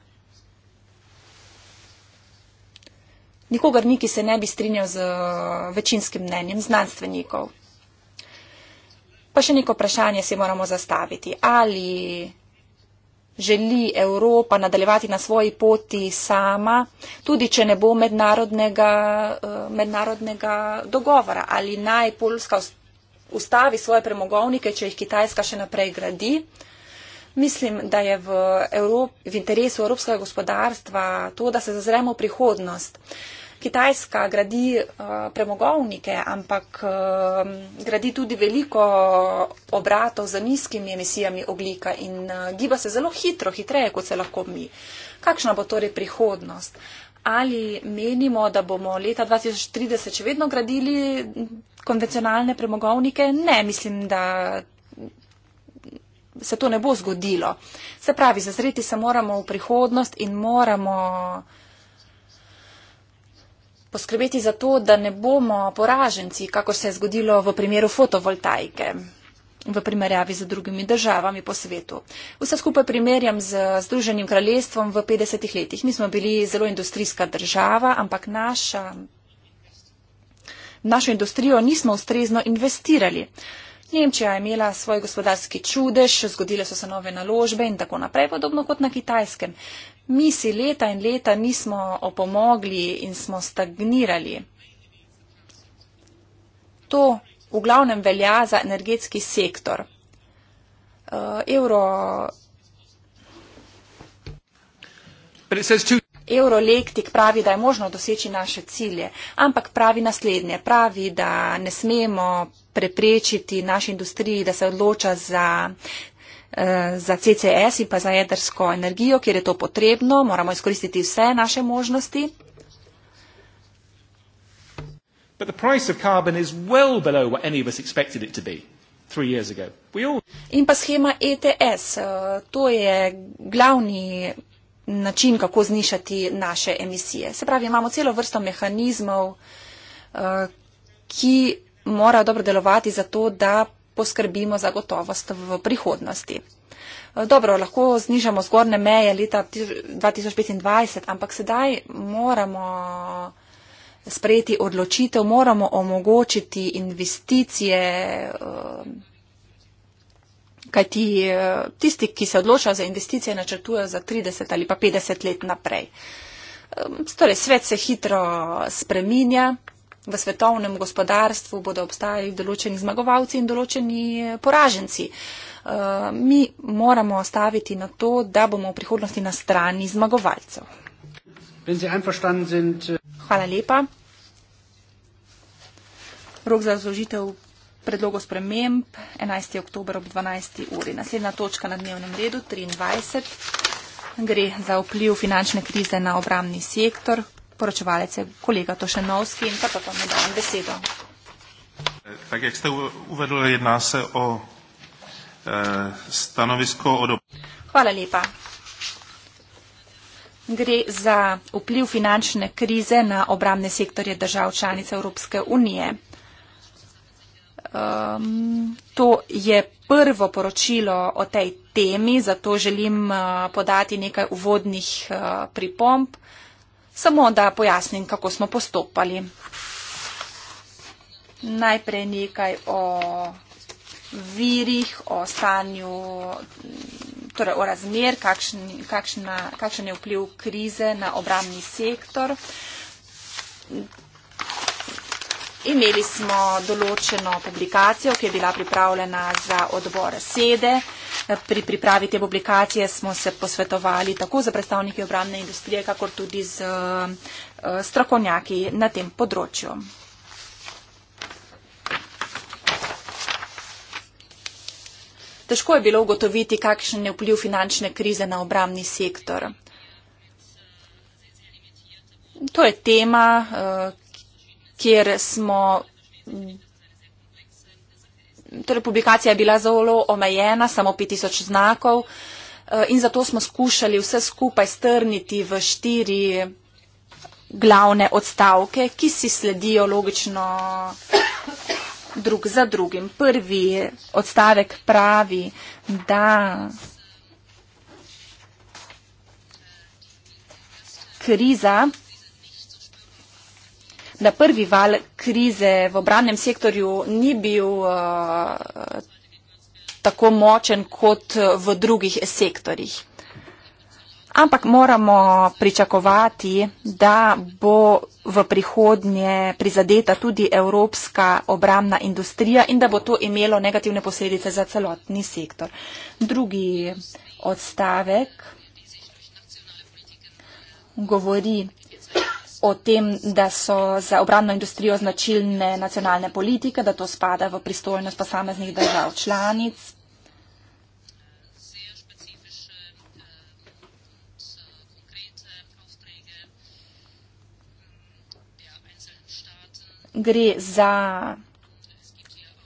Nikogar ni, ki se ne bi strinjal z uh, večinskim mnenjem znanstvenikov. Pa še neko vprašanje si moramo zastaviti. Ali želi Evropa nadaljevati na svoji poti sama, tudi če ne bo mednarodnega, eh, mednarodnega dogovora ali naj Poljska ustavi svoje premogovnike, če jih Kitajska še naprej gradi. Mislim, da je v, Evrop, v interesu evropskega gospodarstva to, da se zazremo v prihodnost. Kitajska gradi uh, premogovnike, ampak uh, gradi tudi veliko obratov za nizkimi emisijami oglika in uh, giba se zelo hitro, hitreje, kot se lahko mi. Kakšna bo torej prihodnost? Ali menimo, da bomo leta 2030 še vedno gradili konvencionalne premogovnike? Ne, mislim, da se to ne bo zgodilo. Se pravi, zazreti se moramo v prihodnost in moramo poskrbeti za to, da ne bomo poraženci, kako se je zgodilo v primeru fotovoltaike v primerjavi z drugimi državami po svetu. Vse skupaj primerjam z Združenim kraljestvom v 50 letih. Mi smo bili zelo industrijska država, ampak naša, našo industrijo nismo ustrezno investirali. Nemčija je imela svoj gospodarski čudež, zgodile so se nove naložbe in tako naprej, podobno kot na kitajskem mi si leta in leta nismo opomogli in smo stagnirali. To v glavnem velja za energetski sektor. Uh, Euro, Eurolektik pravi, da je možno doseči naše cilje, ampak pravi naslednje. Pravi, da ne smemo preprečiti naši industriji, da se odloča za Eh, za CCS in pa za jedrsko energijo, kjer je to potrebno. Moramo izkoristiti vse naše možnosti. In pa schema ETS, eh, to je glavni način, kako znišati naše emisije. Se pravi, imamo celo vrsto mehanizmov, eh, ki morajo dobro delovati za to, da poskrbimo za gotovost v prihodnosti. Eh, dobro, lahko znižamo zgornje meje leta 2025, ampak sedaj moramo sprejeti odločitev, moramo omogočiti investicije, eh, kajti eh, tisti, ki se odločajo za investicije, načrtujejo za 30 ali pa 50 let naprej. Torej, svet se hitro spreminja, v svetovnem gospodarstvu bodo obstajali določeni zmagovalci in določeni eh, poraženci. Eh, mi moramo staviti na to, da bomo v prihodnosti na strani zmagovalcev. Äh, Hvala lepa. Rok za zložitev predlogov sprememb 11. oktober ob 12. uri. Naslednja točka na dnevnem redu 23. Gre za vpliv finančne krize na obramni sektor poročevalec je kolega Tošenovski in pa potem dam besedo. Tak, jak ste uvedli, jedná se o eh, stanovisko od... Hvala lepa. Gre za vpliv finančne krize na obramne sektorje držav članic Evropske unije. Um, to je prvo poročilo o tej temi, zato želim uh, podati nekaj uvodnih uh, eh, pripomp. Uh, Samo da pojasnim, kako smo postopali. Najprej nekaj o virih, o stanju, torej o razmer, kakšen, kakšna, kakšen je vpliv krize na obramni sektor. Imeli smo določeno publikacijo, ki je bila pripravljena za odbor sede. Pri pripravi te publikacije smo se posvetovali tako za predstavniki obramne industrije, kakor tudi z eh, strokovnjaki na tem področju. Težko je bilo ugotoviti, kakšen je vpliv finančne krize na obramni sektor. To je tema, eh, kjer smo torej publikacija je bila zelo omejena, samo 5000 znakov eh, in zato smo skušali vse skupaj strniti v štiri glavne odstavke, ki si sledijo logično drug za drugim. Prvi odstavek pravi, da kriza da prvi val krize v obranem sektorju ni bil uh, tako močen kot v drugih sektorjih. Ampak moramo pričakovati, da bo v prihodnje prizadeta tudi evropska obramna industrija in da bo to imelo negativne posledice za celotni sektor. Drugi odstavek govori o tem, da so za obrambno industrijo značilne nacionalne politike, da to spada v pristojnost posameznih držav članic. Gre za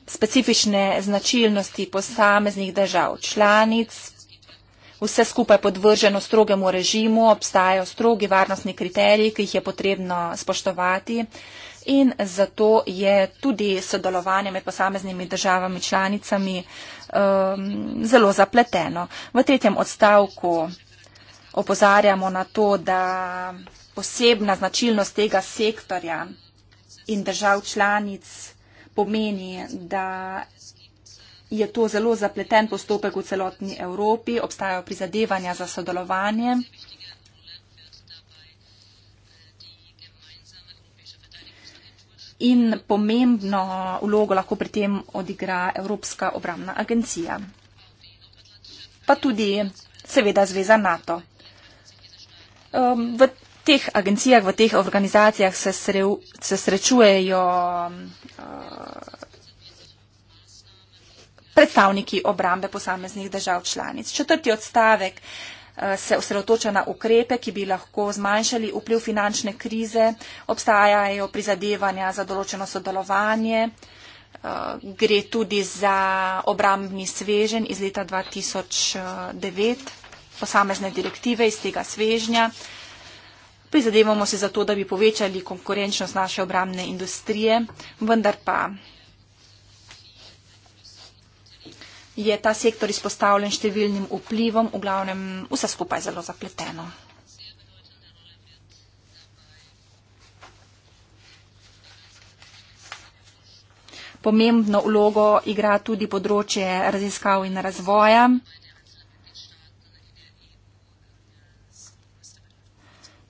specifične značilnosti posameznih držav članic vse skupaj podvrženo strogemu režimu, obstajajo strogi varnostni kriteriji, ki jih je potrebno spoštovati. In zato je tudi sodelovanje med posameznimi državami članicami um, zelo zapleteno. V tretjem odstavku opozarjamo na to, da posebna značilnost tega sektorja in držav članic pomeni, da je to zelo zapleten postopek v celotni Evropi, obstajajo prizadevanja za sodelovanje. In pomembno vlogo lahko pri tem odigra Evropska obramna agencija, pa tudi seveda Zveza NATO. Um, v teh agencijah, v teh organizacijah se, sre, se srečujejo um, predstavniki obrambe posameznih držav članic. Četrti odstavek eh, se osredotoča na ukrepe, ki bi lahko zmanjšali vpliv finančne krize. Obstajajo prizadevanja za določeno sodelovanje. Eh, gre tudi za obrambni svežen iz leta 2009, posamezne direktive iz tega svežnja. Prizadevamo se za to, da bi povečali konkurenčnost naše obrambne industrije, vendar pa je ta sektor izpostavljen številnim vplivom, v glavnem vse skupaj zelo zapleteno. Pomembno vlogo igra tudi področje raziskav in razvoja.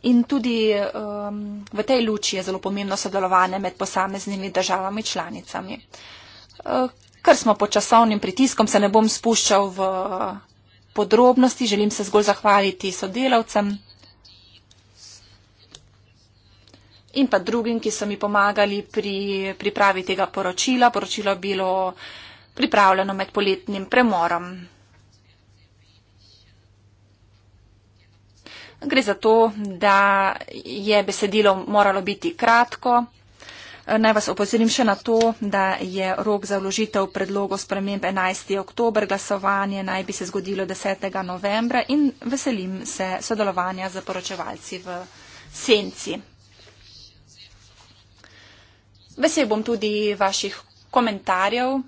In tudi um, v tej luči je zelo pomembno sodelovanje med posameznimi državami članicami. Uh, ker smo pod časovnim pritiskom, se ne bom spuščal v eh, podrobnosti, želim se zgolj zahvaliti sodelavcem in pa drugim, ki so mi pomagali pri pripravi tega poročila. Poročilo bilo pripravljeno med poletnim premorom. Gre za to, da je besedilo moralo biti kratko. Naj vas opozorim še na to, da je rok za vložitev predlogov sprememb 11. oktober, glasovanje naj bi se zgodilo 10. novembra in veselim se sodelovanja z poročevalci v senci. Vesel bom tudi vaših komentarjev,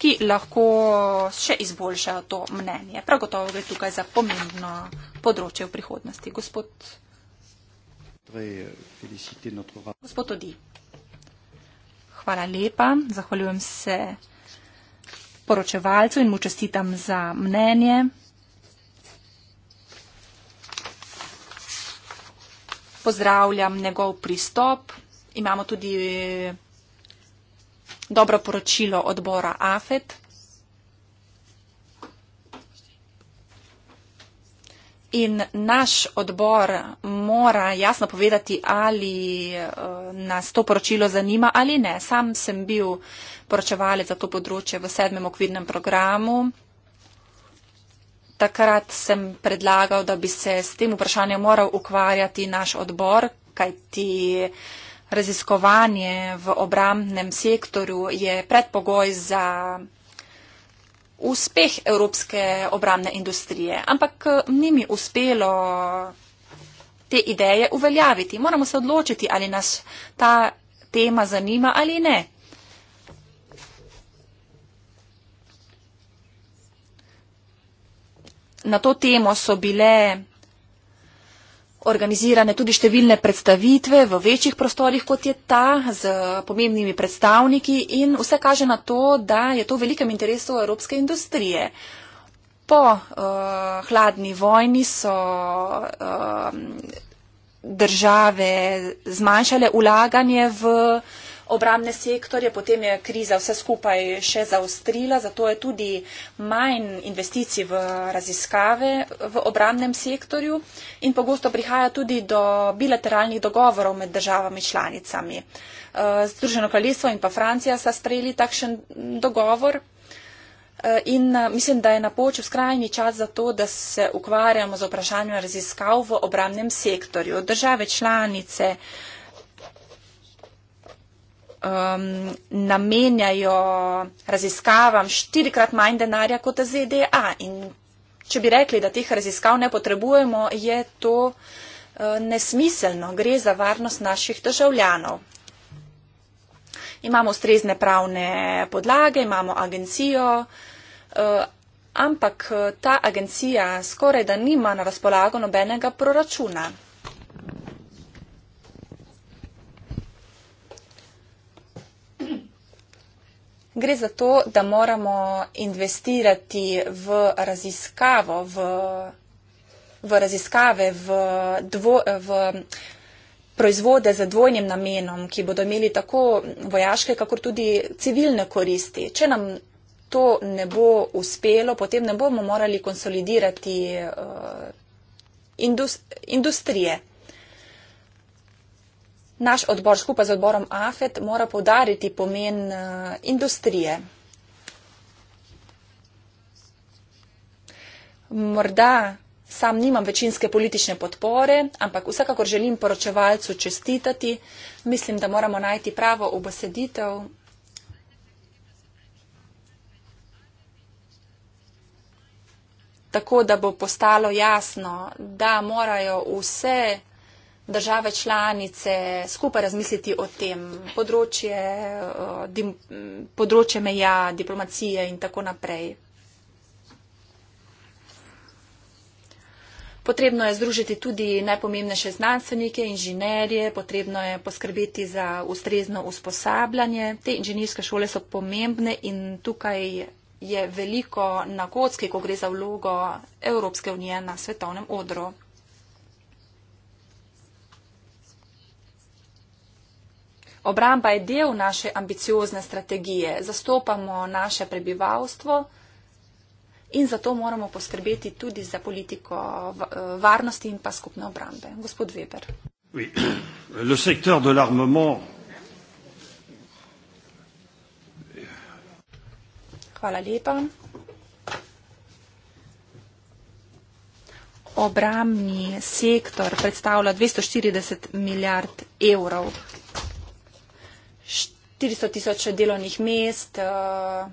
ki lahko še izboljšajo to mnenje. Prav gotovo gre tukaj za pomembno področje v prihodnosti. Gospod naprej euh, feliciter notre rapport. Gospod Odi, hvala lepa, zahvaljujem se poročevalcu in mu čestitam za mnenje. Pozdravljam njegov pristop. Imamo tudi eh, dobro poročilo odbora AFET. In naš odbor mora jasno povedati, ali eh, nas to poročilo zanima ali ne. Sam sem bil poročevalec za to področje v sedmem okvirnem programu. Takrat sem predlagal, da bi se s tem vprašanjem moral ukvarjati naš odbor, kajti raziskovanje v obramnem sektorju je predpogoj za uspeh evropske obramne industrije, ampak eh, njimi uspelo te ideje uveljaviti. Moramo se odločiti, ali nas ta tema zanima ali ne. Na to temo so bile organizirane tudi številne predstavitve v večjih prostorih, kot je ta, z pomembnimi predstavniki in vse kaže na to, da je to v velikem interesu evropske industrije. Po uh, hladni vojni so uh, države zmanjšale ulaganje v uh, obramne sektorje, potem je kriza vse skupaj še zaostrila, zato je tudi manj investicij v raziskave v obramnem sektorju in pogosto prihaja tudi do bilateralnih dogovorov med državami članicami. Eh, Združeno kraljestvo in pa Francija sta sprejeli takšen dogovor. Eh, in eh, mislim, da je napočil skrajni čas za to, da se ukvarjamo z vprašanjem raziskav v obramnem sektorju. Države članice uh, um, namenjajo raziskavam štirikrat manj denarja kot ZDA. In če bi rekli, da teh raziskav ne potrebujemo, je to uh, nesmiselno. Gre za varnost naših državljanov. Imamo ustrezne pravne podlage, imamo agencijo, uh, ampak uh, ta agencija skoraj da nima na razpolago nobenega proračuna. Gre za to, da moramo investirati v raziskavo, v, v raziskave, v, dvo, v proizvode z dvojnim namenom, ki bodo imeli tako vojaške, kakor tudi civilne koristi. Če nam to ne bo uspelo, potem ne bomo morali konsolidirati uh, industrije. Naš odbor skupaj z odborom AFET mora povdariti pomen eh, industrije. Morda sam nimam večinske politične podpore, ampak vsekakor želim poročevalcu čestitati. Mislim, da moramo najti pravo obeseditev. Tako da bo postalo jasno, da morajo vse države članice skupaj razmisliti o tem področje, dim, področje meja, diplomacije in tako naprej. Potrebno je združiti tudi najpomembnejše znanstvenike, inženirje, potrebno je poskrbeti za ustrezno usposabljanje. Te inženirske šole so pomembne in tukaj je veliko na kocki, ko gre za vlogo Evropske unije na svetovnem odru. Obramba je del naše ambiciozne strategije, zastopamo naše prebivalstvo in zato moramo poskrbeti tudi za politiko eh, varnosti in pa skupne obrambe. Gospod Weber. Hvala lepa. Obramni sektor predstavlja 240 milijard evrov 300 tisoč delovnih mest. Uh,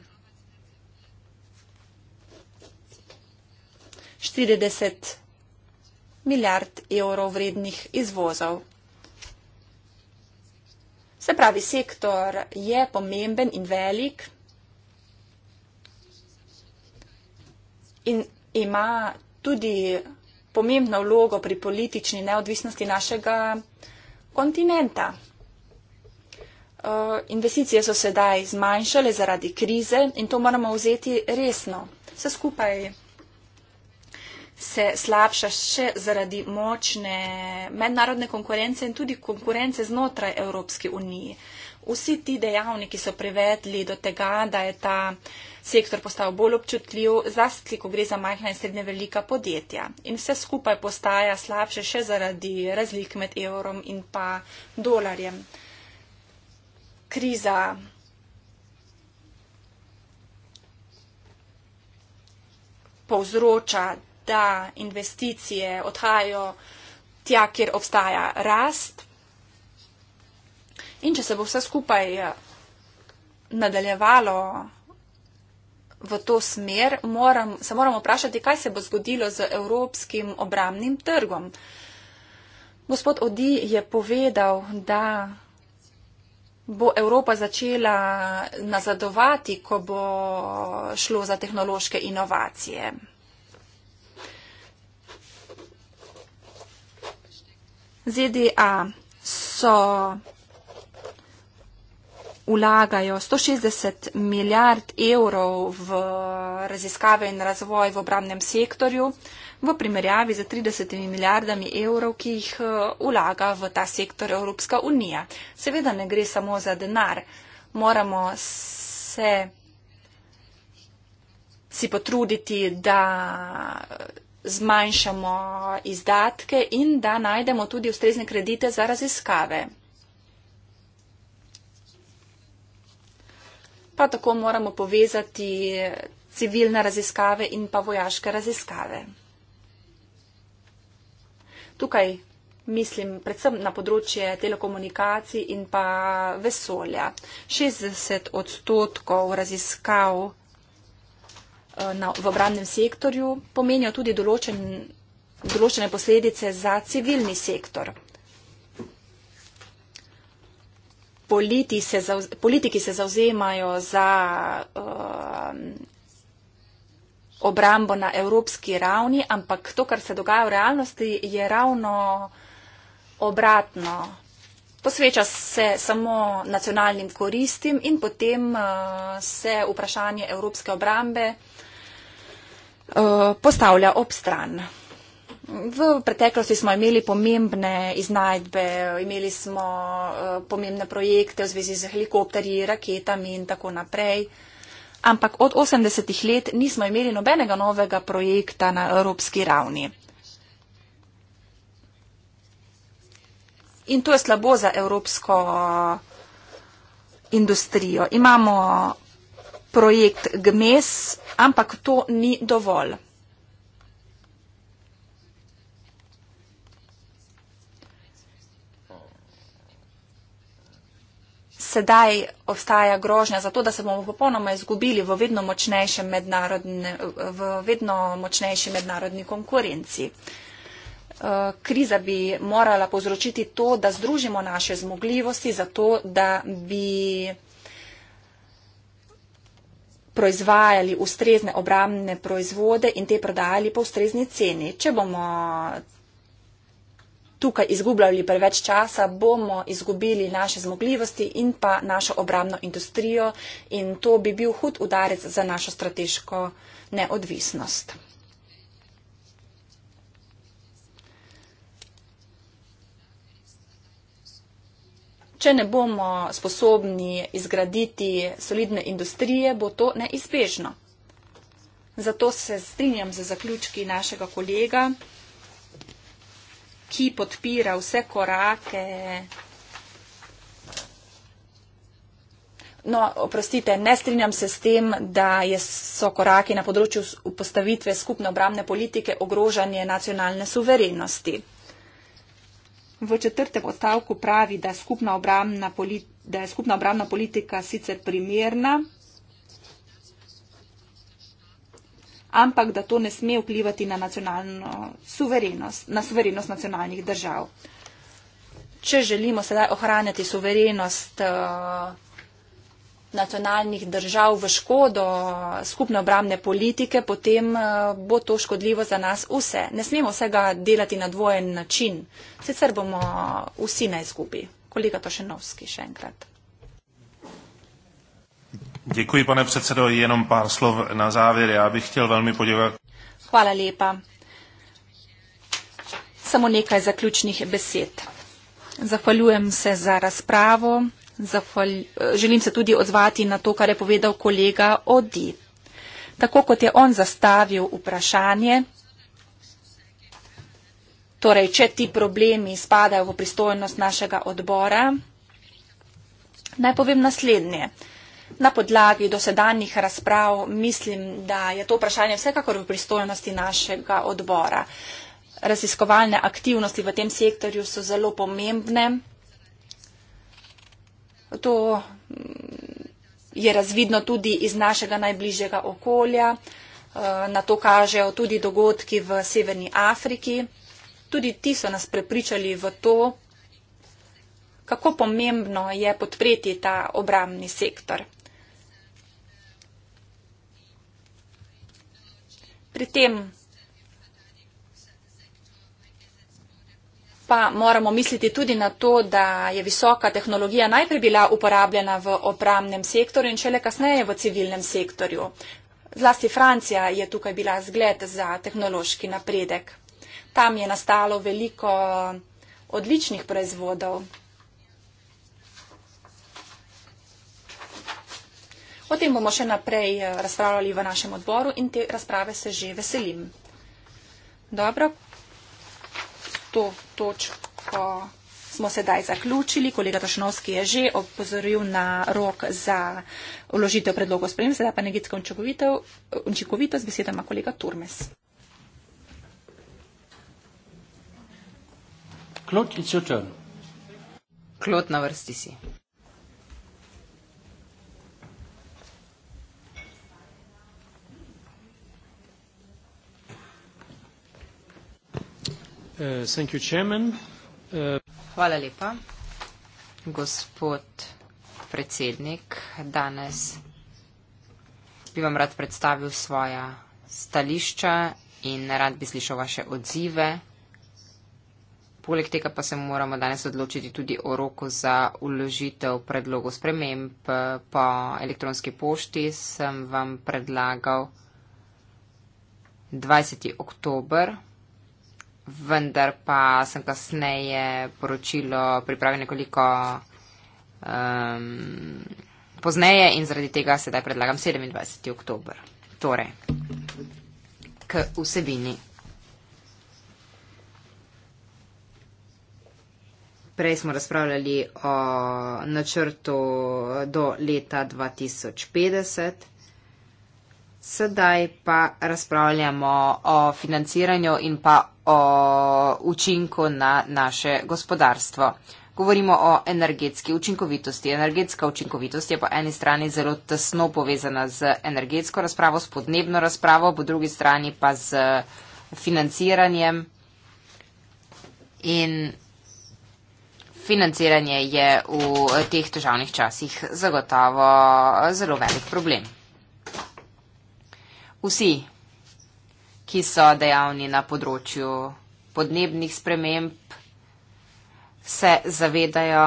eh, 40 milijard evrov vrednih izvozov. Se pravi, sektor je pomemben in velik in ima tudi pomembno vlogo pri politični neodvisnosti našega kontinenta. Eh, investicije so sedaj zmanjšale zaradi krize in to moramo vzeti resno. Vse skupaj se slabša še zaradi močne mednarodne konkurence in tudi konkurence znotraj Evropske unije. Vsi ti dejavniki so privedli do tega, da je ta sektor postal bolj občutljiv, zlasti, ko gre za majhna in srednje velika podjetja. In vse skupaj postaja slabše še zaradi razlik med evrom in pa dolarjem kriza. Povzroča, da investicije odhajajo tja, kjer obstaja rast. In če se bo vse skupaj eh, nadaljevalo v to smer, moram, se moramo vprašati, kaj se bo zgodilo z evropskim obramnim trgom. Gospod Odi je povedal, da bo Evropa začela nazadovati, ko bo šlo za tehnološke inovacije. ZDA so vlagajo 160 milijard evrov v raziskave in razvoj v obramnem sektorju v primerjavi z 30 milijardami evrov, ki jih eh, vlaga v ta sektor Evropska unija. Seveda ne gre samo za denar. Moramo se si potruditi, da eh, zmanjšamo izdatke in da najdemo tudi ustrezne kredite za raziskave. Pa tako moramo povezati eh, civilne raziskave in pa vojaške raziskave tukaj mislim predvsem na področje telekomunikacij in pa vesolja. 60 odstotkov raziskav eh, na, v obramnem sektorju pomenijo tudi določen, določene posledice za civilni sektor. Politi se zauz, politiki se zauzemajo za uh, obrambo na evropski ravni, ampak to, kar se dogaja v realnosti, je ravno obratno. Posveča se samo nacionalnim koristim in potem eh, se vprašanje evropske obrambe eh, postavlja ob stran. V preteklosti smo imeli pomembne iznajdbe, imeli smo eh, pomembne projekte v zvezi z helikopterji, raketami in tako naprej ampak od 80-ih let nismo imeli nobenega novega projekta na evropski ravni. In to je slabo za evropsko industrijo. Imamo projekt GMES, ampak to ni dovolj. sedaj obstaja grožnja za to, da se bomo popolnoma izgubili v vedno, v vedno močnejši mednarodni konkurenci. Eh, kriza bi morala povzročiti to, da združimo naše zmogljivosti za to, da bi proizvajali ustrezne obramne proizvode in te prodajali po ustrezni ceni. Če bomo tukaj izgubljali preveč časa, bomo izgubili naše zmogljivosti in pa našo obramno industrijo in to bi bil hud udarec za našo strateško neodvisnost. Če ne bomo sposobni izgraditi solidne industrije, bo to neizbežno. Zato se strinjam za zaključki našega kolega ki podpira vse korake. No, oprostite, ne strinjam se s tem, da so korake na področju upostavitve skupne obramne politike ogrožanje nacionalne suverenosti. V četrtem odstavku pravi, da je skupna obramna, politi da je skupna obramna politika sicer primerna, ampak da to ne sme vplivati na nacionalno suverenost, na suverenost nacionalnih držav. Če želimo sedaj ohranjati suverenost eh, nacionalnih držav v škodo skupne obramne politike, potem eh, bo to škodljivo za nas vse. Ne smemo vsega delati na dvojen način, sicer bomo vsi na izgubi. Kolega Tošenovski, še enkrat. Děkuji, pane předsedo. Jenom pár slov na závěr. Já bych chtěl velmi poděkovat. Hvala lepa. Samo nekaj zaključnih besed. Zahvaljujem se za razpravo. Zahvalj... Želim se tudi odzvati na to, kar je povedal kolega Odi. Tako kot je on zastavil vprašanje, torej, če ti problemi spadajo v pristojnost našega odbora, naj povem naslednje. Na podlagi dosedanjih razprav mislim, da je to vprašanje vsekakor v pristojnosti našega odbora. Raziskovalne aktivnosti v tem sektorju so zelo pomembne. To mm, je razvidno tudi iz našega najbližjega okolja. Eh, na to kažejo tudi dogodki v Severni Afriki. Tudi ti so nas prepričali v to, kako pomembno je podpreti ta obramni sektor. Pri tem pa moramo misliti tudi na to, da je visoka tehnologija najprej bila uporabljena v obramnem sektorju in šele kasneje v civilnem sektorju. Zlasti Francija je tukaj bila zgled za tehnološki napredek. Tam je nastalo veliko odličnih proizvodov. O tem bomo še naprej eh, razpravljali v našem odboru in te razprave se že veselim. Dobro, to točko smo sedaj zaključili. Kolega Tošnovski je že opozoril na rok za uložitev predlogov sprejem, sedaj pa energetska učinkovitost z besedama kolega Turmes. Klot, na vrsti si. Uh, thank you, Chairman. Uh, Hvala lepa, gospod predsednik. Danes bi vam rad predstavil svoja stališča in rad bi slišal vaše odzive. Poleg tega pa se moramo danes odločiti tudi o roku za uložitev predlogov sprememb po elektronski pošti. Sem vam predlagal 20. oktober vendar pa sem kasneje poročilo pripravil nekoliko um, pozneje in zaradi tega sedaj predlagam 27. oktober. Torej, k vsebini. Prej smo razpravljali o načrtu do leta 2050, sedaj pa razpravljamo o financiranju in pa o učinku na naše gospodarstvo. Govorimo o energetski učinkovitosti. Energetska učinkovitost je po eni strani zelo tesno povezana z energetsko razpravo, s podnebno razpravo, po drugi strani pa z financiranjem. In financiranje je v teh težavnih časih zagotovo zelo velik problem. Vsi ki so dejavni na področju podnebnih sprememb, se zavedajo,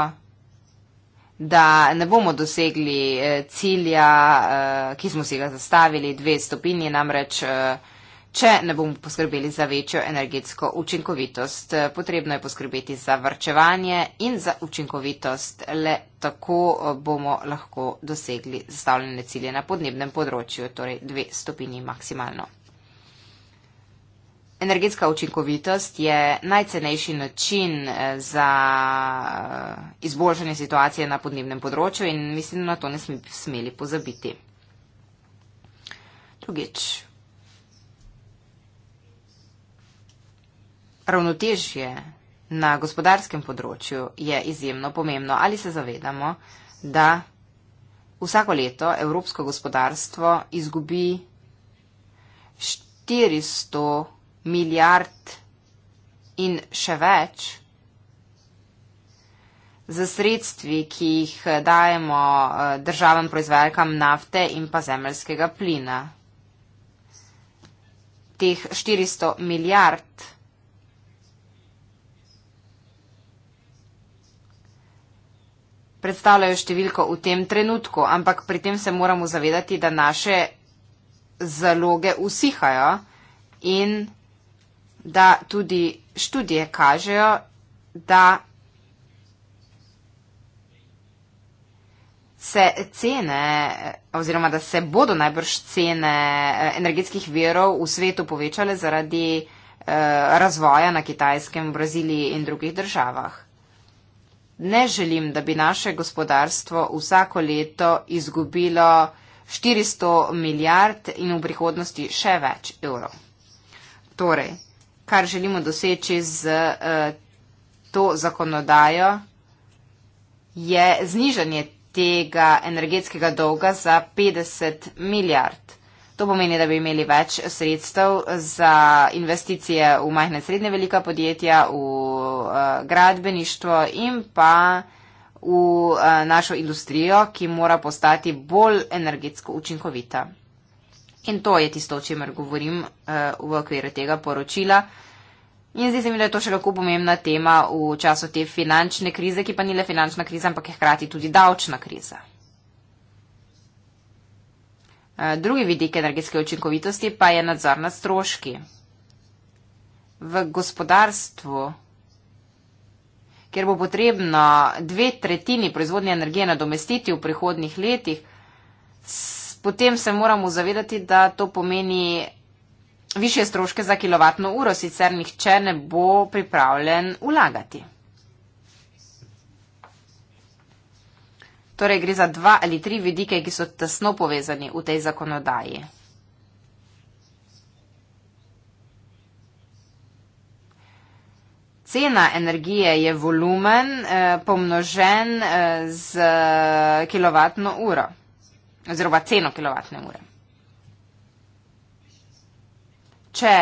da ne bomo dosegli eh, cilja, eh, ki smo si ga zastavili, dve stopinji namreč, eh, če ne bomo poskrbeli za večjo energetsko učinkovitost. Potrebno je poskrbeti za vrčevanje in za učinkovitost, le tako bomo lahko dosegli zastavljene cilje na podnebnem področju, torej dve stopinji maksimalno. Energetska učinkovitost je najcenejši način eh, za eh, izboljšanje situacije na podnebnem področju in mislim, da na to ne smi, smeli pozabiti. Drugič. Ravnotežje na gospodarskem področju je izjemno pomembno. Ali se zavedamo, da vsako leto evropsko gospodarstvo izgubi 400 milijard in še več. Z sredstvi, ki jih eh, dajemo eh, državam proizvajalkam nafte in pa zemeljskega plina. Teh 400 milijard predstavljajo številko v tem trenutku, ampak pri tem se moramo zavedati, da naše zaloge usihajo in da tudi študije kažejo, da se cene oziroma da se bodo najbrž cene eh, energetskih verov v svetu povečale zaradi eh, razvoja na Kitajskem, v Braziliji in drugih državah. Ne želim, da bi naše gospodarstvo vsako leto izgubilo 400 milijard in v prihodnosti še več evrov. Torej, kar želimo doseči z uh, to zakonodajo, je znižanje tega energetskega dolga za 50 milijard. To pomeni, da bi imeli več sredstev za investicije v majhne srednje velika podjetja, v uh, gradbeništvo in pa v uh, našo industrijo, ki mora postati bolj energetsko učinkovita. In to je tisto, o čemer govorim uh, v okviru tega poročila. In zdi se mi, da je to še kako pomembna tema v času te finančne krize, ki pa ni le finančna kriza, ampak je hkrati tudi davčna kriza. Uh, drugi vidik energetske učinkovitosti pa je nadzor nad stroški. V gospodarstvu, kjer bo potrebno dve tretjini proizvodnje energije nadomestiti v prihodnih letih, potem se moramo zavedati, da to pomeni više stroške za kilovatno uro, sicer nihče ne bo pripravljen vlagati. Torej gre za dva ali tri vidike, ki so tesno povezani v tej zakonodaji. Cena energije je volumen eh, pomnožen eh, z kilovatno uro oziroma ceno kilovatne ure. Če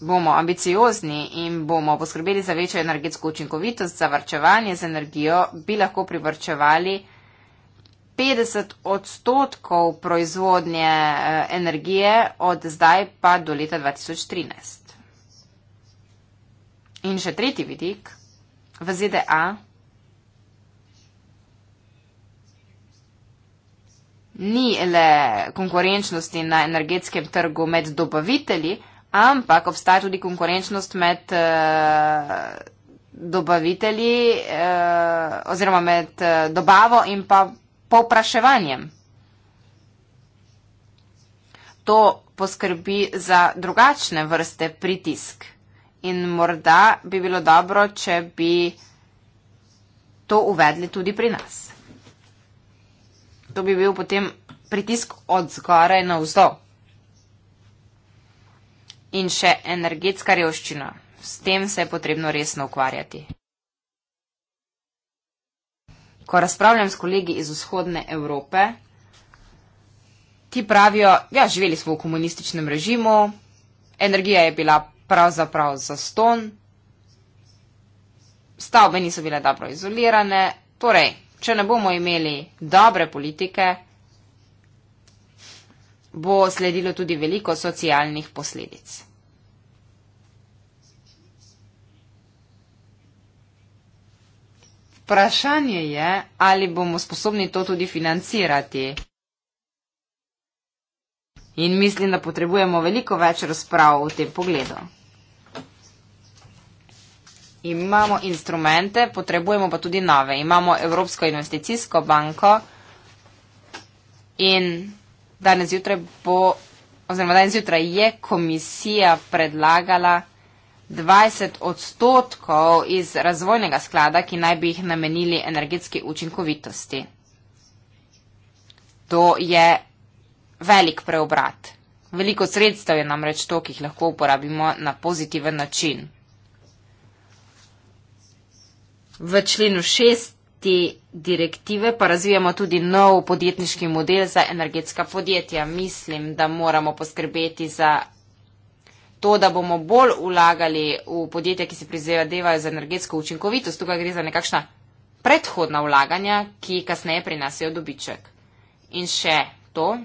bomo ambiciozni in bomo poskrbeli za večjo energetsko učinkovitost, za varčevanje z energijo, bi lahko privrčevali 50 odstotkov proizvodnje eh, energije od zdaj pa do leta 2013. In še tretji vidik. V ZDA ni le konkurenčnosti na energetskem trgu med dobavitelji, ampak obstaja tudi konkurenčnost med uh, dobavitelji uh, oziroma med uh, dobavo in pa povpraševanjem. To poskrbi za drugačne vrste pritisk in morda bi bilo dobro, če bi to uvedli tudi pri nas to bi bil potem pritisk od zgoraj na vzdolj. In še energetska revščina. S tem se je potrebno resno ukvarjati. Ko razpravljam s kolegi iz vzhodne Evrope, ti pravijo, ja, živeli smo v komunističnem režimu, energija je bila pravzaprav za ston, stavbe niso bile dobro izolirane, torej če ne bomo imeli dobre politike, bo sledilo tudi veliko socialnih posledic. Vprašanje je, ali bomo sposobni to tudi financirati. In mislim, da potrebujemo veliko več razprav v tem pogledu. Imamo instrumente, potrebujemo pa tudi nove. Imamo Evropsko investicijsko banko in danes zjutraj bo, oziroma danes zjutraj je komisija predlagala 20 odstotkov iz razvojnega sklada, ki naj bi jih namenili energetski učinkovitosti. To je velik preobrat. Veliko sredstev je namreč to, ki jih lahko uporabimo na pozitiven način. V členu šesti direktive pa razvijamo tudi nov podjetniški model za energetska podjetja. Mislim, da moramo poskrbeti za to, da bomo bolj ulagali v podjetja, ki se prizadevajo za energetsko učinkovitost. Tukaj gre za nekakšna predhodna vlaganja, ki kasneje prinesejo dobiček. In še to.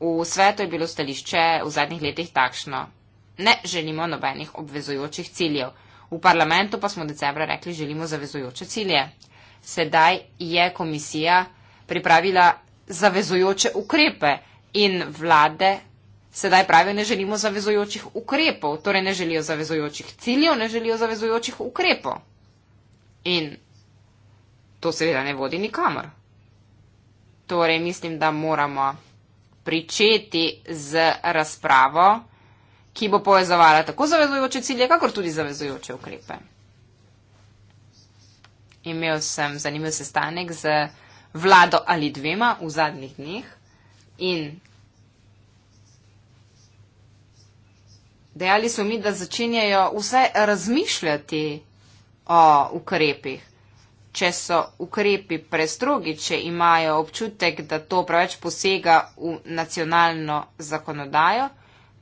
V svetu je bilo stališče v zadnjih letih takšno. Ne želimo nobenih obvezujočih ciljev. V parlamentu pa smo decembra rekli, želimo zavezujoče cilje. Sedaj je komisija pripravila zavezujoče ukrepe in vlade sedaj pravijo, ne želimo zavezujočih ukrepov, torej ne želijo zavezujočih ciljev, ne želijo zavezujočih ukrepov. In to seveda ne vodi nikamor. Torej mislim, da moramo pričeti z razpravo ki bo povezovala tako zavezujoče cilje, kakor tudi zavezujoče ukrepe. Imel sem zanimiv sestanek z vlado ali dvema v zadnjih dneh in dejali so mi, da začenjajo vse razmišljati o ukrepih. Če so ukrepi prestrogi, če imajo občutek, da to preveč posega v nacionalno zakonodajo,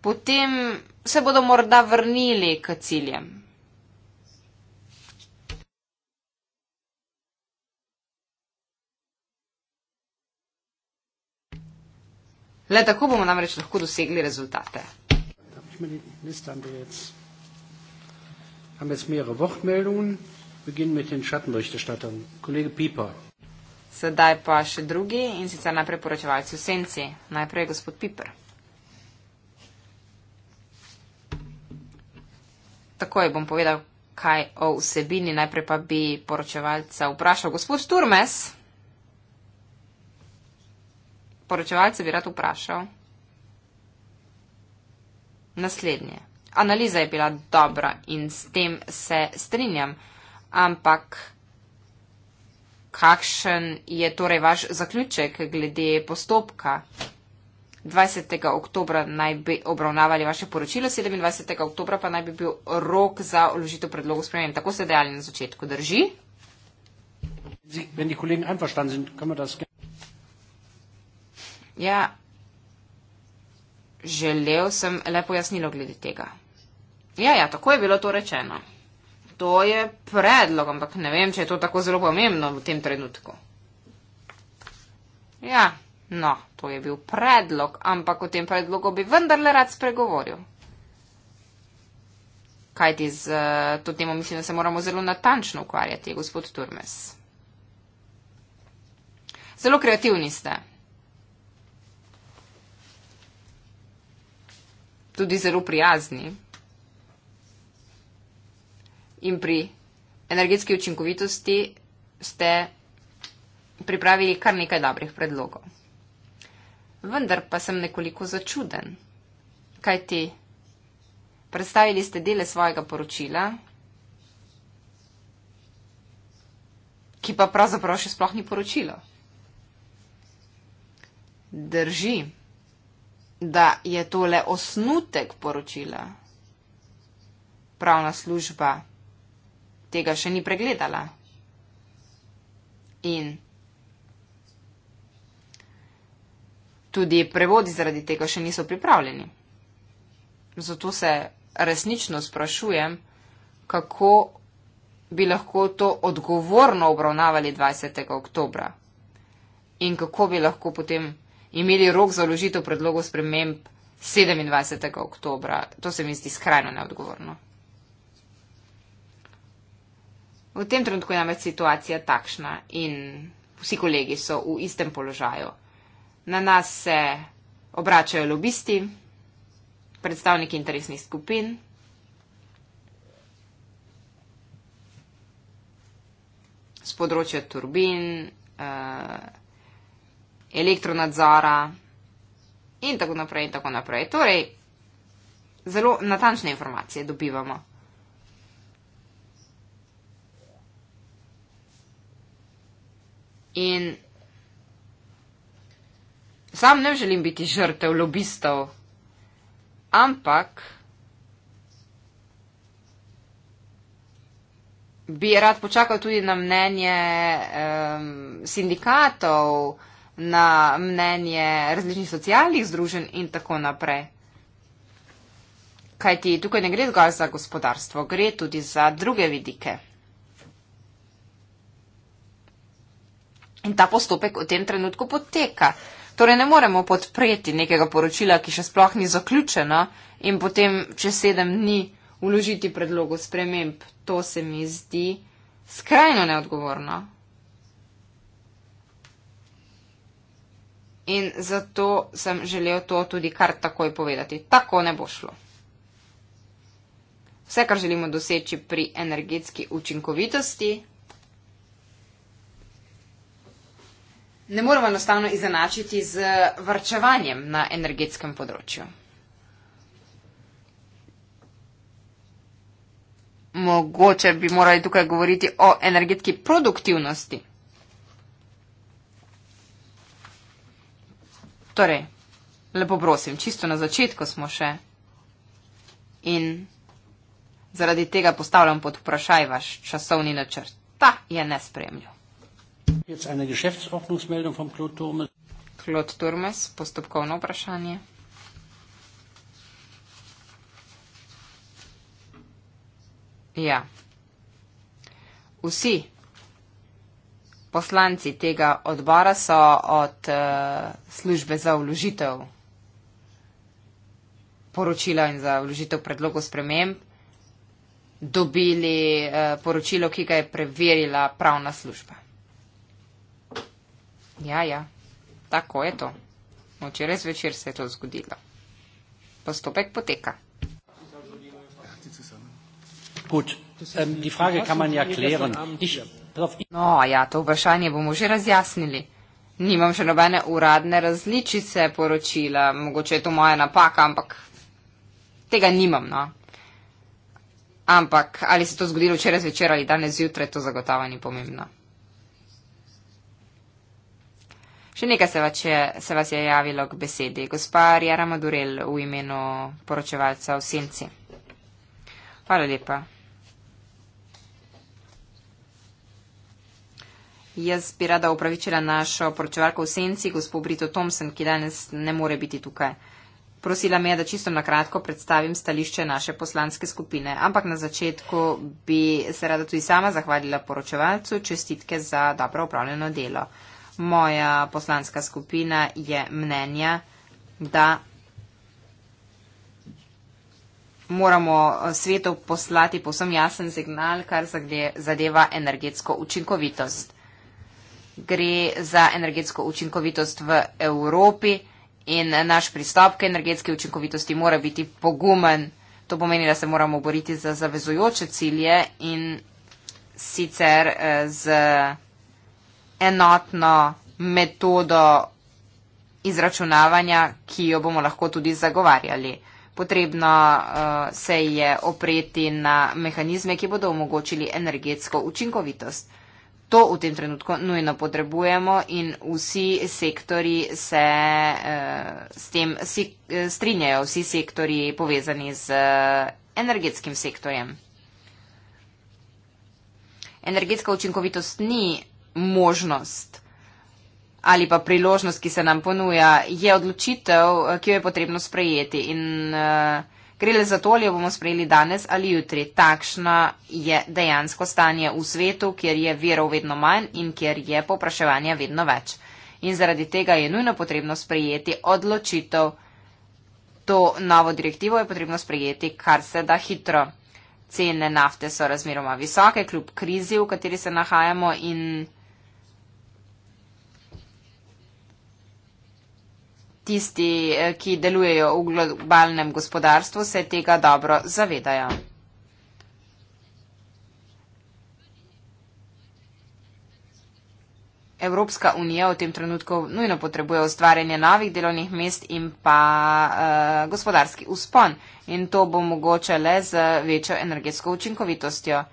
potem se bodo morda vrnili k ciljem. Le tako bomo namreč lahko dosegli rezultate. Sedaj pa še drugi in sicer najprej poročevalci v senci. Najprej gospod Piper. takoj bom povedal, kaj o vsebini. Najprej pa bi poročevalca vprašal, gospod Turmes. Poročevalce bi rad vprašal. Naslednje. Analiza je bila dobra in s tem se strinjam, ampak. Kakšen je torej vaš zaključek glede postopka? 20. oktobra naj bi obravnavali vaše poročilo, 27. oktobra pa naj bi bil rok za vložitev predlogov spremenjen. Tako ste dejali na začetku. Drži? Ja, želel sem lepo jasnilo glede tega. Ja, ja, tako je bilo to rečeno. To je predlog, ampak ne vem, če je to tako zelo pomembno v tem trenutku. Ja. No, to je bil predlog, ampak o tem predlogu bi vendarle rad spregovoril. Kaj ti z uh, to temo mislim, da se moramo zelo natančno ukvarjati, gospod Turmes? Zelo kreativni ste. Tudi zelo prijazni. In pri energetski učinkovitosti ste pripravili kar nekaj dobrih predlogov vendar pa sem nekoliko začuden. Kaj ti? Predstavili ste dele svojega poročila, ki pa pravzaprav še sploh ni poročilo. Drži, da je tole osnutek poročila. Pravna služba tega še ni pregledala. In tudi prevodi zaradi tega še niso pripravljeni. Zato se resnično sprašujem, kako bi lahko to odgovorno obravnavali 20. oktobra in kako bi lahko potem imeli rok za vložitev predlogov sprememb 27. oktobra. To se mi zdi skrajno neodgovorno. V tem trenutku je namreč situacija takšna in vsi kolegi so v istem položaju. Na nas se obračajo lobisti, predstavniki interesnih skupin. Z področja turbin, eh, elektronadzora in tako naprej. In tako naprej. Torej, zelo natančne informacije dobivamo. In Sam ne želim biti žrtev lobistov, ampak bi rad počakal tudi na mnenje um, sindikatov, na mnenje različnih socialnih združenj in tako naprej. Kajti tukaj ne gre zgolj za gospodarstvo, gre tudi za druge vidike. In ta postopek v tem trenutku poteka. Torej ne moremo podpreti nekega poročila, ki še sploh ni zaključeno in potem čez sedem dni uložiti predlogo sprememb. To se mi zdi skrajno neodgovorno. In zato sem želel to tudi kar takoj povedati. Tako ne bo šlo. Vse, kar želimo doseči pri energetski učinkovitosti, ne moremo enostavno izenačiti z vrčevanjem na energetskem področju. Mogoče bi morali tukaj govoriti o energetski produktivnosti. Torej, lepo prosim, čisto na začetku smo še in zaradi tega postavljam pod vprašaj vaš časovni načrt. Ta je nespremljiv. Jetzt eine Geschäftsordnungsmeldung vom Claude Turmes. Claude Turmes, postopkovno vprašanje. Ja. Vsi poslanci tega odbora so od uh, službe za vložitev poročila in za vložitev predlogov sprememb dobili uh, poročilo, ki ga je preverila pravna služba. Ja, ja, tako je to. Včeraj zvečer se je to zgodilo. Postopek poteka. Gut, um, die Frage kann man ja klären. Ich, no, ja, to vprašanje bomo že razjasnili. Nimam še nobene uradne različice poročila, mogoče je to moja napaka, ampak tega nimam, no. Ampak ali se to zgodilo včeraj zvečer ali danes zjutraj, to zagotovo ni pomembno. Še nekaj se vas, je, se vas je javilo k besedi. Gospa Rjera Madurel v imenu poročevalca v Senci. Hvala lepa. Jaz bi rada upravičila našo poročevalko v Senci, gospod Brito Thompson, ki danes ne more biti tukaj. Prosila me je, da čisto na kratko predstavim stališče naše poslanske skupine, ampak na začetku bi se rada tudi sama zahvalila poročevalcu čestitke za dobro upravljeno delo moja poslanska skupina je mnenja, da moramo svetu poslati posem jasen signal, kar zadeva energetsko učinkovitost. Gre za energetsko učinkovitost v Evropi in naš pristop k energetski učinkovitosti mora biti pogumen. To pomeni, da se moramo boriti za zavezujoče cilje in sicer eh, z. Eh, enotno metodo izračunavanja, ki jo bomo lahko tudi zagovarjali. Potrebno uh, se je opreti na mehanizme, ki bodo omogočili energetsko učinkovitost. To v tem trenutku nujno potrebujemo in vsi sektori se uh, s tem si, uh, strinjajo, vsi sektori povezani z uh, energetskim sektorjem. Energetska učinkovitost ni možnost ali pa priložnost, ki se nam ponuja, je odločitev, ki jo je potrebno sprejeti. In uh, gre le za to, ali jo bomo sprejeli danes ali jutri. Takšno je dejansko stanje v svetu, kjer je virov vedno manj in kjer je popraševanja vedno več. In zaradi tega je nujno potrebno sprejeti odločitev. To novo direktivo je potrebno sprejeti kar se da hitro. Cene nafte so razmeroma visoke, kljub krizi, v kateri se nahajamo in. tisti, eh, ki delujejo v globalnem gospodarstvu, se tega dobro zavedajo. Evropska unija v tem trenutku nujno potrebuje ustvarjanje novih delovnih mest in pa uh, gospodarski uspon. In to bo mogoče le z večjo energetsko učinkovitostjo.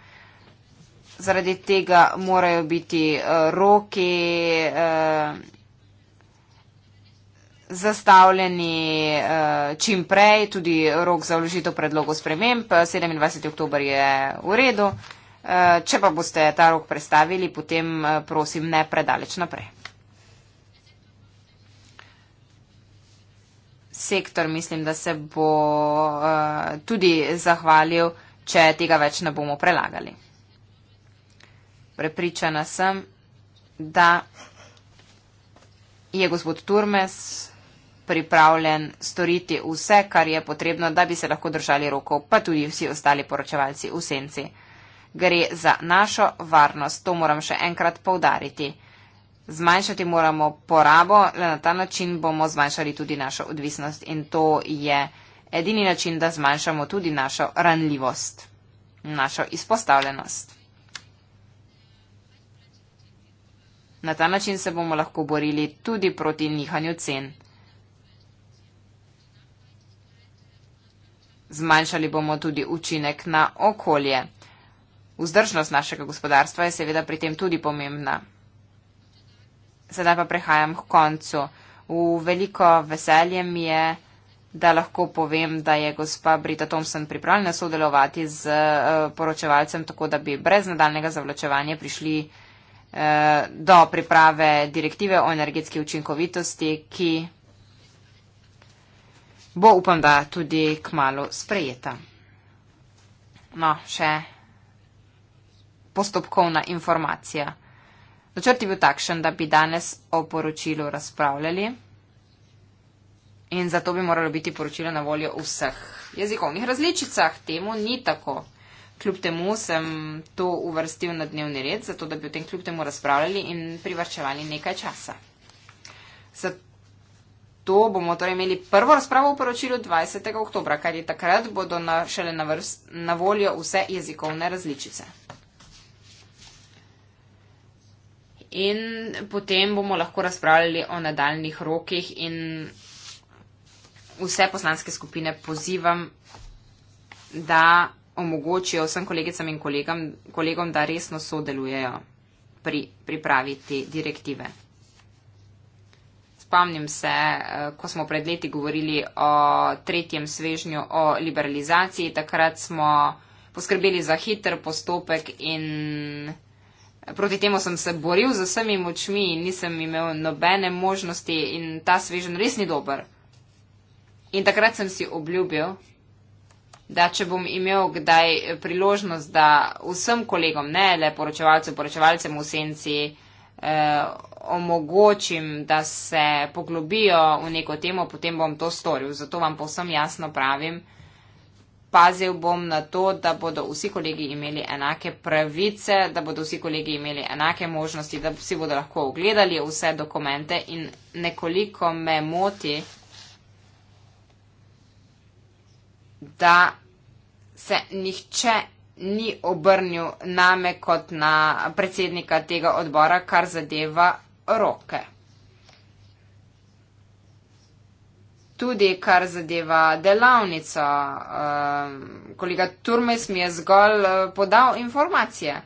Zaradi tega morajo biti uh, roki. Uh, zastavljeni uh, čim prej, tudi rok za vložitev predlogov sprememb, 27. Eh, oktober je v redu. Uh, če pa boste ta rok predstavili, potem uh, prosim ne predaleč naprej. Sektor mislim, da se bo uh, tudi zahvalil, če tega več ne bomo prelagali. Prepričana sem, da je gospod Turmes uh, pripravljen storiti vse, kar je potrebno, da bi se lahko držali rokov, pa tudi vsi ostali poročevalci v senci. Gre za našo varnost, to moram še enkrat povdariti. Zmanjšati moramo porabo, le na ta način bomo zmanjšali tudi našo odvisnost in to je edini način, da zmanjšamo tudi našo ranljivost, našo izpostavljenost. Na ta način se bomo lahko borili tudi proti nihanju cen. Zmanjšali bomo tudi učinek na okolje. Vzdržnost našega gospodarstva je seveda pri tem tudi pomembna. Sedaj pa prehajam k koncu. V veliko veselje mi je, da lahko povem, da je gospa Brita Thompson pripravljena sodelovati z eh, poročevalcem, tako da bi brez nadaljnega zavlačevanja prišli eh, do priprave direktive o energetski učinkovitosti, ki bo upam, da tudi kmalo sprejeta. No, še postopkovna informacija. Načrt je bil takšen, da bi danes o poročilu razpravljali in zato bi moralo biti poročilo na voljo vseh jezikovnih različicah. Temu ni tako. Kljub temu sem to uvrstil na dnevni red, zato da bi o tem kljub temu razpravljali in privrčevali nekaj časa. Zato to bomo torej imeli prvo razpravo v poročilu 20. oktobra, kar je takrat bodo na, šele na, vrst, na voljo vse jezikovne različice. In potem bomo lahko razpravljali o nadaljnih rokih in vse poslanske skupine pozivam, da omogočijo vsem kolegicam in kolegom, kolegom da resno sodelujejo pri pripravi te direktive spomnim se, eh, ko smo pred leti govorili o tretjem svežnju o liberalizaciji, takrat smo poskrbeli za hiter postopek in proti temu sem se boril z vsemi močmi in nisem imel nobene možnosti in ta svežen res ni dober. In takrat sem si obljubil, da če bom imel kdaj priložnost, da vsem kolegom, ne le poročevalcem, poročevalcem v senci, eh, omogočim, da se poglobijo v neko temo, potem bom to storil. Zato vam povsem jasno pravim, pazil bom na to, da bodo vsi kolegi imeli enake pravice, da bodo vsi kolegi imeli enake možnosti, da vsi bodo lahko ogledali vse dokumente in nekoliko me moti, da se nihče ni obrnil name kot na predsednika tega odbora, kar zadeva roke. Tudi kar zadeva delavnico, eh, kolega Turmes mi je zgolj eh, podal informacije.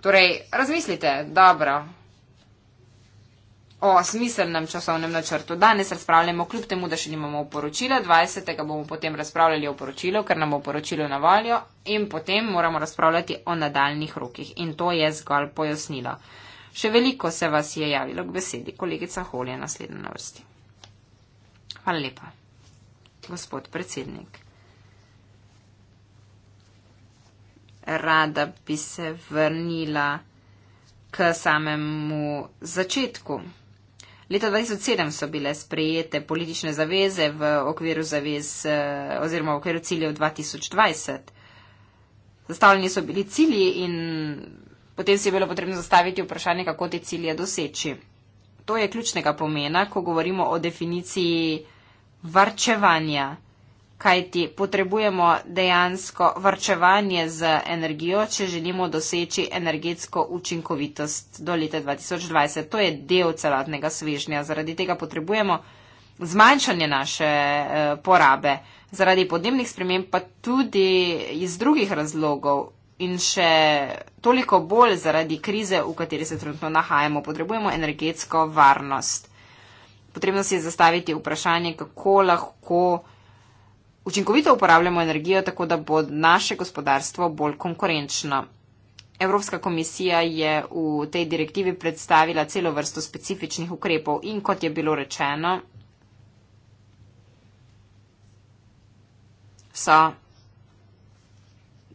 Torej, razmislite, dobro. O smiselnem časovnem načrtu. Danes razpravljamo, kljub temu, da še nimamo poročila. 20. bomo potem razpravljali o poročilu, ker nam bo poročilo na voljo in potem moramo razpravljati o nadaljnih rokih. In to je zgolj pojasnilo. Še veliko se vas je javilo k besedi. Kolegica Hol je naslednja na vrsti. Hvala lepa, gospod predsednik. Rada bi se vrnila k samemu začetku. Leta 2007 so bile sprejete politične zaveze v okviru zavez eh, oziroma v okviru ciljev 2020. Zastavljeni so bili cilji in Potem si je bilo potrebno zastaviti vprašanje, kako te cilje doseči. To je ključnega pomena, ko govorimo o definiciji varčevanja, kajti potrebujemo dejansko varčevanje z energijo, če želimo doseči energetsko učinkovitost do leta 2020. To je del celotnega svežnja, zaradi tega potrebujemo zmanjšanje naše eh, porabe, zaradi podnebnih sprememb pa tudi iz drugih razlogov in še toliko bolj zaradi krize, v kateri se trenutno nahajamo, potrebujemo energetsko varnost. Potrebno si je zastaviti vprašanje, kako lahko učinkovito uporabljamo energijo, tako da bo naše gospodarstvo bolj konkurenčno. Evropska komisija je v tej direktivi predstavila celo vrsto specifičnih ukrepov in kot je bilo rečeno, so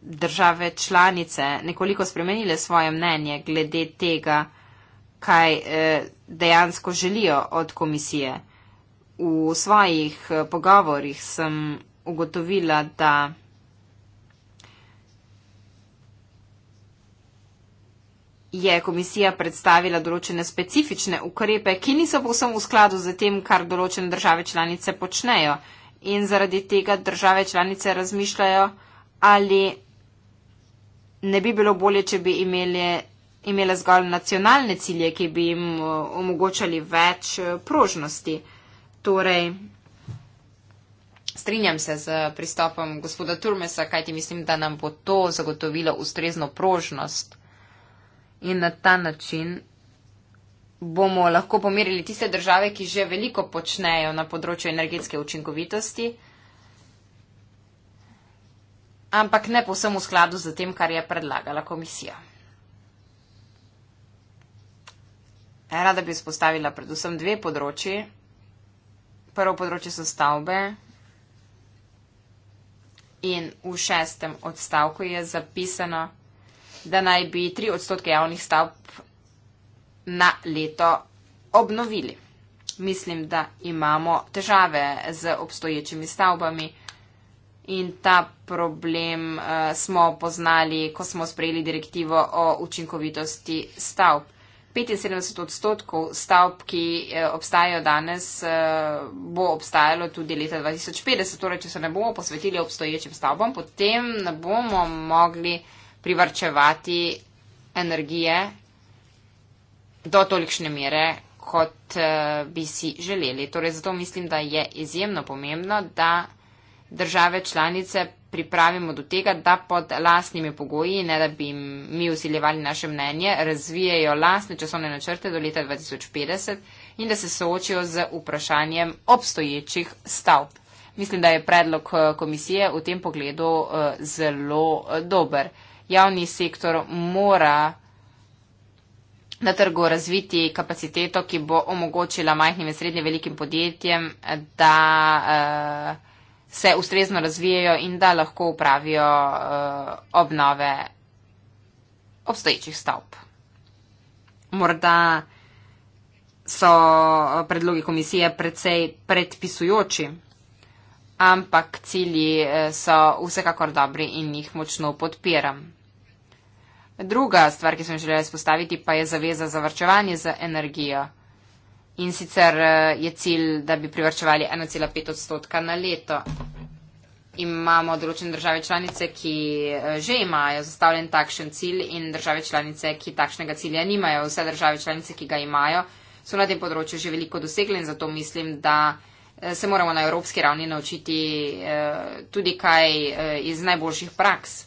države članice nekoliko spremenile svoje mnenje glede tega, kaj eh, dejansko želijo od komisije. V svojih eh, pogovorjih sem ugotovila, da je komisija predstavila določene specifične ukrepe, ki niso povsem v skladu z tem, kar določene države članice počnejo. In zaradi tega države članice razmišljajo, ali ne bi bilo bolje, če bi imeli, imeli zgolj nacionalne cilje, ki bi jim eh, omogočali več eh, prožnosti. Torej, strinjam se z pristopom gospoda Turmesa, kajti mislim, da nam bo to zagotovilo ustrezno prožnost in na ta način bomo lahko pomerili tiste države, ki že veliko počnejo na področju energetske učinkovitosti ampak ne povsem v skladu z tem, kar je predlagala komisija. Rada bi spostavila predvsem dve področji. Prvo področje so stavbe in v šestem odstavku je zapisano, da naj bi tri odstotke javnih stavb na leto obnovili. Mislim, da imamo težave z obstoječimi stavbami in ta problem uh, smo poznali, ko smo sprejeli direktivo o učinkovitosti stavb. 75 odstotkov stavb, ki eh, obstajajo danes, eh, bo obstajalo tudi leta 2050. Torej, če se ne bomo posvetili obstoječim stavbam, potem ne bomo mogli privrčevati energije do tolikšne mere, kot bi si želeli. Torej, zato mislim, da je izjemno pomembno, da države članice pripravimo do tega, da pod lastnimi pogoji, ne da bi jim mi usiljevali naše mnenje, razvijajo lastne časovne načrte do leta 2050 in da se soočijo z vprašanjem obstoječih stavb. Mislim, da je predlog eh, komisije v tem pogledu eh, zelo eh, dober. Javni sektor mora na trgu razviti kapaciteto, ki bo omogočila majhnim in srednje velikim podjetjem, da eh, se ustrezno razvijajo in da lahko upravijo uh, obnove obstoječih stavb. Morda so eh, predlogi komisije precej predpisujoči, ampak cilji eh, so vsekakor dobri in jih močno podpiram. Druga stvar, ki sem želela izpostaviti, pa je zaveza za vrčevanje za energijo. In sicer eh, je cilj, da bi privrčevali 1,5 odstotka na leto. Imamo določene države članice, ki eh, že imajo zastavljen takšen cilj in države članice, ki takšnega cilja nimajo. Vse države članice, ki ga imajo, so na tem področju že veliko dosegli in zato mislim, da eh, se moramo na evropski ravni naučiti tudi kaj iz najboljših praks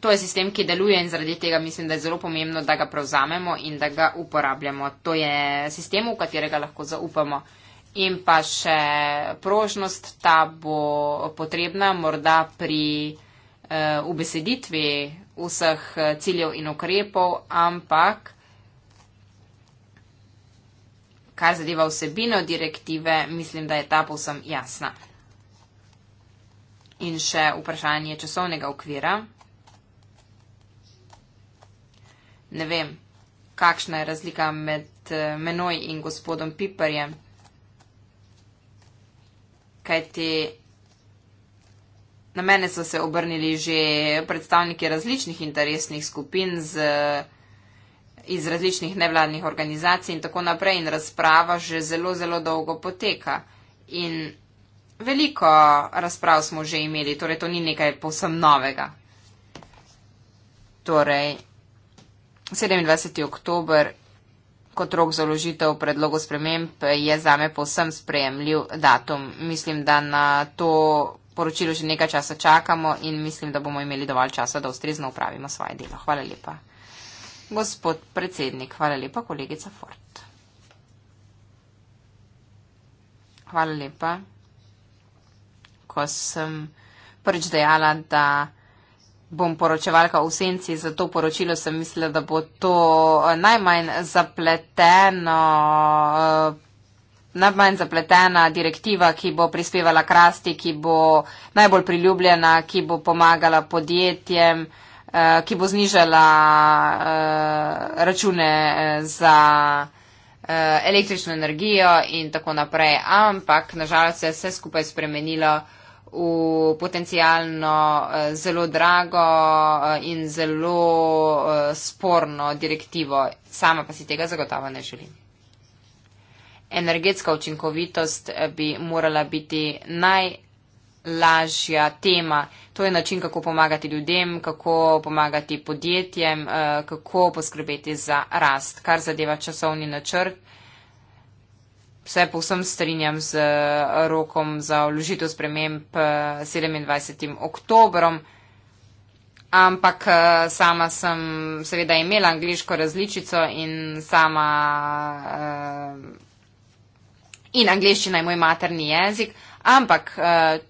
to je sistem, ki deluje in zaradi tega mislim, da je zelo pomembno, da ga prevzamemo in da ga uporabljamo. To je sistem, v katerega lahko zaupamo. In pa še prožnost, ta bo potrebna morda pri uh, ubeseditvi vseh ciljev in ukrepov, ampak kar zadeva vsebino direktive, mislim, da je ta povsem jasna. In še vprašanje časovnega okvira. ne vem, kakšna je razlika med eh, menoj in gospodom Piperjem. Kaj ti na mene so se obrnili že predstavniki različnih interesnih skupin z, iz različnih nevladnih organizacij in tako naprej in razprava že zelo, zelo dolgo poteka. In veliko razprav smo že imeli, torej to ni nekaj posem novega. Torej, 27. oktober kot rok za ložitev predlogo sprememb je zame povsem sprejemljiv datum. Mislim, da na to poročilo že nekaj časa čakamo in mislim, da bomo imeli dovolj časa, da ustrezno upravimo svoje delo. Hvala lepa. Gospod predsednik, hvala lepa, kolegica Ford. Hvala lepa, ko sem prvič dejala, da bom poročevalka v senci, zato poročilo sem mislila, da bo to eh, najmanj zapleteno. Eh, najmanj zapletena direktiva, ki bo prispevala k rasti, ki bo najbolj priljubljena, ki bo pomagala podjetjem, eh, ki bo znižala eh, račune eh, za eh, električno energijo in tako naprej. Ampak, nažalost, se je vse skupaj spremenilo v potencijalno eh, zelo drago eh, in zelo eh, sporno direktivo. Sama pa si tega zagotovo ne želim. Energetska učinkovitost bi morala biti najlažja tema. To je način, kako pomagati ljudem, kako pomagati podjetjem, kako poskrbeti za rast, kar zadeva časovni načrt. Vse povsem strinjam z eh, rokom za vložitev sprememb 27. Eh, oktobrom, ampak eh, sama sem seveda imela angliško različico in sama in angliščina je moj materni jezik, ampak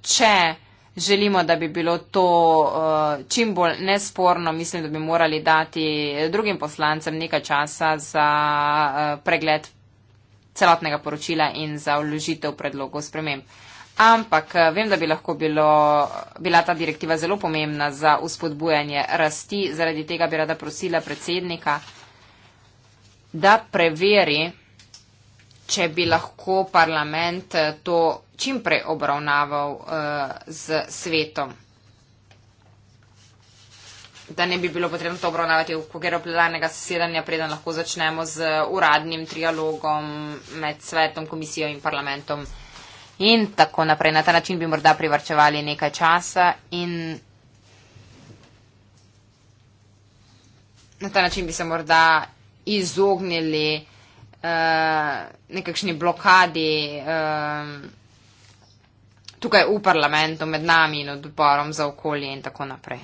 če želimo, da bi bilo to čim bolj nesporno, mislim, da bi morali dati drugim poslancem nekaj časa za pregled celotnega poročila in za vložitev predlogov sprememb. Ampak eh, vem, da bi lahko bilo, bila ta direktiva zelo pomembna za uspodbujanje rasti, zaradi tega bi rada prosila predsednika, da preveri, če bi lahko parlament eh, to čimprej obravnaval uh, z svetom da ne bi bilo potrebno to obravnavati v okviru plenarnega sesedanja, preden lahko začnemo z uradnim trialogom med svetom, komisijo in parlamentom in tako naprej. Na ta način bi morda privrčevali nekaj časa in na ta način bi se morda izognili uh, nekakšni blokadi. Uh, Tukaj v parlamentu, med nami in odborom za okolje in tako naprej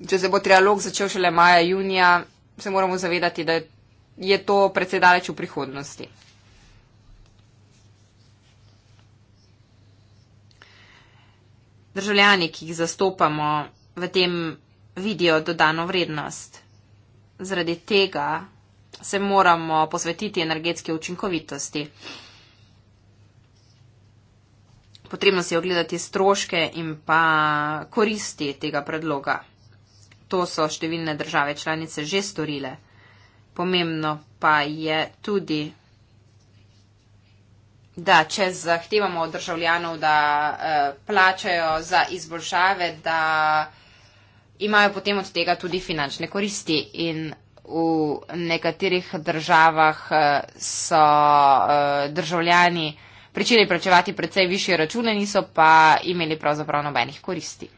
če se bo trialog začel šele maja, junija, se moramo zavedati, da je to predvsej daleč v prihodnosti. Državljani, ki jih zastopamo, v tem vidijo dodano vrednost. Zradi tega se moramo posvetiti energetske učinkovitosti. Potrebno si ogledati stroške in pa koristi tega predloga. To so številne države članice že storile. Pomembno pa je tudi, da če zahtevamo od državljanov, da eh, plačajo za izboljšave, da imajo potem od tega tudi finančne koristi. In v nekaterih državah eh, so eh, državljani. Pričeli plačevati precej više račune, niso pa imeli pravzaprav nobenih koristi.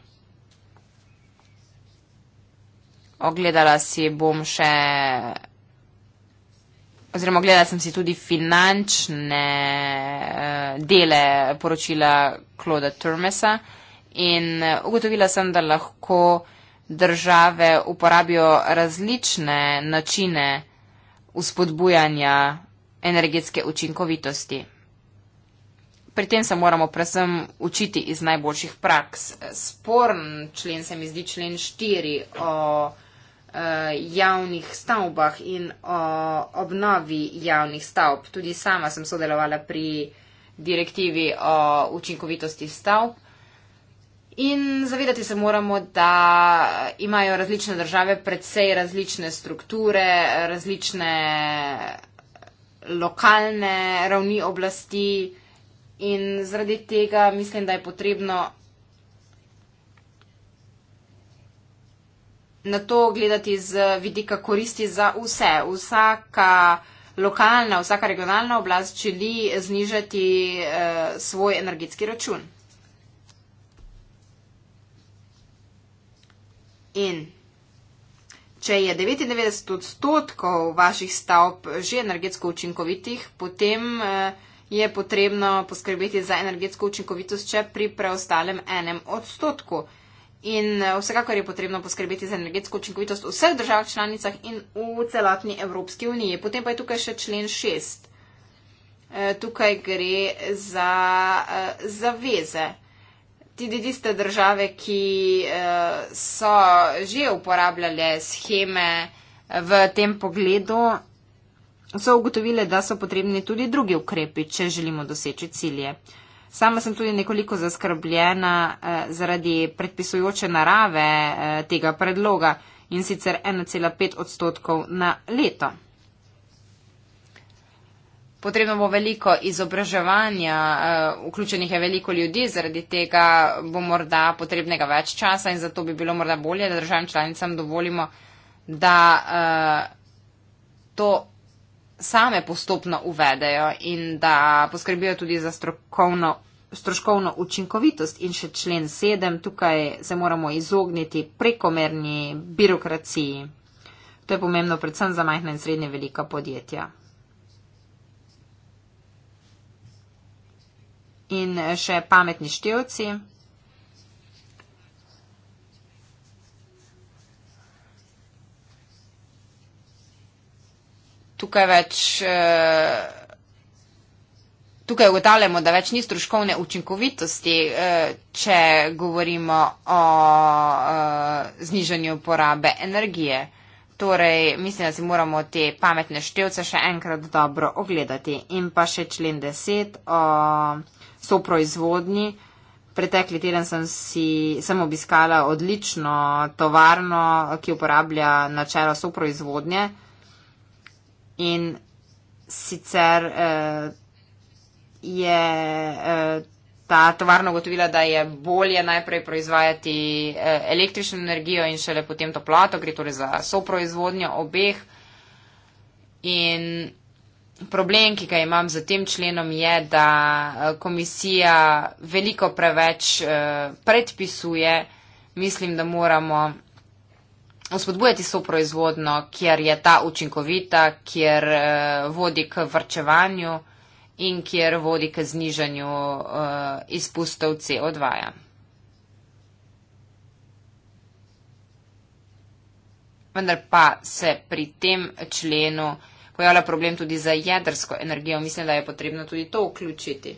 ogledala si bom še, oziroma gledala sem si tudi finančne uh, dele poročila Kloda Turmesa in eh, ugotovila sem, da lahko države uporabijo različne načine uspodbujanja energetske učinkovitosti. Pri tem se moramo predvsem učiti iz najboljših praks. Sporn člen se mi zdi člen 4 o Eh, javnih stavbah in o obnovi javnih stavb. Tudi sama sem sodelovala pri direktivi o učinkovitosti stavb. In zavedati se moramo, da imajo različne države predvsej različne strukture, različne lokalne ravni oblasti in zaradi tega mislim, da je potrebno na to gledati z vidika koristi za vse. Vsaka lokalna, vsaka regionalna oblast želi znižati eh, svoj energetski račun. In če je 99 odstotkov vaših stavb že energetsko učinkovitih, potem eh, je potrebno poskrbeti za energetsko učinkovitost, če pri preostalem enem odstotku in eh, vsekakor je potrebno poskrbeti za energetsko učinkovitost v vseh državah članicah in v celotni Evropski uniji. Potem pa je tukaj še člen šest. Eh, tukaj gre za eh, zaveze. Tudi tiste države, ki so že uporabljale scheme v tem pogledu, so ugotovile, da so potrebni tudi drugi ukrepi, če želimo doseči cilje. Sama sem tudi nekoliko zaskrbljena eh, zaradi predpisujoče narave eh, tega predloga in sicer 1,5 odstotkov na leto. Potrebno bo veliko izobraževanja, eh, vključenih je veliko ljudi, zaradi tega bo morda potrebnega več časa in zato bi bilo morda bolje, da državam članicam dovolimo, da eh, to same postopno uvedejo in da poskrbijo tudi za strokovno stroškovno učinkovitost in še člen 7, tukaj se moramo izogniti prekomerni birokraciji. To je pomembno predvsem za majhna in srednje velika podjetja. In še pametni števci. Tukaj več. Uh, Tukaj ugotavljamo, da več ni stroškovne učinkovitosti, eh, če govorimo o eh, znižanju porabe energije. Torej, mislim, da si moramo te pametne števce še enkrat dobro ogledati. In pa še člen 10 o soproizvodnji. Pretekli teden sem, si, sem obiskala odlično tovarno, ki uporablja načelo soproizvodnje. In sicer. Eh, je eh, ta tovarna ugotovila, da je bolje najprej proizvajati eh, električno energijo in šele potem toploto, gre torej za soproizvodnjo obeh. In problem, ki ga imam z tem členom, je, da eh, komisija veliko preveč predpisuje, mislim, da moramo Vzpodbujati so proizvodno, kjer je ta učinkovita, kjer eh, vodi k vrčevanju in kjer vodi k znižanju uh, izpustov CO2. -ja. Vendar pa se pri tem členu pojavlja problem tudi za jedrsko energijo. Mislim, da je potrebno tudi to vključiti.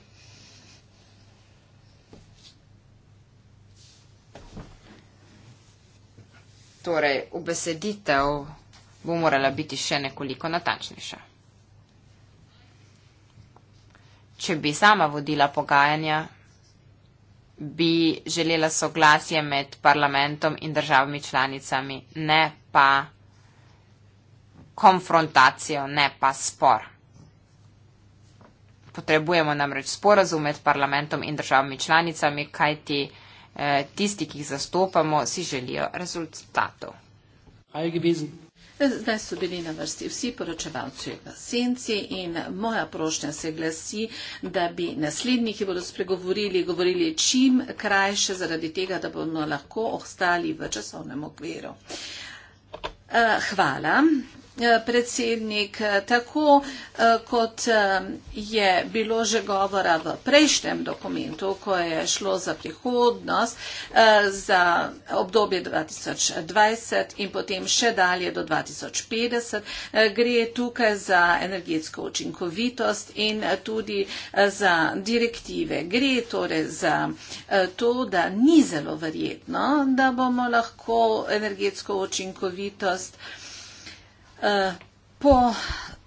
Torej, ubeseditev bo morala biti še nekoliko natančnejša. če bi sama vodila pogajanja, bi želela soglasje med parlamentom in državami članicami, ne pa konfrontacijo, ne pa spor. Potrebujemo namreč sporazum med parlamentom in državami članicami, kajti eh, tisti, ki jih zastopamo, si želijo rezultatov. Zdaj so bili na vrsti vsi poročevalci v senci in moja prošnja se glasi, da bi naslednji, ki bodo spregovorili, govorili čim krajše, zaradi tega, da bomo lahko ostali v časovnem okviru. Eh, hvala. Eh, predsednik, eh, tako eh, kot je bilo že govora v prejšnjem dokumentu, ko je šlo za prihodnost, za obdobje 2020 in potem še dalje do 2050. Gre tukaj za energetsko učinkovitost in tudi za direktive. Gre torej za to, da ni zelo verjetno, da bomo lahko energetsko učinkovitost Eh, po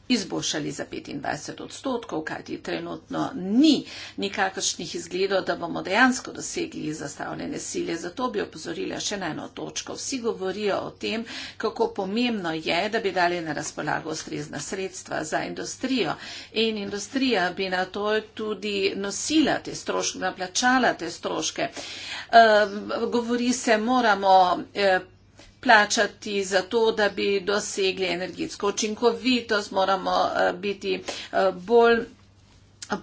izboljšali za 25 odstotkov, kajti trenutno ni nikakršnih izgledov, da bomo dejansko dosegli zastavljene cilje. Zato bi opozorila še na eno točko. Vsi govorijo o tem, kako pomembno je, da bi dali na razpolago ustrezna sredstva za industrijo. In industrija bi na to tudi nosila te stroške, naplačala te stroške. Uh, govori se, moramo uh, plačati za to, da bi dosegli energetsko učinkovitost, moramo eh, biti eh, bolj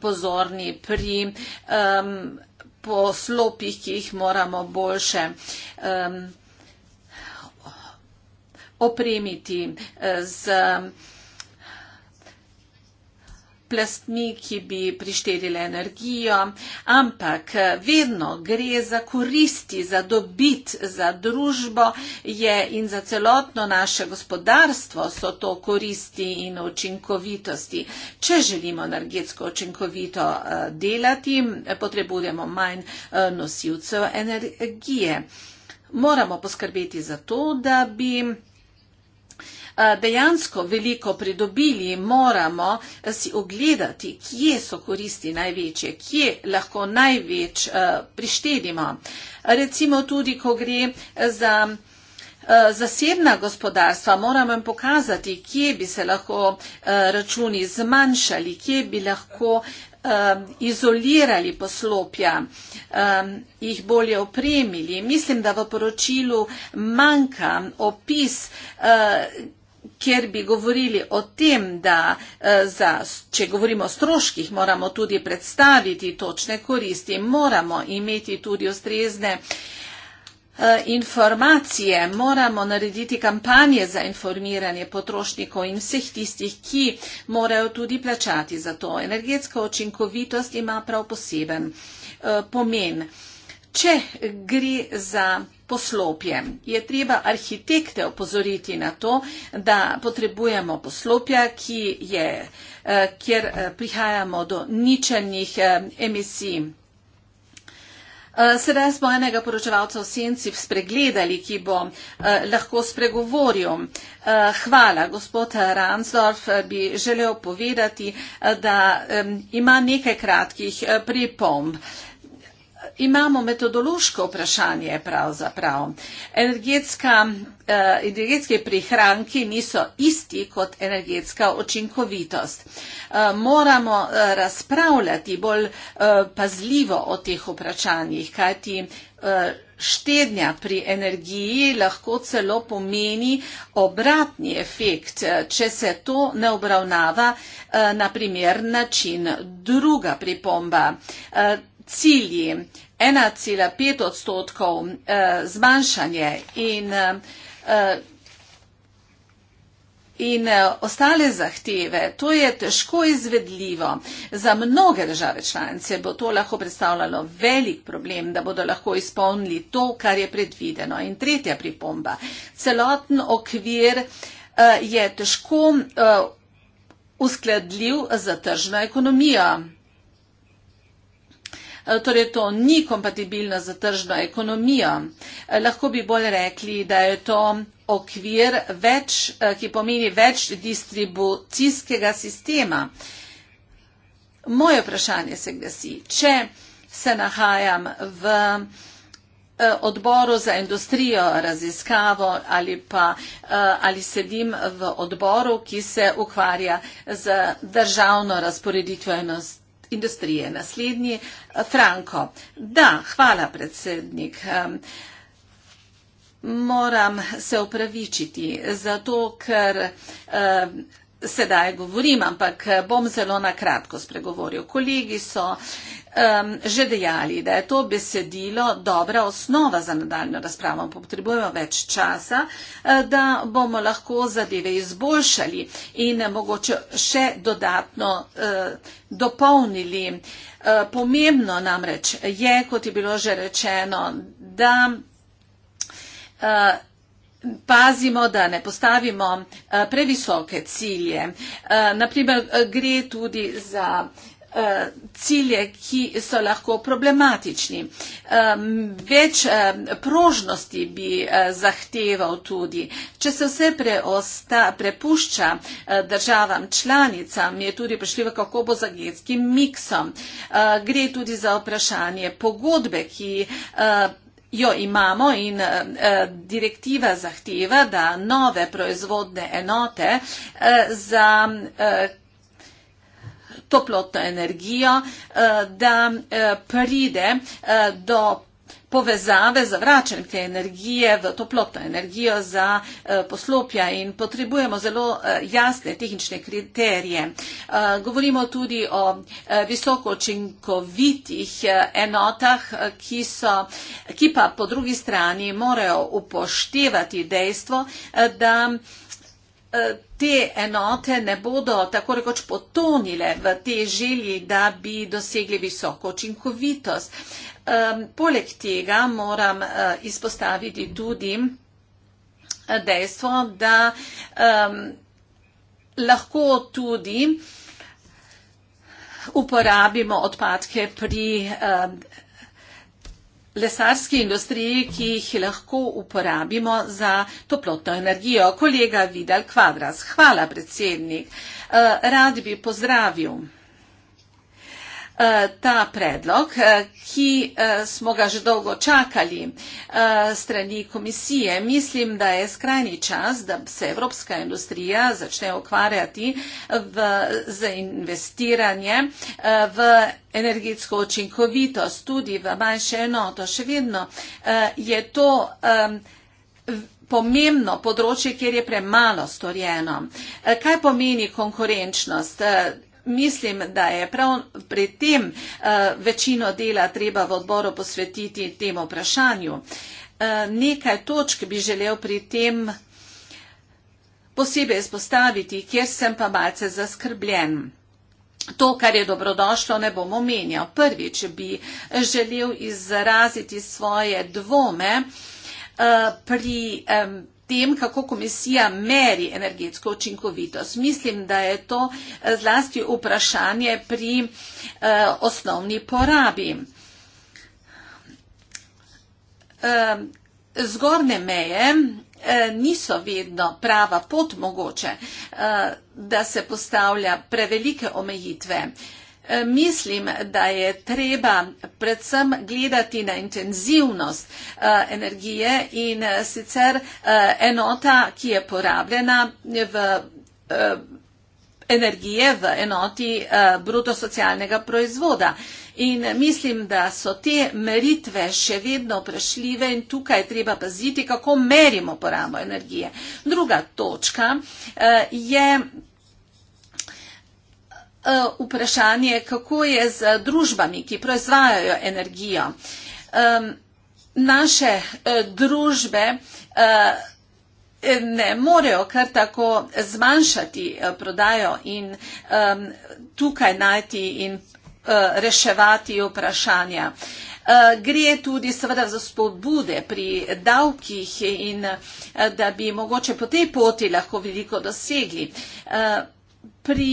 pozorni pri um, poslopih, ki jih moramo boljše um, opremiti eh, z um, plastmi, ki bi prištevile energijo, ampak eh, vedno gre za koristi, za dobit, za družbo je in za celotno naše gospodarstvo so to koristi in učinkovitosti. Če želimo energetsko učinkovito eh, delati, eh, potrebujemo manj nosilcev energije. Moramo poskrbeti za to, da bi Eh, dejansko veliko pridobili, moramo si ogledati, kje so koristi največje, kje lahko največ eh, prištedimo. Recimo tudi, ko gre eh, za zasebna gospodarstva, moramo jim pokazati, kje bi se lahko računi zmanjšali, kje bi lahko izolirali poslopja, jih bolje opremili. Mislim, da v poročilu manjka opis, kjer bi govorili o tem, da eh, za, če govorimo o stroških, moramo tudi predstaviti točne koristi, moramo imeti tudi ustrezne eh, informacije, moramo narediti kampanje za informiranje potrošnikov in vseh tistih, ki morajo tudi plačati za to. Energetska očinkovitost ima prav poseben eh, pomen. Če gre za poslopje, je treba arhitekte opozoriti na to, da potrebujemo poslopja, ki je, eh, kjer eh, prihajamo do ničenih eh, emisij. Sedaj smo enega poročevalca v senci spregledali, ki bo lahko spregovoril. Hvala, gospod Ransdorf bi želel povedati, da ima nekaj kratkih pripomb imamo metodološko vprašanje pravzaprav. Eh, energetske prihranki niso isti kot energetska učinkovitost. Eh, moramo eh, razpravljati bolj eh, pazljivo o teh vprašanjih, kajti eh, štednja pri energiji lahko celo pomeni obratni efekt, eh, če se to ne obravnava eh, na primer način. Druga pripomba. Eh, cilji. 1,5 odstotkov eh, zmanjšanje in, eh, eh in eh, ostale zahteve. To je težko izvedljivo. Za mnoge države članice bo to lahko predstavljalo velik problem, da bodo lahko izpolnili to, kar je predvideno. In tretja pripomba. Celoten okvir eh, je težko eh, uskladljiv za tržno ekonomijo. Eh, torej, to ni kompatibilno z tržno ekonomijo. Eh, lahko bi bolj rekli, da je to okvir, več, eh, ki pomeni več distribucijskega sistema. Moje vprašanje se glasi, če se nahajam v odboru za industrijo, raziskavo ali pa ali sedim v odboru, ki se ukvarja z državno razporeditvenost industrije. Naslednji, eh, Franko. Da, hvala, predsednik. Moram se opravičiti, zato ker sedaj govorim, ampak eh, bom zelo nakratko spregovoril. Kolegi so um, že dejali, da je to besedilo dobra osnova za nadaljno razpravo. Potrebujemo več časa, eh, da bomo lahko zadeve izboljšali in eh, mogoče še dodatno uh, dopolnili. Uh, pomembno namreč je, kot je bilo že rečeno, da. Uh, pazimo, da ne postavimo eh, previsoke cilje. Eh, Naprimer, eh, gre tudi za cilje, ki so lahko problematični. Več prožnosti bi zahteval tudi. Če se vse preosta, prepušča državam članicam, je tudi prišljivo, kako bo za genetskim miksom. Gre tudi za vprašanje pogodbe, ki jo imamo in eh, eh, direktiva zahteva, da nove proizvodne enote eh, za toplotno energijo, da pride do proizvodnje povezave, zavračen te energije v toplotno energijo za eh, poslopja in potrebujemo zelo eh, jasne tehnične kriterije. Eh, govorimo tudi o visoko očinkovitih enotah, ki, so, ki pa po drugi strani morajo upoštevati dejstvo, da te enote ne bodo tako rekoč potonile v te želji, da bi dosegli visoko učinkovitost. Um, poleg tega moram uh, izpostaviti tudi eh, dejstvo, da um, lahko tudi uporabimo odpadke pri um, lesarski industriji, ki jih lahko uporabimo za toplotno energijo. Kolega Vidal Kvadras, hvala predsednik. Uh, rad bi pozdravil ta predlog, eh, ki eh, smo ga že dolgo čakali eh, strani komisije. Mislim, da je skrajni čas, da se evropska industrija začne ukvarjati za investiranje v energetsko učinkovitost, tudi v manjše enoto. Še vedno je to pomembno področje, kjer je premalo storjeno. Kaj pomeni konkurenčnost? mislim, da je prav pri tem uh, večino dela treba v odboru posvetiti temu vprašanju. Uh, nekaj točk bi želel pri tem posebej izpostaviti, kjer sem pa malce zaskrbljen. To, kar je dobrodošlo, ne bom omenjal. Prvič bi želel izraziti svoje dvome uh, pri. Um, tem, kako komisija meri energetsko učinkovitost. Mislim, da je to eh, zlasti vprašanje pri eh, osnovni porabi. Eh, zgorne meje eh, niso vedno prava pot mogoče, eh, da se postavlja prevelike omejitve. Eh, Eh, mislim, da je treba predvsem gledati na intenzivnost eh, energije in eh, sicer enota, ki je porabljena v energije v enoti brutosocialnega proizvoda. In mislim, da so te meritve še vedno vprašljive in tukaj treba paziti, kako merimo porabo energije. Druga točka je. Eh, vprašanje, kako je z družbami, ki proizvajajo energijo. Naše eh, družbe eh, ne morejo kar tako zmanjšati prodajo in tukaj najti in reševati vprašanja. Gre tudi seveda za spodbude pri davkih in da bi mogoče po tej poti lahko veliko dosegli. Pri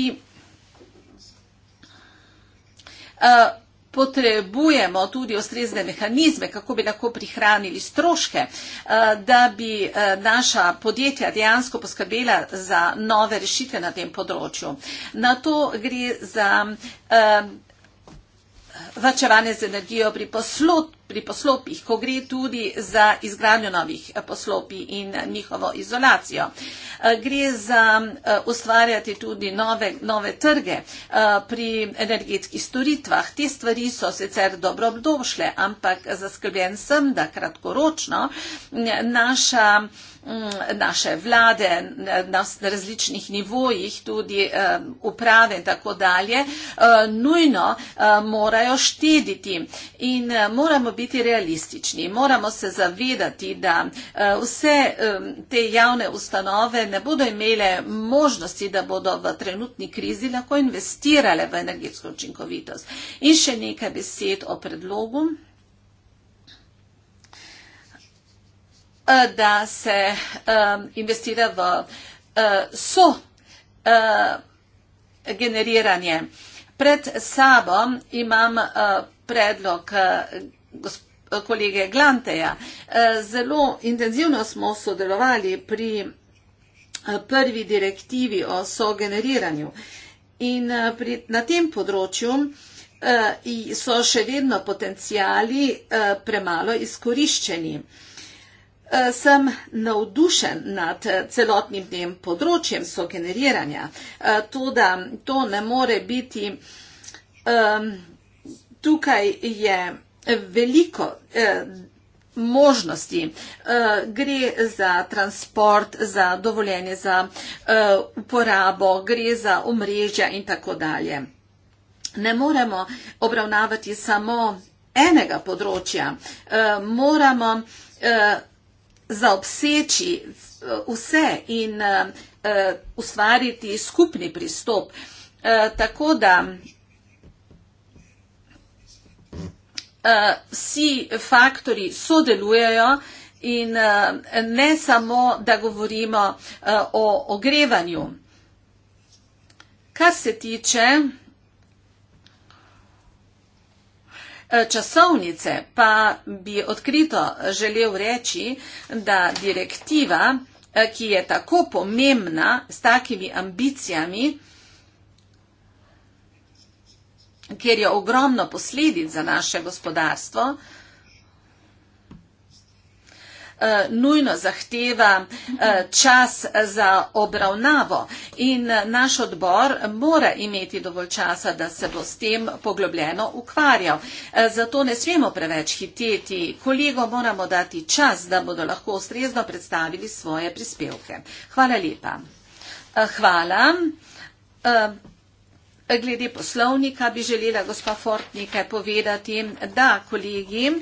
Eh, potrebujemo tudi ustrezne mehanizme, kako bi lahko prihranili stroške, eh, da bi eh, naša podjetja dejansko poskrbela za nove rešitve na tem področju. Na to gre za Vrčevanje z energijo pri, poslo, pri poslopih, ko gre tudi za izgradnjo novih eh, poslopij in njihovo izolacijo. Eh, gre za eh, ustvarjati tudi nove, nove trge pri energetskih storitvah. Te stvari so sicer dobro obdošle, ampak zaskrbljen sem, da kratkoročno naša Mm, naše vlade na različnih nivojih, tudi eh, uprave in tako dalje, eh, nujno eh, morajo štediti in moramo biti realistični. Moramo se zavedati, da vse te javne ustanove ne bodo imele možnosti, da bodo v trenutni krizi lahko investirale v energetsko učinkovitost. In še nekaj besed o predlogu. Eh, da se um, investira v uh, so uh, generiranje. Pred sabo imam uh, predlog uh, kolege Glanteja. Uh, zelo intenzivno smo sodelovali pri prvi direktivi o sogeneriranju. In pri, na tem področju uh, so še vedno potencijali uh, premalo izkoriščeni. Uh, Eh, sem navdušen nad eh, celotnim tem področjem sogeneriranja. Eh, Tudi to ne more biti. Ehm, tukaj je veliko možnosti. Gre za transport, za dovoljenje za uporabo, gre za omrežja in tako dalje. Ne moremo obravnavati samo enega področja. Moramo zaobseči eh, vse in uh, ustvariti skupni pristop. Uh, tako da uh, vsi faktori sodelujejo in uh, ne samo, da govorimo uh, o ogrevanju. Kar se tiče Eh, časovnice pa bi odkrito želel reči, da direktiva, eh, ki je tako pomembna s takimi ambicijami, ker je ogromno posledic za naše gospodarstvo, Eh, nujno zahteva eh, čas za obravnavo in eh, naš odbor mora imeti dovolj časa, da se bo s tem poglobljeno ukvarjal. Zato ne smemo preveč hiteti, kolego moramo dati čas, da bodo lahko ustrezno predstavili svoje prispevke. Hvala lepa. Hvala. Glede poslovnika bi želela gospa Fort nekaj povedati, da kolegi,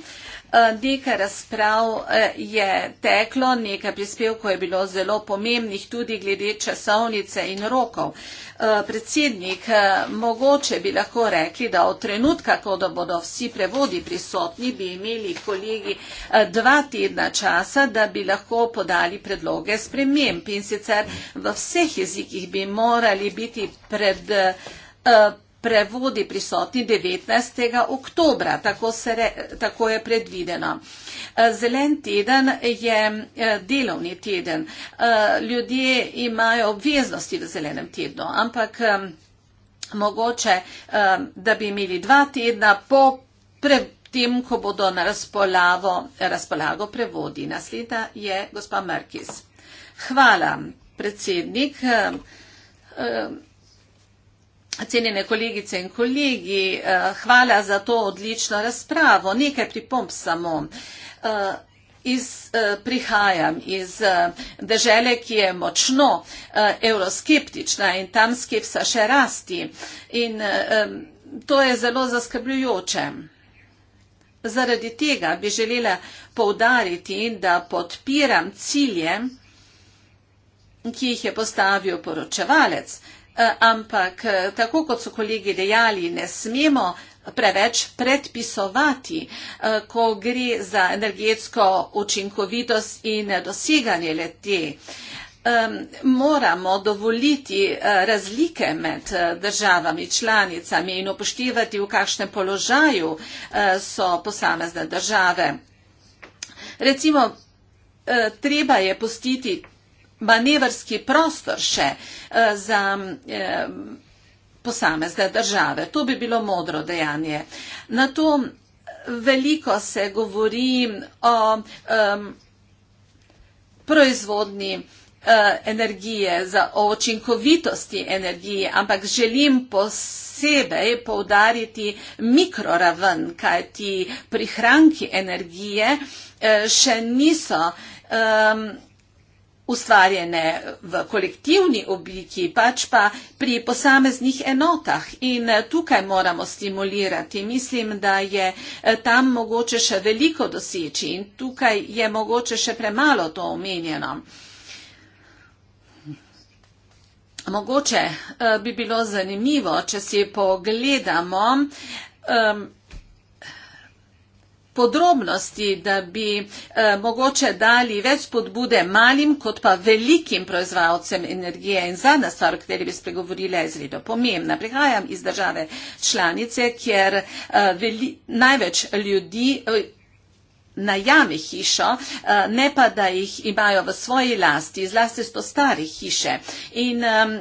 Nekaj razprav eh, je teklo, nekaj prispevkov je bilo zelo pomembnih tudi glede časovnice in rokov. Eh, predsednik, eh, mogoče bi lahko rekli, da od trenutka, ko bodo vsi prevodi prisotni, bi imeli kolegi dva tedna časa, da bi lahko podali predloge sprememb in sicer v vseh jezikih bi morali biti pred prevodi prisotni 19. oktober, tako, tako je predvideno. Eh, zelen teden je eh, delovni teden. Eh, ljudje imajo obveznosti v zelenem tednu, ampak mogoče, da bi imeli dva tedna po tem, ko bodo na razpolago, razpolago prevodi. Naslednja je gospa Merkis. Hvala, predsednik. Cenjene kolegice in kolegi, eh, hvala za to odlično razpravo. Nekaj pripomp samo. Eh, iz, eh, prihajam iz države, ki je močno euroskeptična in tam skepsa še rasti. In to je zelo zaskrbljujoče. Zaradi tega bi želela povdariti, da podpiram cilje, ki jih je postavil poročevalec Eh, ampak eh, tako kot so kolegi dejali, ne smemo preveč predpisovati, eh, ko gre za energetsko učinkovitost in doseganje leti. Moramo dovoliti razlike med državami, članicami in upoštevati, v kakšnem položaju so posamezne države. Recimo, treba je postiti manevrski prostor še eh, za eh, posamezne države. To bi bilo modro dejanje. Na to veliko se govori o proizvodni eh, energije, o očinkovitosti energije, ampak želim posebej Posebej poudariti mikroraven, kaj ti prihranki energije še niso um, ustvarjene v kolektivni obliki, pač pa pri posameznih enotah. In eh, tukaj moramo stimulirati. Mislim, da je eh, tam mogoče še veliko doseči in tukaj je mogoče še premalo to omenjeno. Mogoče eh, bi bilo zanimivo, če si pogledamo. Um, podrobnosti, da bi eh, mogoče dali več podbude malim kot pa velikim proizvajalcem energije. In zadnja stvar, o kateri bi spregovorila, je zelo pomembna. Prihajam iz države članice, kjer eh, veli, največ ljudi. Eh, najame hišo, eh, ne pa da jih imajo v svoji lasti, zlasti sto stare hiše. In um,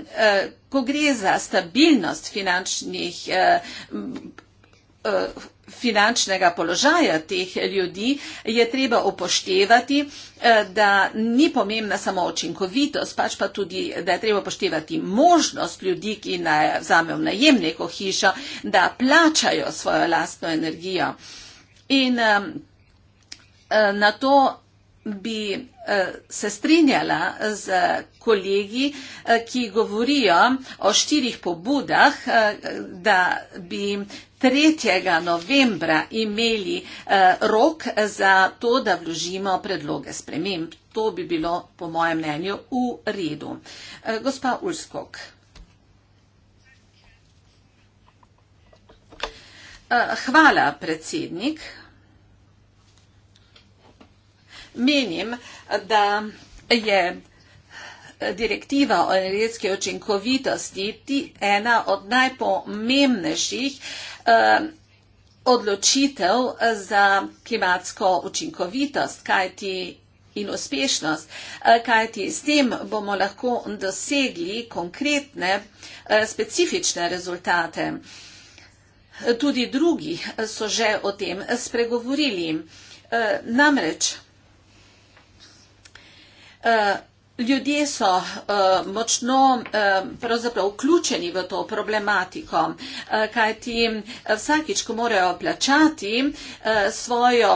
ko gre za stabilnost finančnih uh, uh, finančnega položaja teh ljudi, je treba upoštevati, eh, da ni pomembna samo očinkovitost, pač pa tudi, da je treba upoštevati možnost ljudi, ki vzamejo v najem neko hišo, da plačajo svojo lastno energijo. In eh, na to bi eh, se strinjala z kolegi, ki govorijo o štirih pobudah, da bi 3. novembra imeli eh, rok za to, da vložimo predloge sprememb. To bi bilo, po mojem mnenju, v redu. Eh, gospa Ulskog. Eh, hvala, predsednik. Menim, da je direktiva o energetske očinkovitosti, ti ena od najpomembnejših eh, odločitev za klimatsko učinkovitost, kaj ti in uspešnost, eh, kajti s tem bomo lahko dosegli konkretne, eh, specifične rezultate. Tudi drugi so že o tem spregovorili. Namreč, Ljudje so uh, močno uh, vključeni v to problematiko, uh, kajti vsakič, ko morajo plačati uh, svojo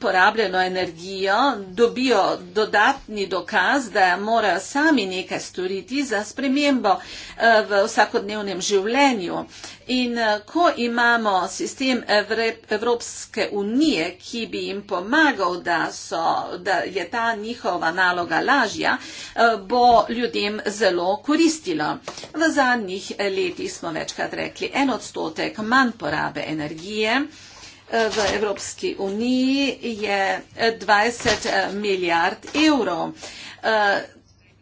porabljeno energijo, dobijo dodatni dokaz, da morajo sami nekaj storiti za spremembo eh, v vsakodnevnem življenju. In eh, ko imamo sistem Evropske unije, ki bi jim pomagal, da, so, da je ta njihova naloga lažja, eh, bo ljudem zelo koristilo. V zadnjih letih smo večkrat rekli en odstotek manj porabe energije v Evropski uniji je 20 eh, eh, milijard evrov. Eh,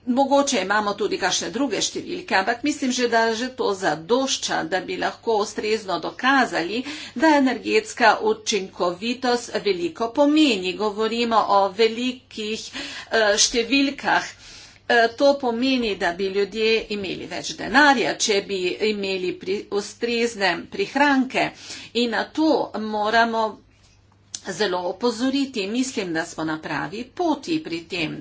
mogoče imamo tudi kakšne druge številke, ampak mislim že, da že to zadošča, da bi lahko ustrezno dokazali, da energetska učinkovitost veliko pomeni. Govorimo o velikih številkah. E, to pomeni, da bi ljudje imeli več denarja, če bi imeli pri, ustrezne prihranke in na to moramo zelo opozoriti. Mislim, da smo na pravi poti pri tem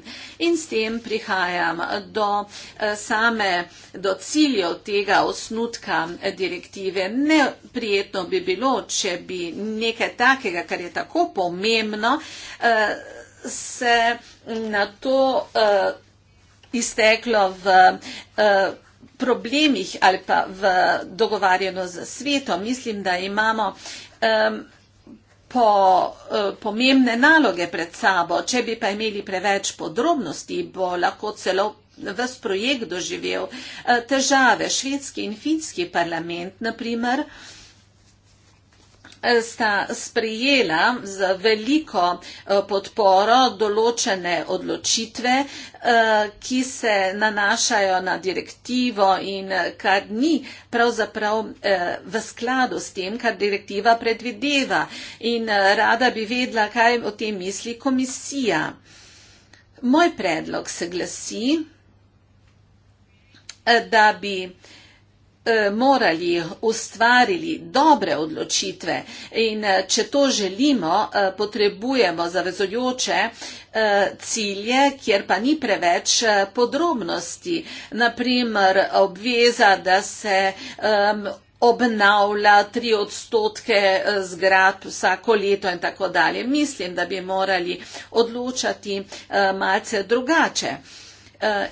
in s tem prihajam do e, same, do ciljev tega osnutka direktive. Neprijetno bi bilo, če bi nekaj takega, kar je tako pomembno, e, se na to izteklo v eh, problemih ali pa v dogovarjeno z svetom. Mislim, da imamo po, eh, pomembne naloge pred sabo. Če bi pa imeli preveč podrobnosti, bo lahko celo ves projekt doživel eh, težave. Švedski in finski parlament, na primer, sta sprejela z veliko eh, podporo določene odločitve, eh, ki se nanašajo na direktivo in eh, kar ni pravzaprav v skladu s tem, kar direktiva predvideva. In rada bi vedla, kaj o tem misli komisija. Moj predlog se glasi, da bi Eh, morali ustvarili dobre odločitve in eh, če to želimo, eh, potrebujemo zavezujoče cilje, kjer pa ni preveč podrobnosti. Naprimer, obveza, da se obnavlja tri odstotke zgrad vsako leto in tako dalje. Mislim, da bi morali odločati malce drugače.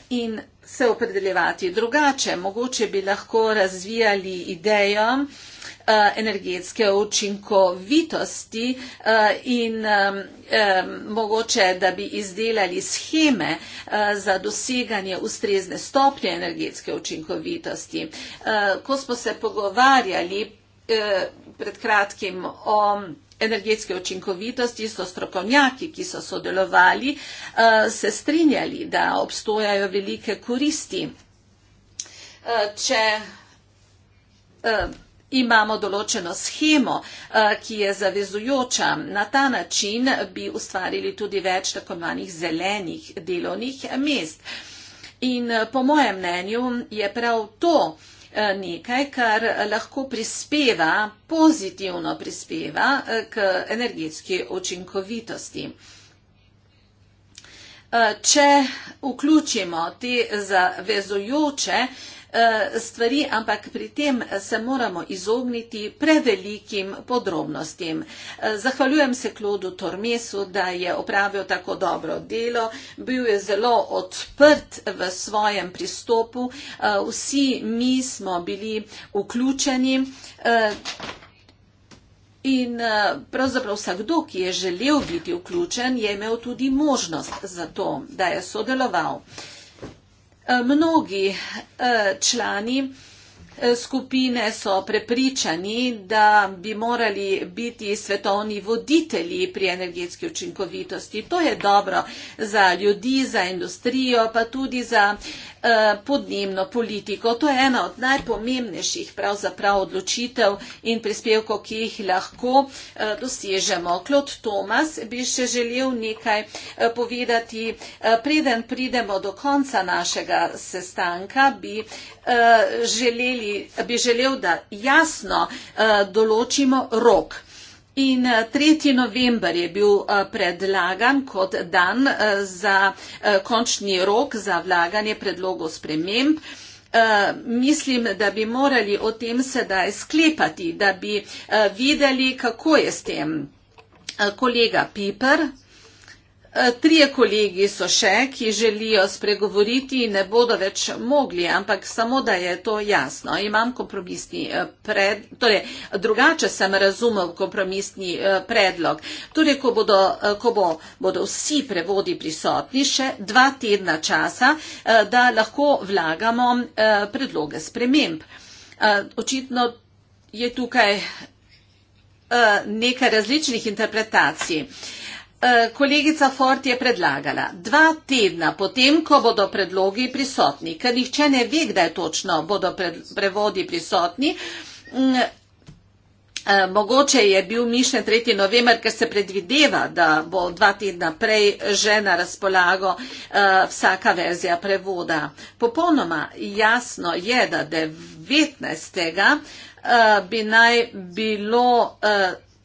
In se opredeljevati drugače. Mogoče bi lahko razvijali idejo eh, energetske učinkovitosti eh, in mogoče, da bi izdelali scheme eh, za doseganje ustrezne stopnje energetske učinkovitosti. Ko smo se pogovarjali pred kratkim o energetske učinkovitosti so strokovnjaki, ki so sodelovali, eh, se strinjali, da obstojajo velike koristi. Eh, če eh, imamo določeno schemo, ki je zavezujoča, na ta način bi ustvarili tudi več tako manjih zelenih delovnih mest. In po mojem mnenju je prav to, da Eh, nekaj, kar lahko prispeva, pozitivno prispeva eh, k energetski učinkovitosti. Eh, če vključimo te zavezujoče, Eh, stvari, ampak pri tem se moramo izogniti prevelikim podrobnostim. Eh, zahvaljujem se Klodu Tormesu, da je opravil tako dobro delo. Bil je zelo odprt v svojem pristopu. Eh, vsi mi smo bili vključeni. In pravzaprav vsakdo, ki je želel biti vključen, je imel tudi možnost za to, da je sodeloval. Eh, mnogi eh, člani eh, skupine so prepričani, da bi morali biti svetovni voditelji pri energetski učinkovitosti. To je dobro za ljudi, za industrijo, pa tudi za Eh, podnebno politiko. To je ena od najpomembnejših pravzaprav odločitev in prispevkov, ki jih lahko eh, dosežemo. Klod Tomas bi še želel nekaj eh, povedati. Preden pridemo do konca našega sestanka, bi, želeli, bi želel, da jasno določimo rok. In 3. Eh, november je bil eh, predlagan kot dan eh, za končni rok za vlaganje predlogov sprememb. Uh, mislim, da bi morali o tem sedaj sklepati, da bi uh, videli, kako je s tem. Uh, kolega Piper. E, trije kolegi so še, ki želijo spregovoriti in ne bodo več mogli, ampak samo, da je to jasno. Imam kompromisni e, predlog, torej drugače sem razumel kompromisni e, predlog. Torej, ko, bodo, ko bo, bodo vsi prevodi prisotni, še dva tedna časa, da lahko vlagamo predloge sprememb. Očitno je tukaj nekaj različnih interpretacij. Eh, kolegica Fort je predlagala dva tedna potem, ko bodo predlogi prisotni, ker nihče ne ve, kdaj točno bodo prevodi prisotni. Mm, eh, mogoče je bil mišljen 3. november, ker se predvideva, da bo dva tedna prej že na razpolago eh, vsaka verzija prevoda. Popolnoma jasno je, da 19. bi naj bilo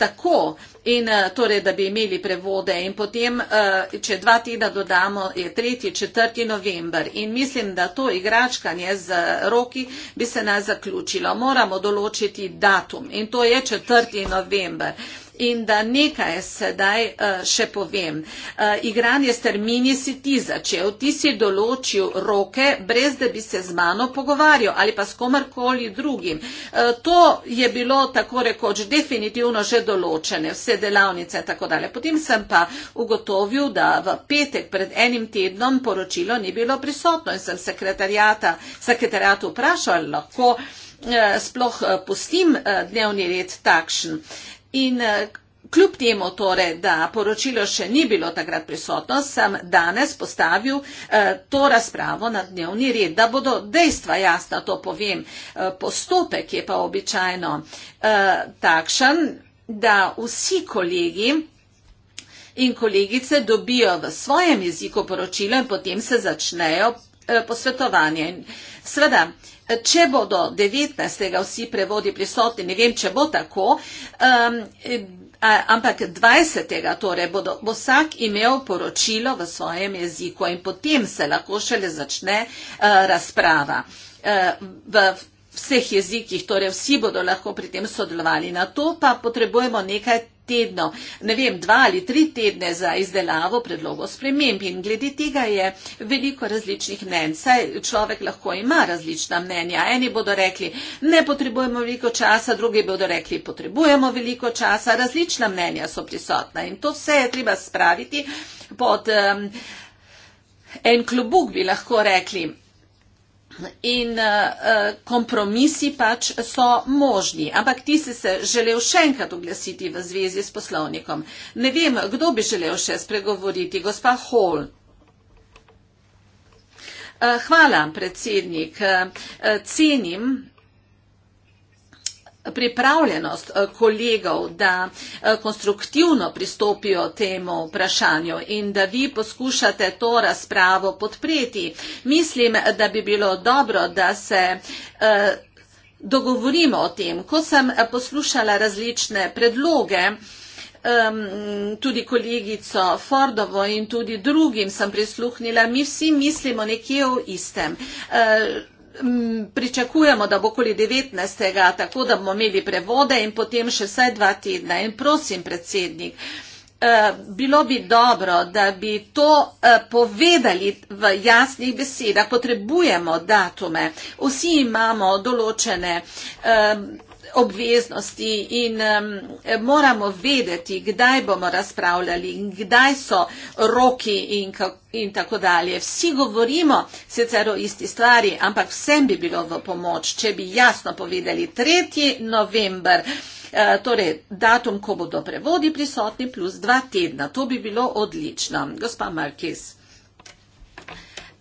tako, in eh, torej, da bi imeli prevode. In potem, eh, če dva tedna dodamo, je 3. 4. november in mislim, da to igračkanje z roki bi se nas zaključilo. Moramo določiti datum in to je 4. november in da nekaj sedaj eh, še povem. Eh, igranje s termini si ti začel, ti si določil roke, brez da bi se z mano pogovarjal ali pa s komarkoli drugim. Eh, to je bilo tako rekoč definitivno že določene, vse delavnice in tako dalje. Potem sem pa ugotovil, da v petek pred enim tednom poročilo ni bilo prisotno in sem sekretarjatu vprašal, lahko sploh pustim dnevni red takšen. In eh, kljub temu, torej, da poročilo še ni bilo takrat prisotno, sem danes postavil eh, to razpravo na dnevni red, da bodo dejstva jasna, to povem. Eh, postopek je pa običajno takšen, da vsi kolegi in kolegice dobijo v svojem jeziku poročilo in potem se začnejo posvetovanje. Sveda, Če bodo 19. vsi prevodi prisotni, ne vem, če bo tako, um, ampak 20. torej bodo, bo vsak imel poročilo v svojem jeziku in potem se lahko šele začne uh, razprava. Uh, v, vseh jezikih, torej vsi bodo lahko pri tem sodelovali. Na to pa potrebujemo nekaj tedno, ne vem, dva ali tri tedne za izdelavo predlogov sprememb in glede tega je veliko različnih mnen. Saj človek lahko ima različna mnenja. Eni bodo rekli, ne potrebujemo veliko časa, drugi bodo rekli, potrebujemo veliko časa. Različna mnenja so prisotna in to vse je treba spraviti pod um, en klubuk, bi lahko rekli. In uh, kompromisi pač so možni, ampak ti si se želel še enkrat oglasiti v zvezi s poslovnikom. Ne vem, kdo bi želel še spregovoriti, gospa Hall. Uh, hvala, predsednik. Uh, cenim pripravljenost eh, kolegov, da eh, konstruktivno pristopijo temu vprašanju in da vi poskušate to razpravo podpreti. Mislim, da bi bilo dobro, da se eh, dogovorimo o tem. Ko sem poslušala različne predloge, tudi kolegico Fordovo in tudi drugim sem prisluhnila, mi vsi mislimo nekje o istem pričakujemo, da bo okoli 19. tako, da bomo imeli prevode in potem še vsaj dva tedna. In prosim, predsednik, eh, bilo bi dobro, da bi to eh, povedali v jasnih besedah. Potrebujemo datume. Vsi imamo določene eh, obveznosti in um, moramo vedeti, kdaj bomo razpravljali in kdaj so roki in, in tako dalje. Vsi govorimo sicer o isti stvari, ampak vsem bi bilo v pomoč, če bi jasno povedali 3. november. Eh, torej, datum, ko bodo prevodi prisotni, plus dva tedna. To bi bilo odlično. Gospa Markis.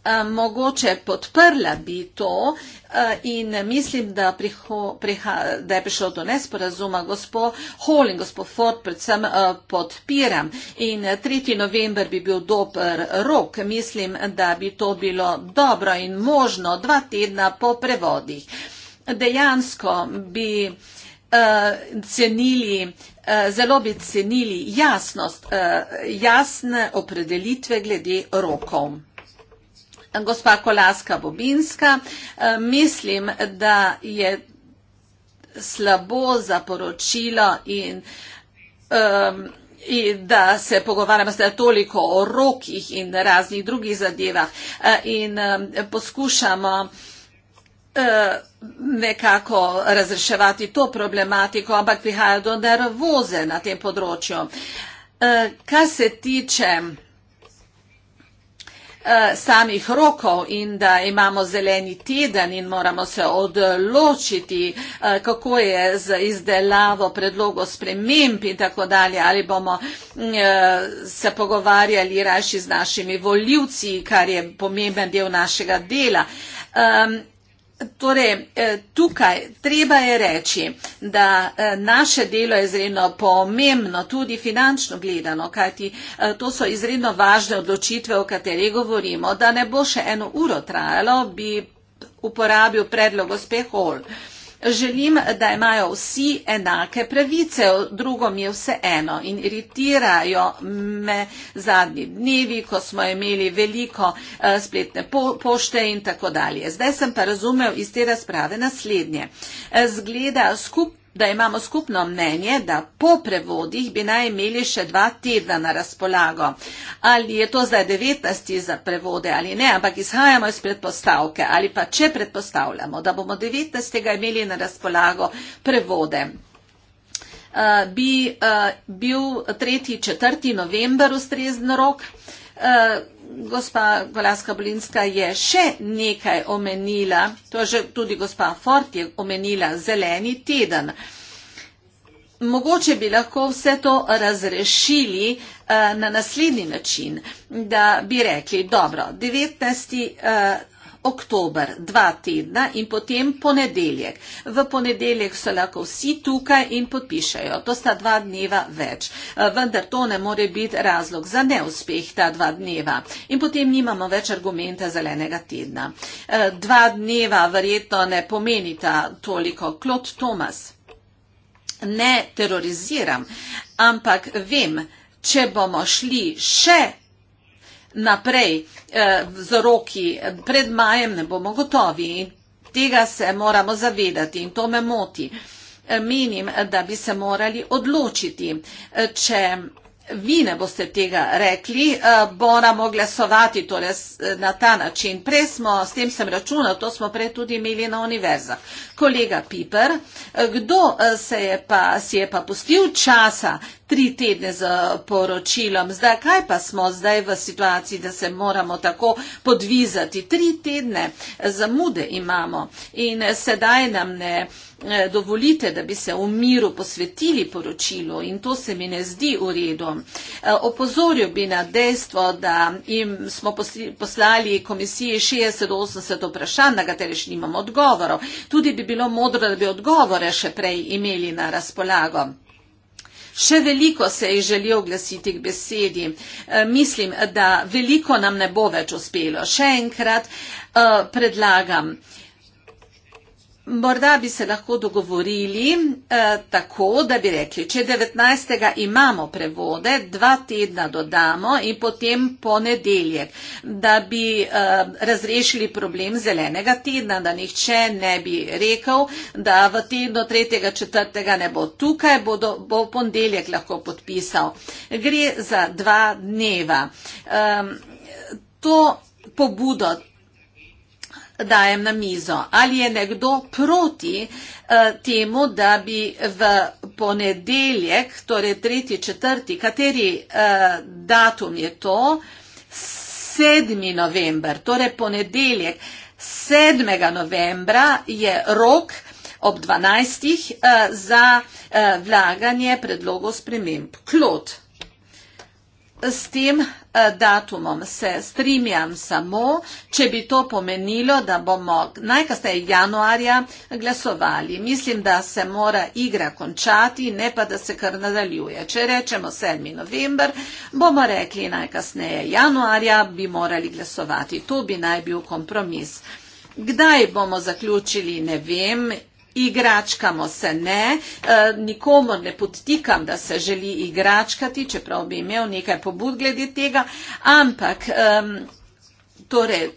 Eh, mogoče podprla bi to eh, in mislim, da, priho, priha, da je prišlo do nesporazuma. Gospo Hall in gospod Ford predvsem eh, podpiram in 3. november bi bil dober rok. Mislim, da bi to bilo dobro in možno dva tedna po prevodih. Dejansko bi cenili, zelo bi cenili jasnost, jasne opredelitve glede rokov gospa Kolaska Bobinska, eh, mislim, da je slabo za poročilo in ehm, in da se pogovarjamo zdaj toliko o rokih in raznih drugih zadevah eh, in ehm, poskušamo eh, nekako razreševati to problematiko, ampak prihaja do nervoze na tem področju. Kar se tiče Eh, samih rokov in da imamo zeleni teden in moramo se odločiti, eh, kako je z izdelavo predlogo sprememb in tako dalje, ali bomo mm, eh, se pogovarjali raši z našimi voljivci, kar je pomemben del našega dela. Torej, eh, tukaj treba je reči, da eh, naše delo je izredno pomembno, tudi finančno gledano, kajti eh, to so izredno važne odločitve, o katerih govorimo. Da ne bo še eno uro trajalo, bi uporabil predlog uspeh Hall. Želim, da imajo vsi enake pravice, drugo mi je vse eno in iritirajo me zadnji dnevi, ko smo imeli veliko eh, spletne pošte in tako dalje. Zdaj sem pa razumel iz te razprave naslednje. Eh, zgleda skupaj da imamo skupno mnenje, da po prevodih bi naj imeli še dva tedna na razpolago. Ali je to zdaj 19. za prevode ali ne, ampak izhajamo iz predpostavke ali pa če predpostavljamo, da bomo 19. imeli na razpolago prevode. Uh, bi uh, bil 3. 4. november ustrezen rok. Uh, gospa Golaska Bolinska je še nekaj omenila, to že tudi gospa Fort je omenila, zeleni teden. Mogoče bi lahko vse to razrešili uh, na naslednji način, da bi rekli, dobro, 19. Uh, eh, oktober, dva tedna in potem ponedeljek. V ponedeljek so lahko vsi tukaj in podpišajo. To sta dva dneva več. Eh, vendar to ne more biti razlog za neuspeh ta dva dneva. In potem nimamo več argumenta zelenega tedna. Eh, dva dneva verjetno ne pomenita toliko. Klot Tomas, ne teroriziram, ampak vem, če bomo šli še naprej eh, z roki, pred majem ne bomo gotovi in tega se moramo zavedati in to me moti. Eh, menim, da bi se morali odločiti, eh, če vi ne boste tega rekli, moramo glasovati torej na ta način. Prej smo, s tem sem računal, to smo prej tudi imeli na univerzah. Kolega Piper, kdo se je pa, si je pa pustil časa, tri tedne z poročilom. Zdaj, kaj pa smo zdaj v situaciji, da se moramo tako podvizati? Tri tedne zamude imamo in sedaj nam ne eh, dovolite, da bi se v miru posvetili poročilu in to se mi ne zdi v redu. Eh, opozoril bi na dejstvo, da jim smo poslali komisiji 60-80 vprašanj, na katere še nimamo odgovorov. Tudi bi bilo modro, da bi odgovore še prej imeli na razpolago. Še veliko se je želijo oglasiti k besedi. E, mislim, da veliko nam ne bo več uspelo. Še enkrat e, predlagam. Morda bi se lahko dogovorili eh, tako, da bi rekli, če 19. imamo prevode, dva tedna dodamo in potem ponedeljek, da bi eh, razrešili problem zelenega tedna, da nihče ne bi rekel, da v tedno 3. četrtega ne bo tukaj, bodo, bo ponedeljek lahko podpisal. Gre za dva dneva. Eh, to pobudo dajem na mizo. Ali je nekdo proti eh, temu, da bi v ponedeljek, torej tretji, četrti, kateri eh, datum je to, 7. november, torej ponedeljek 7. novembra je rok ob 12. Eh, za vlaganje predlogov sprememb. Klot. S tem uh, datumom. Se strinjam samo, če bi to pomenilo, da bomo najkasneje januarja glasovali. Mislim, da se mora igra končati, ne pa da se kar nadaljuje. Če rečemo 7. november, bomo rekli najkasneje januarja bi morali glasovati. To bi naj bil kompromis. Kdaj bomo zaključili, ne vem, igračkamo se ne, e, nikomor ne podtikam, da se želi igračkati, čeprav bi imel nekaj pobud glede tega, ampak torej.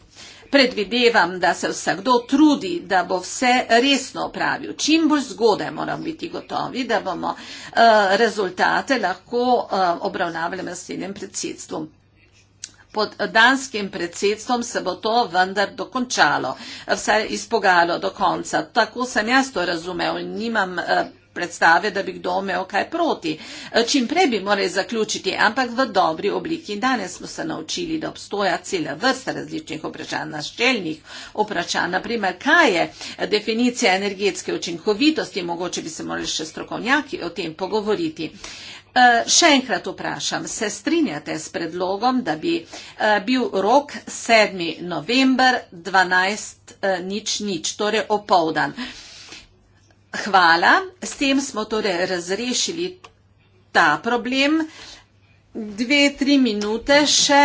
Predvidevam, da se vsakdo trudi, da bo vse resno opravil. Čim bolj zgodaj moramo biti gotovi, da bomo uh, rezultate lahko uh, obravnavali v naslednjem predsedstvu pod danskim predsedstvom se bo to vendar dokončalo, vsaj izpogalo do konca. Tako sem jaz to razumel in nimam eh, predstave, da bi kdo imel kaj proti. Eh, čim prej bi morali zaključiti, ampak v dobri obliki. Danes smo se naučili, da obstoja cela vrsta različnih vprašanj, naščeljnih vprašanj. Naprimer, kaj je eh, definicija energetske učinkovitosti, mogoče bi se morali še strokovnjaki o tem pogovoriti. Uh, Eh, še enkrat vprašam, se strinjate s predlogom, da bi eh, bil rok 7. november 12.00, eh, torej opovdan. Hvala, s tem smo torej razrešili ta problem. Dve, tri minute še.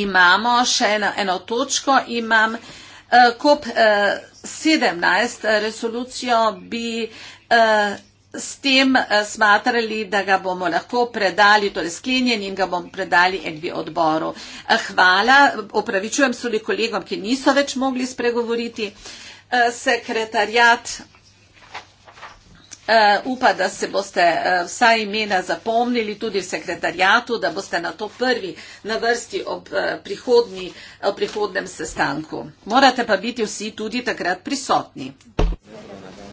Imamo še eno, eno točko, imam eh, COP17 eh, resolucijo, bi eh, s tem uh, smatrali, da ga bomo lahko predali, torej sklenjen in ga bomo predali enbi odboru. Eh, hvala, opravičujem se tudi kolegom, ki niso več mogli spregovoriti. Uh, eh, sekretarjat uh, upa, da se boste uh, vsa imena zapomnili tudi v sekretarjatu, da boste na to prvi na vrsti ob, uh, prihodnji, ob prihodnem sestanku. Morate pa biti vsi tudi takrat prisotni.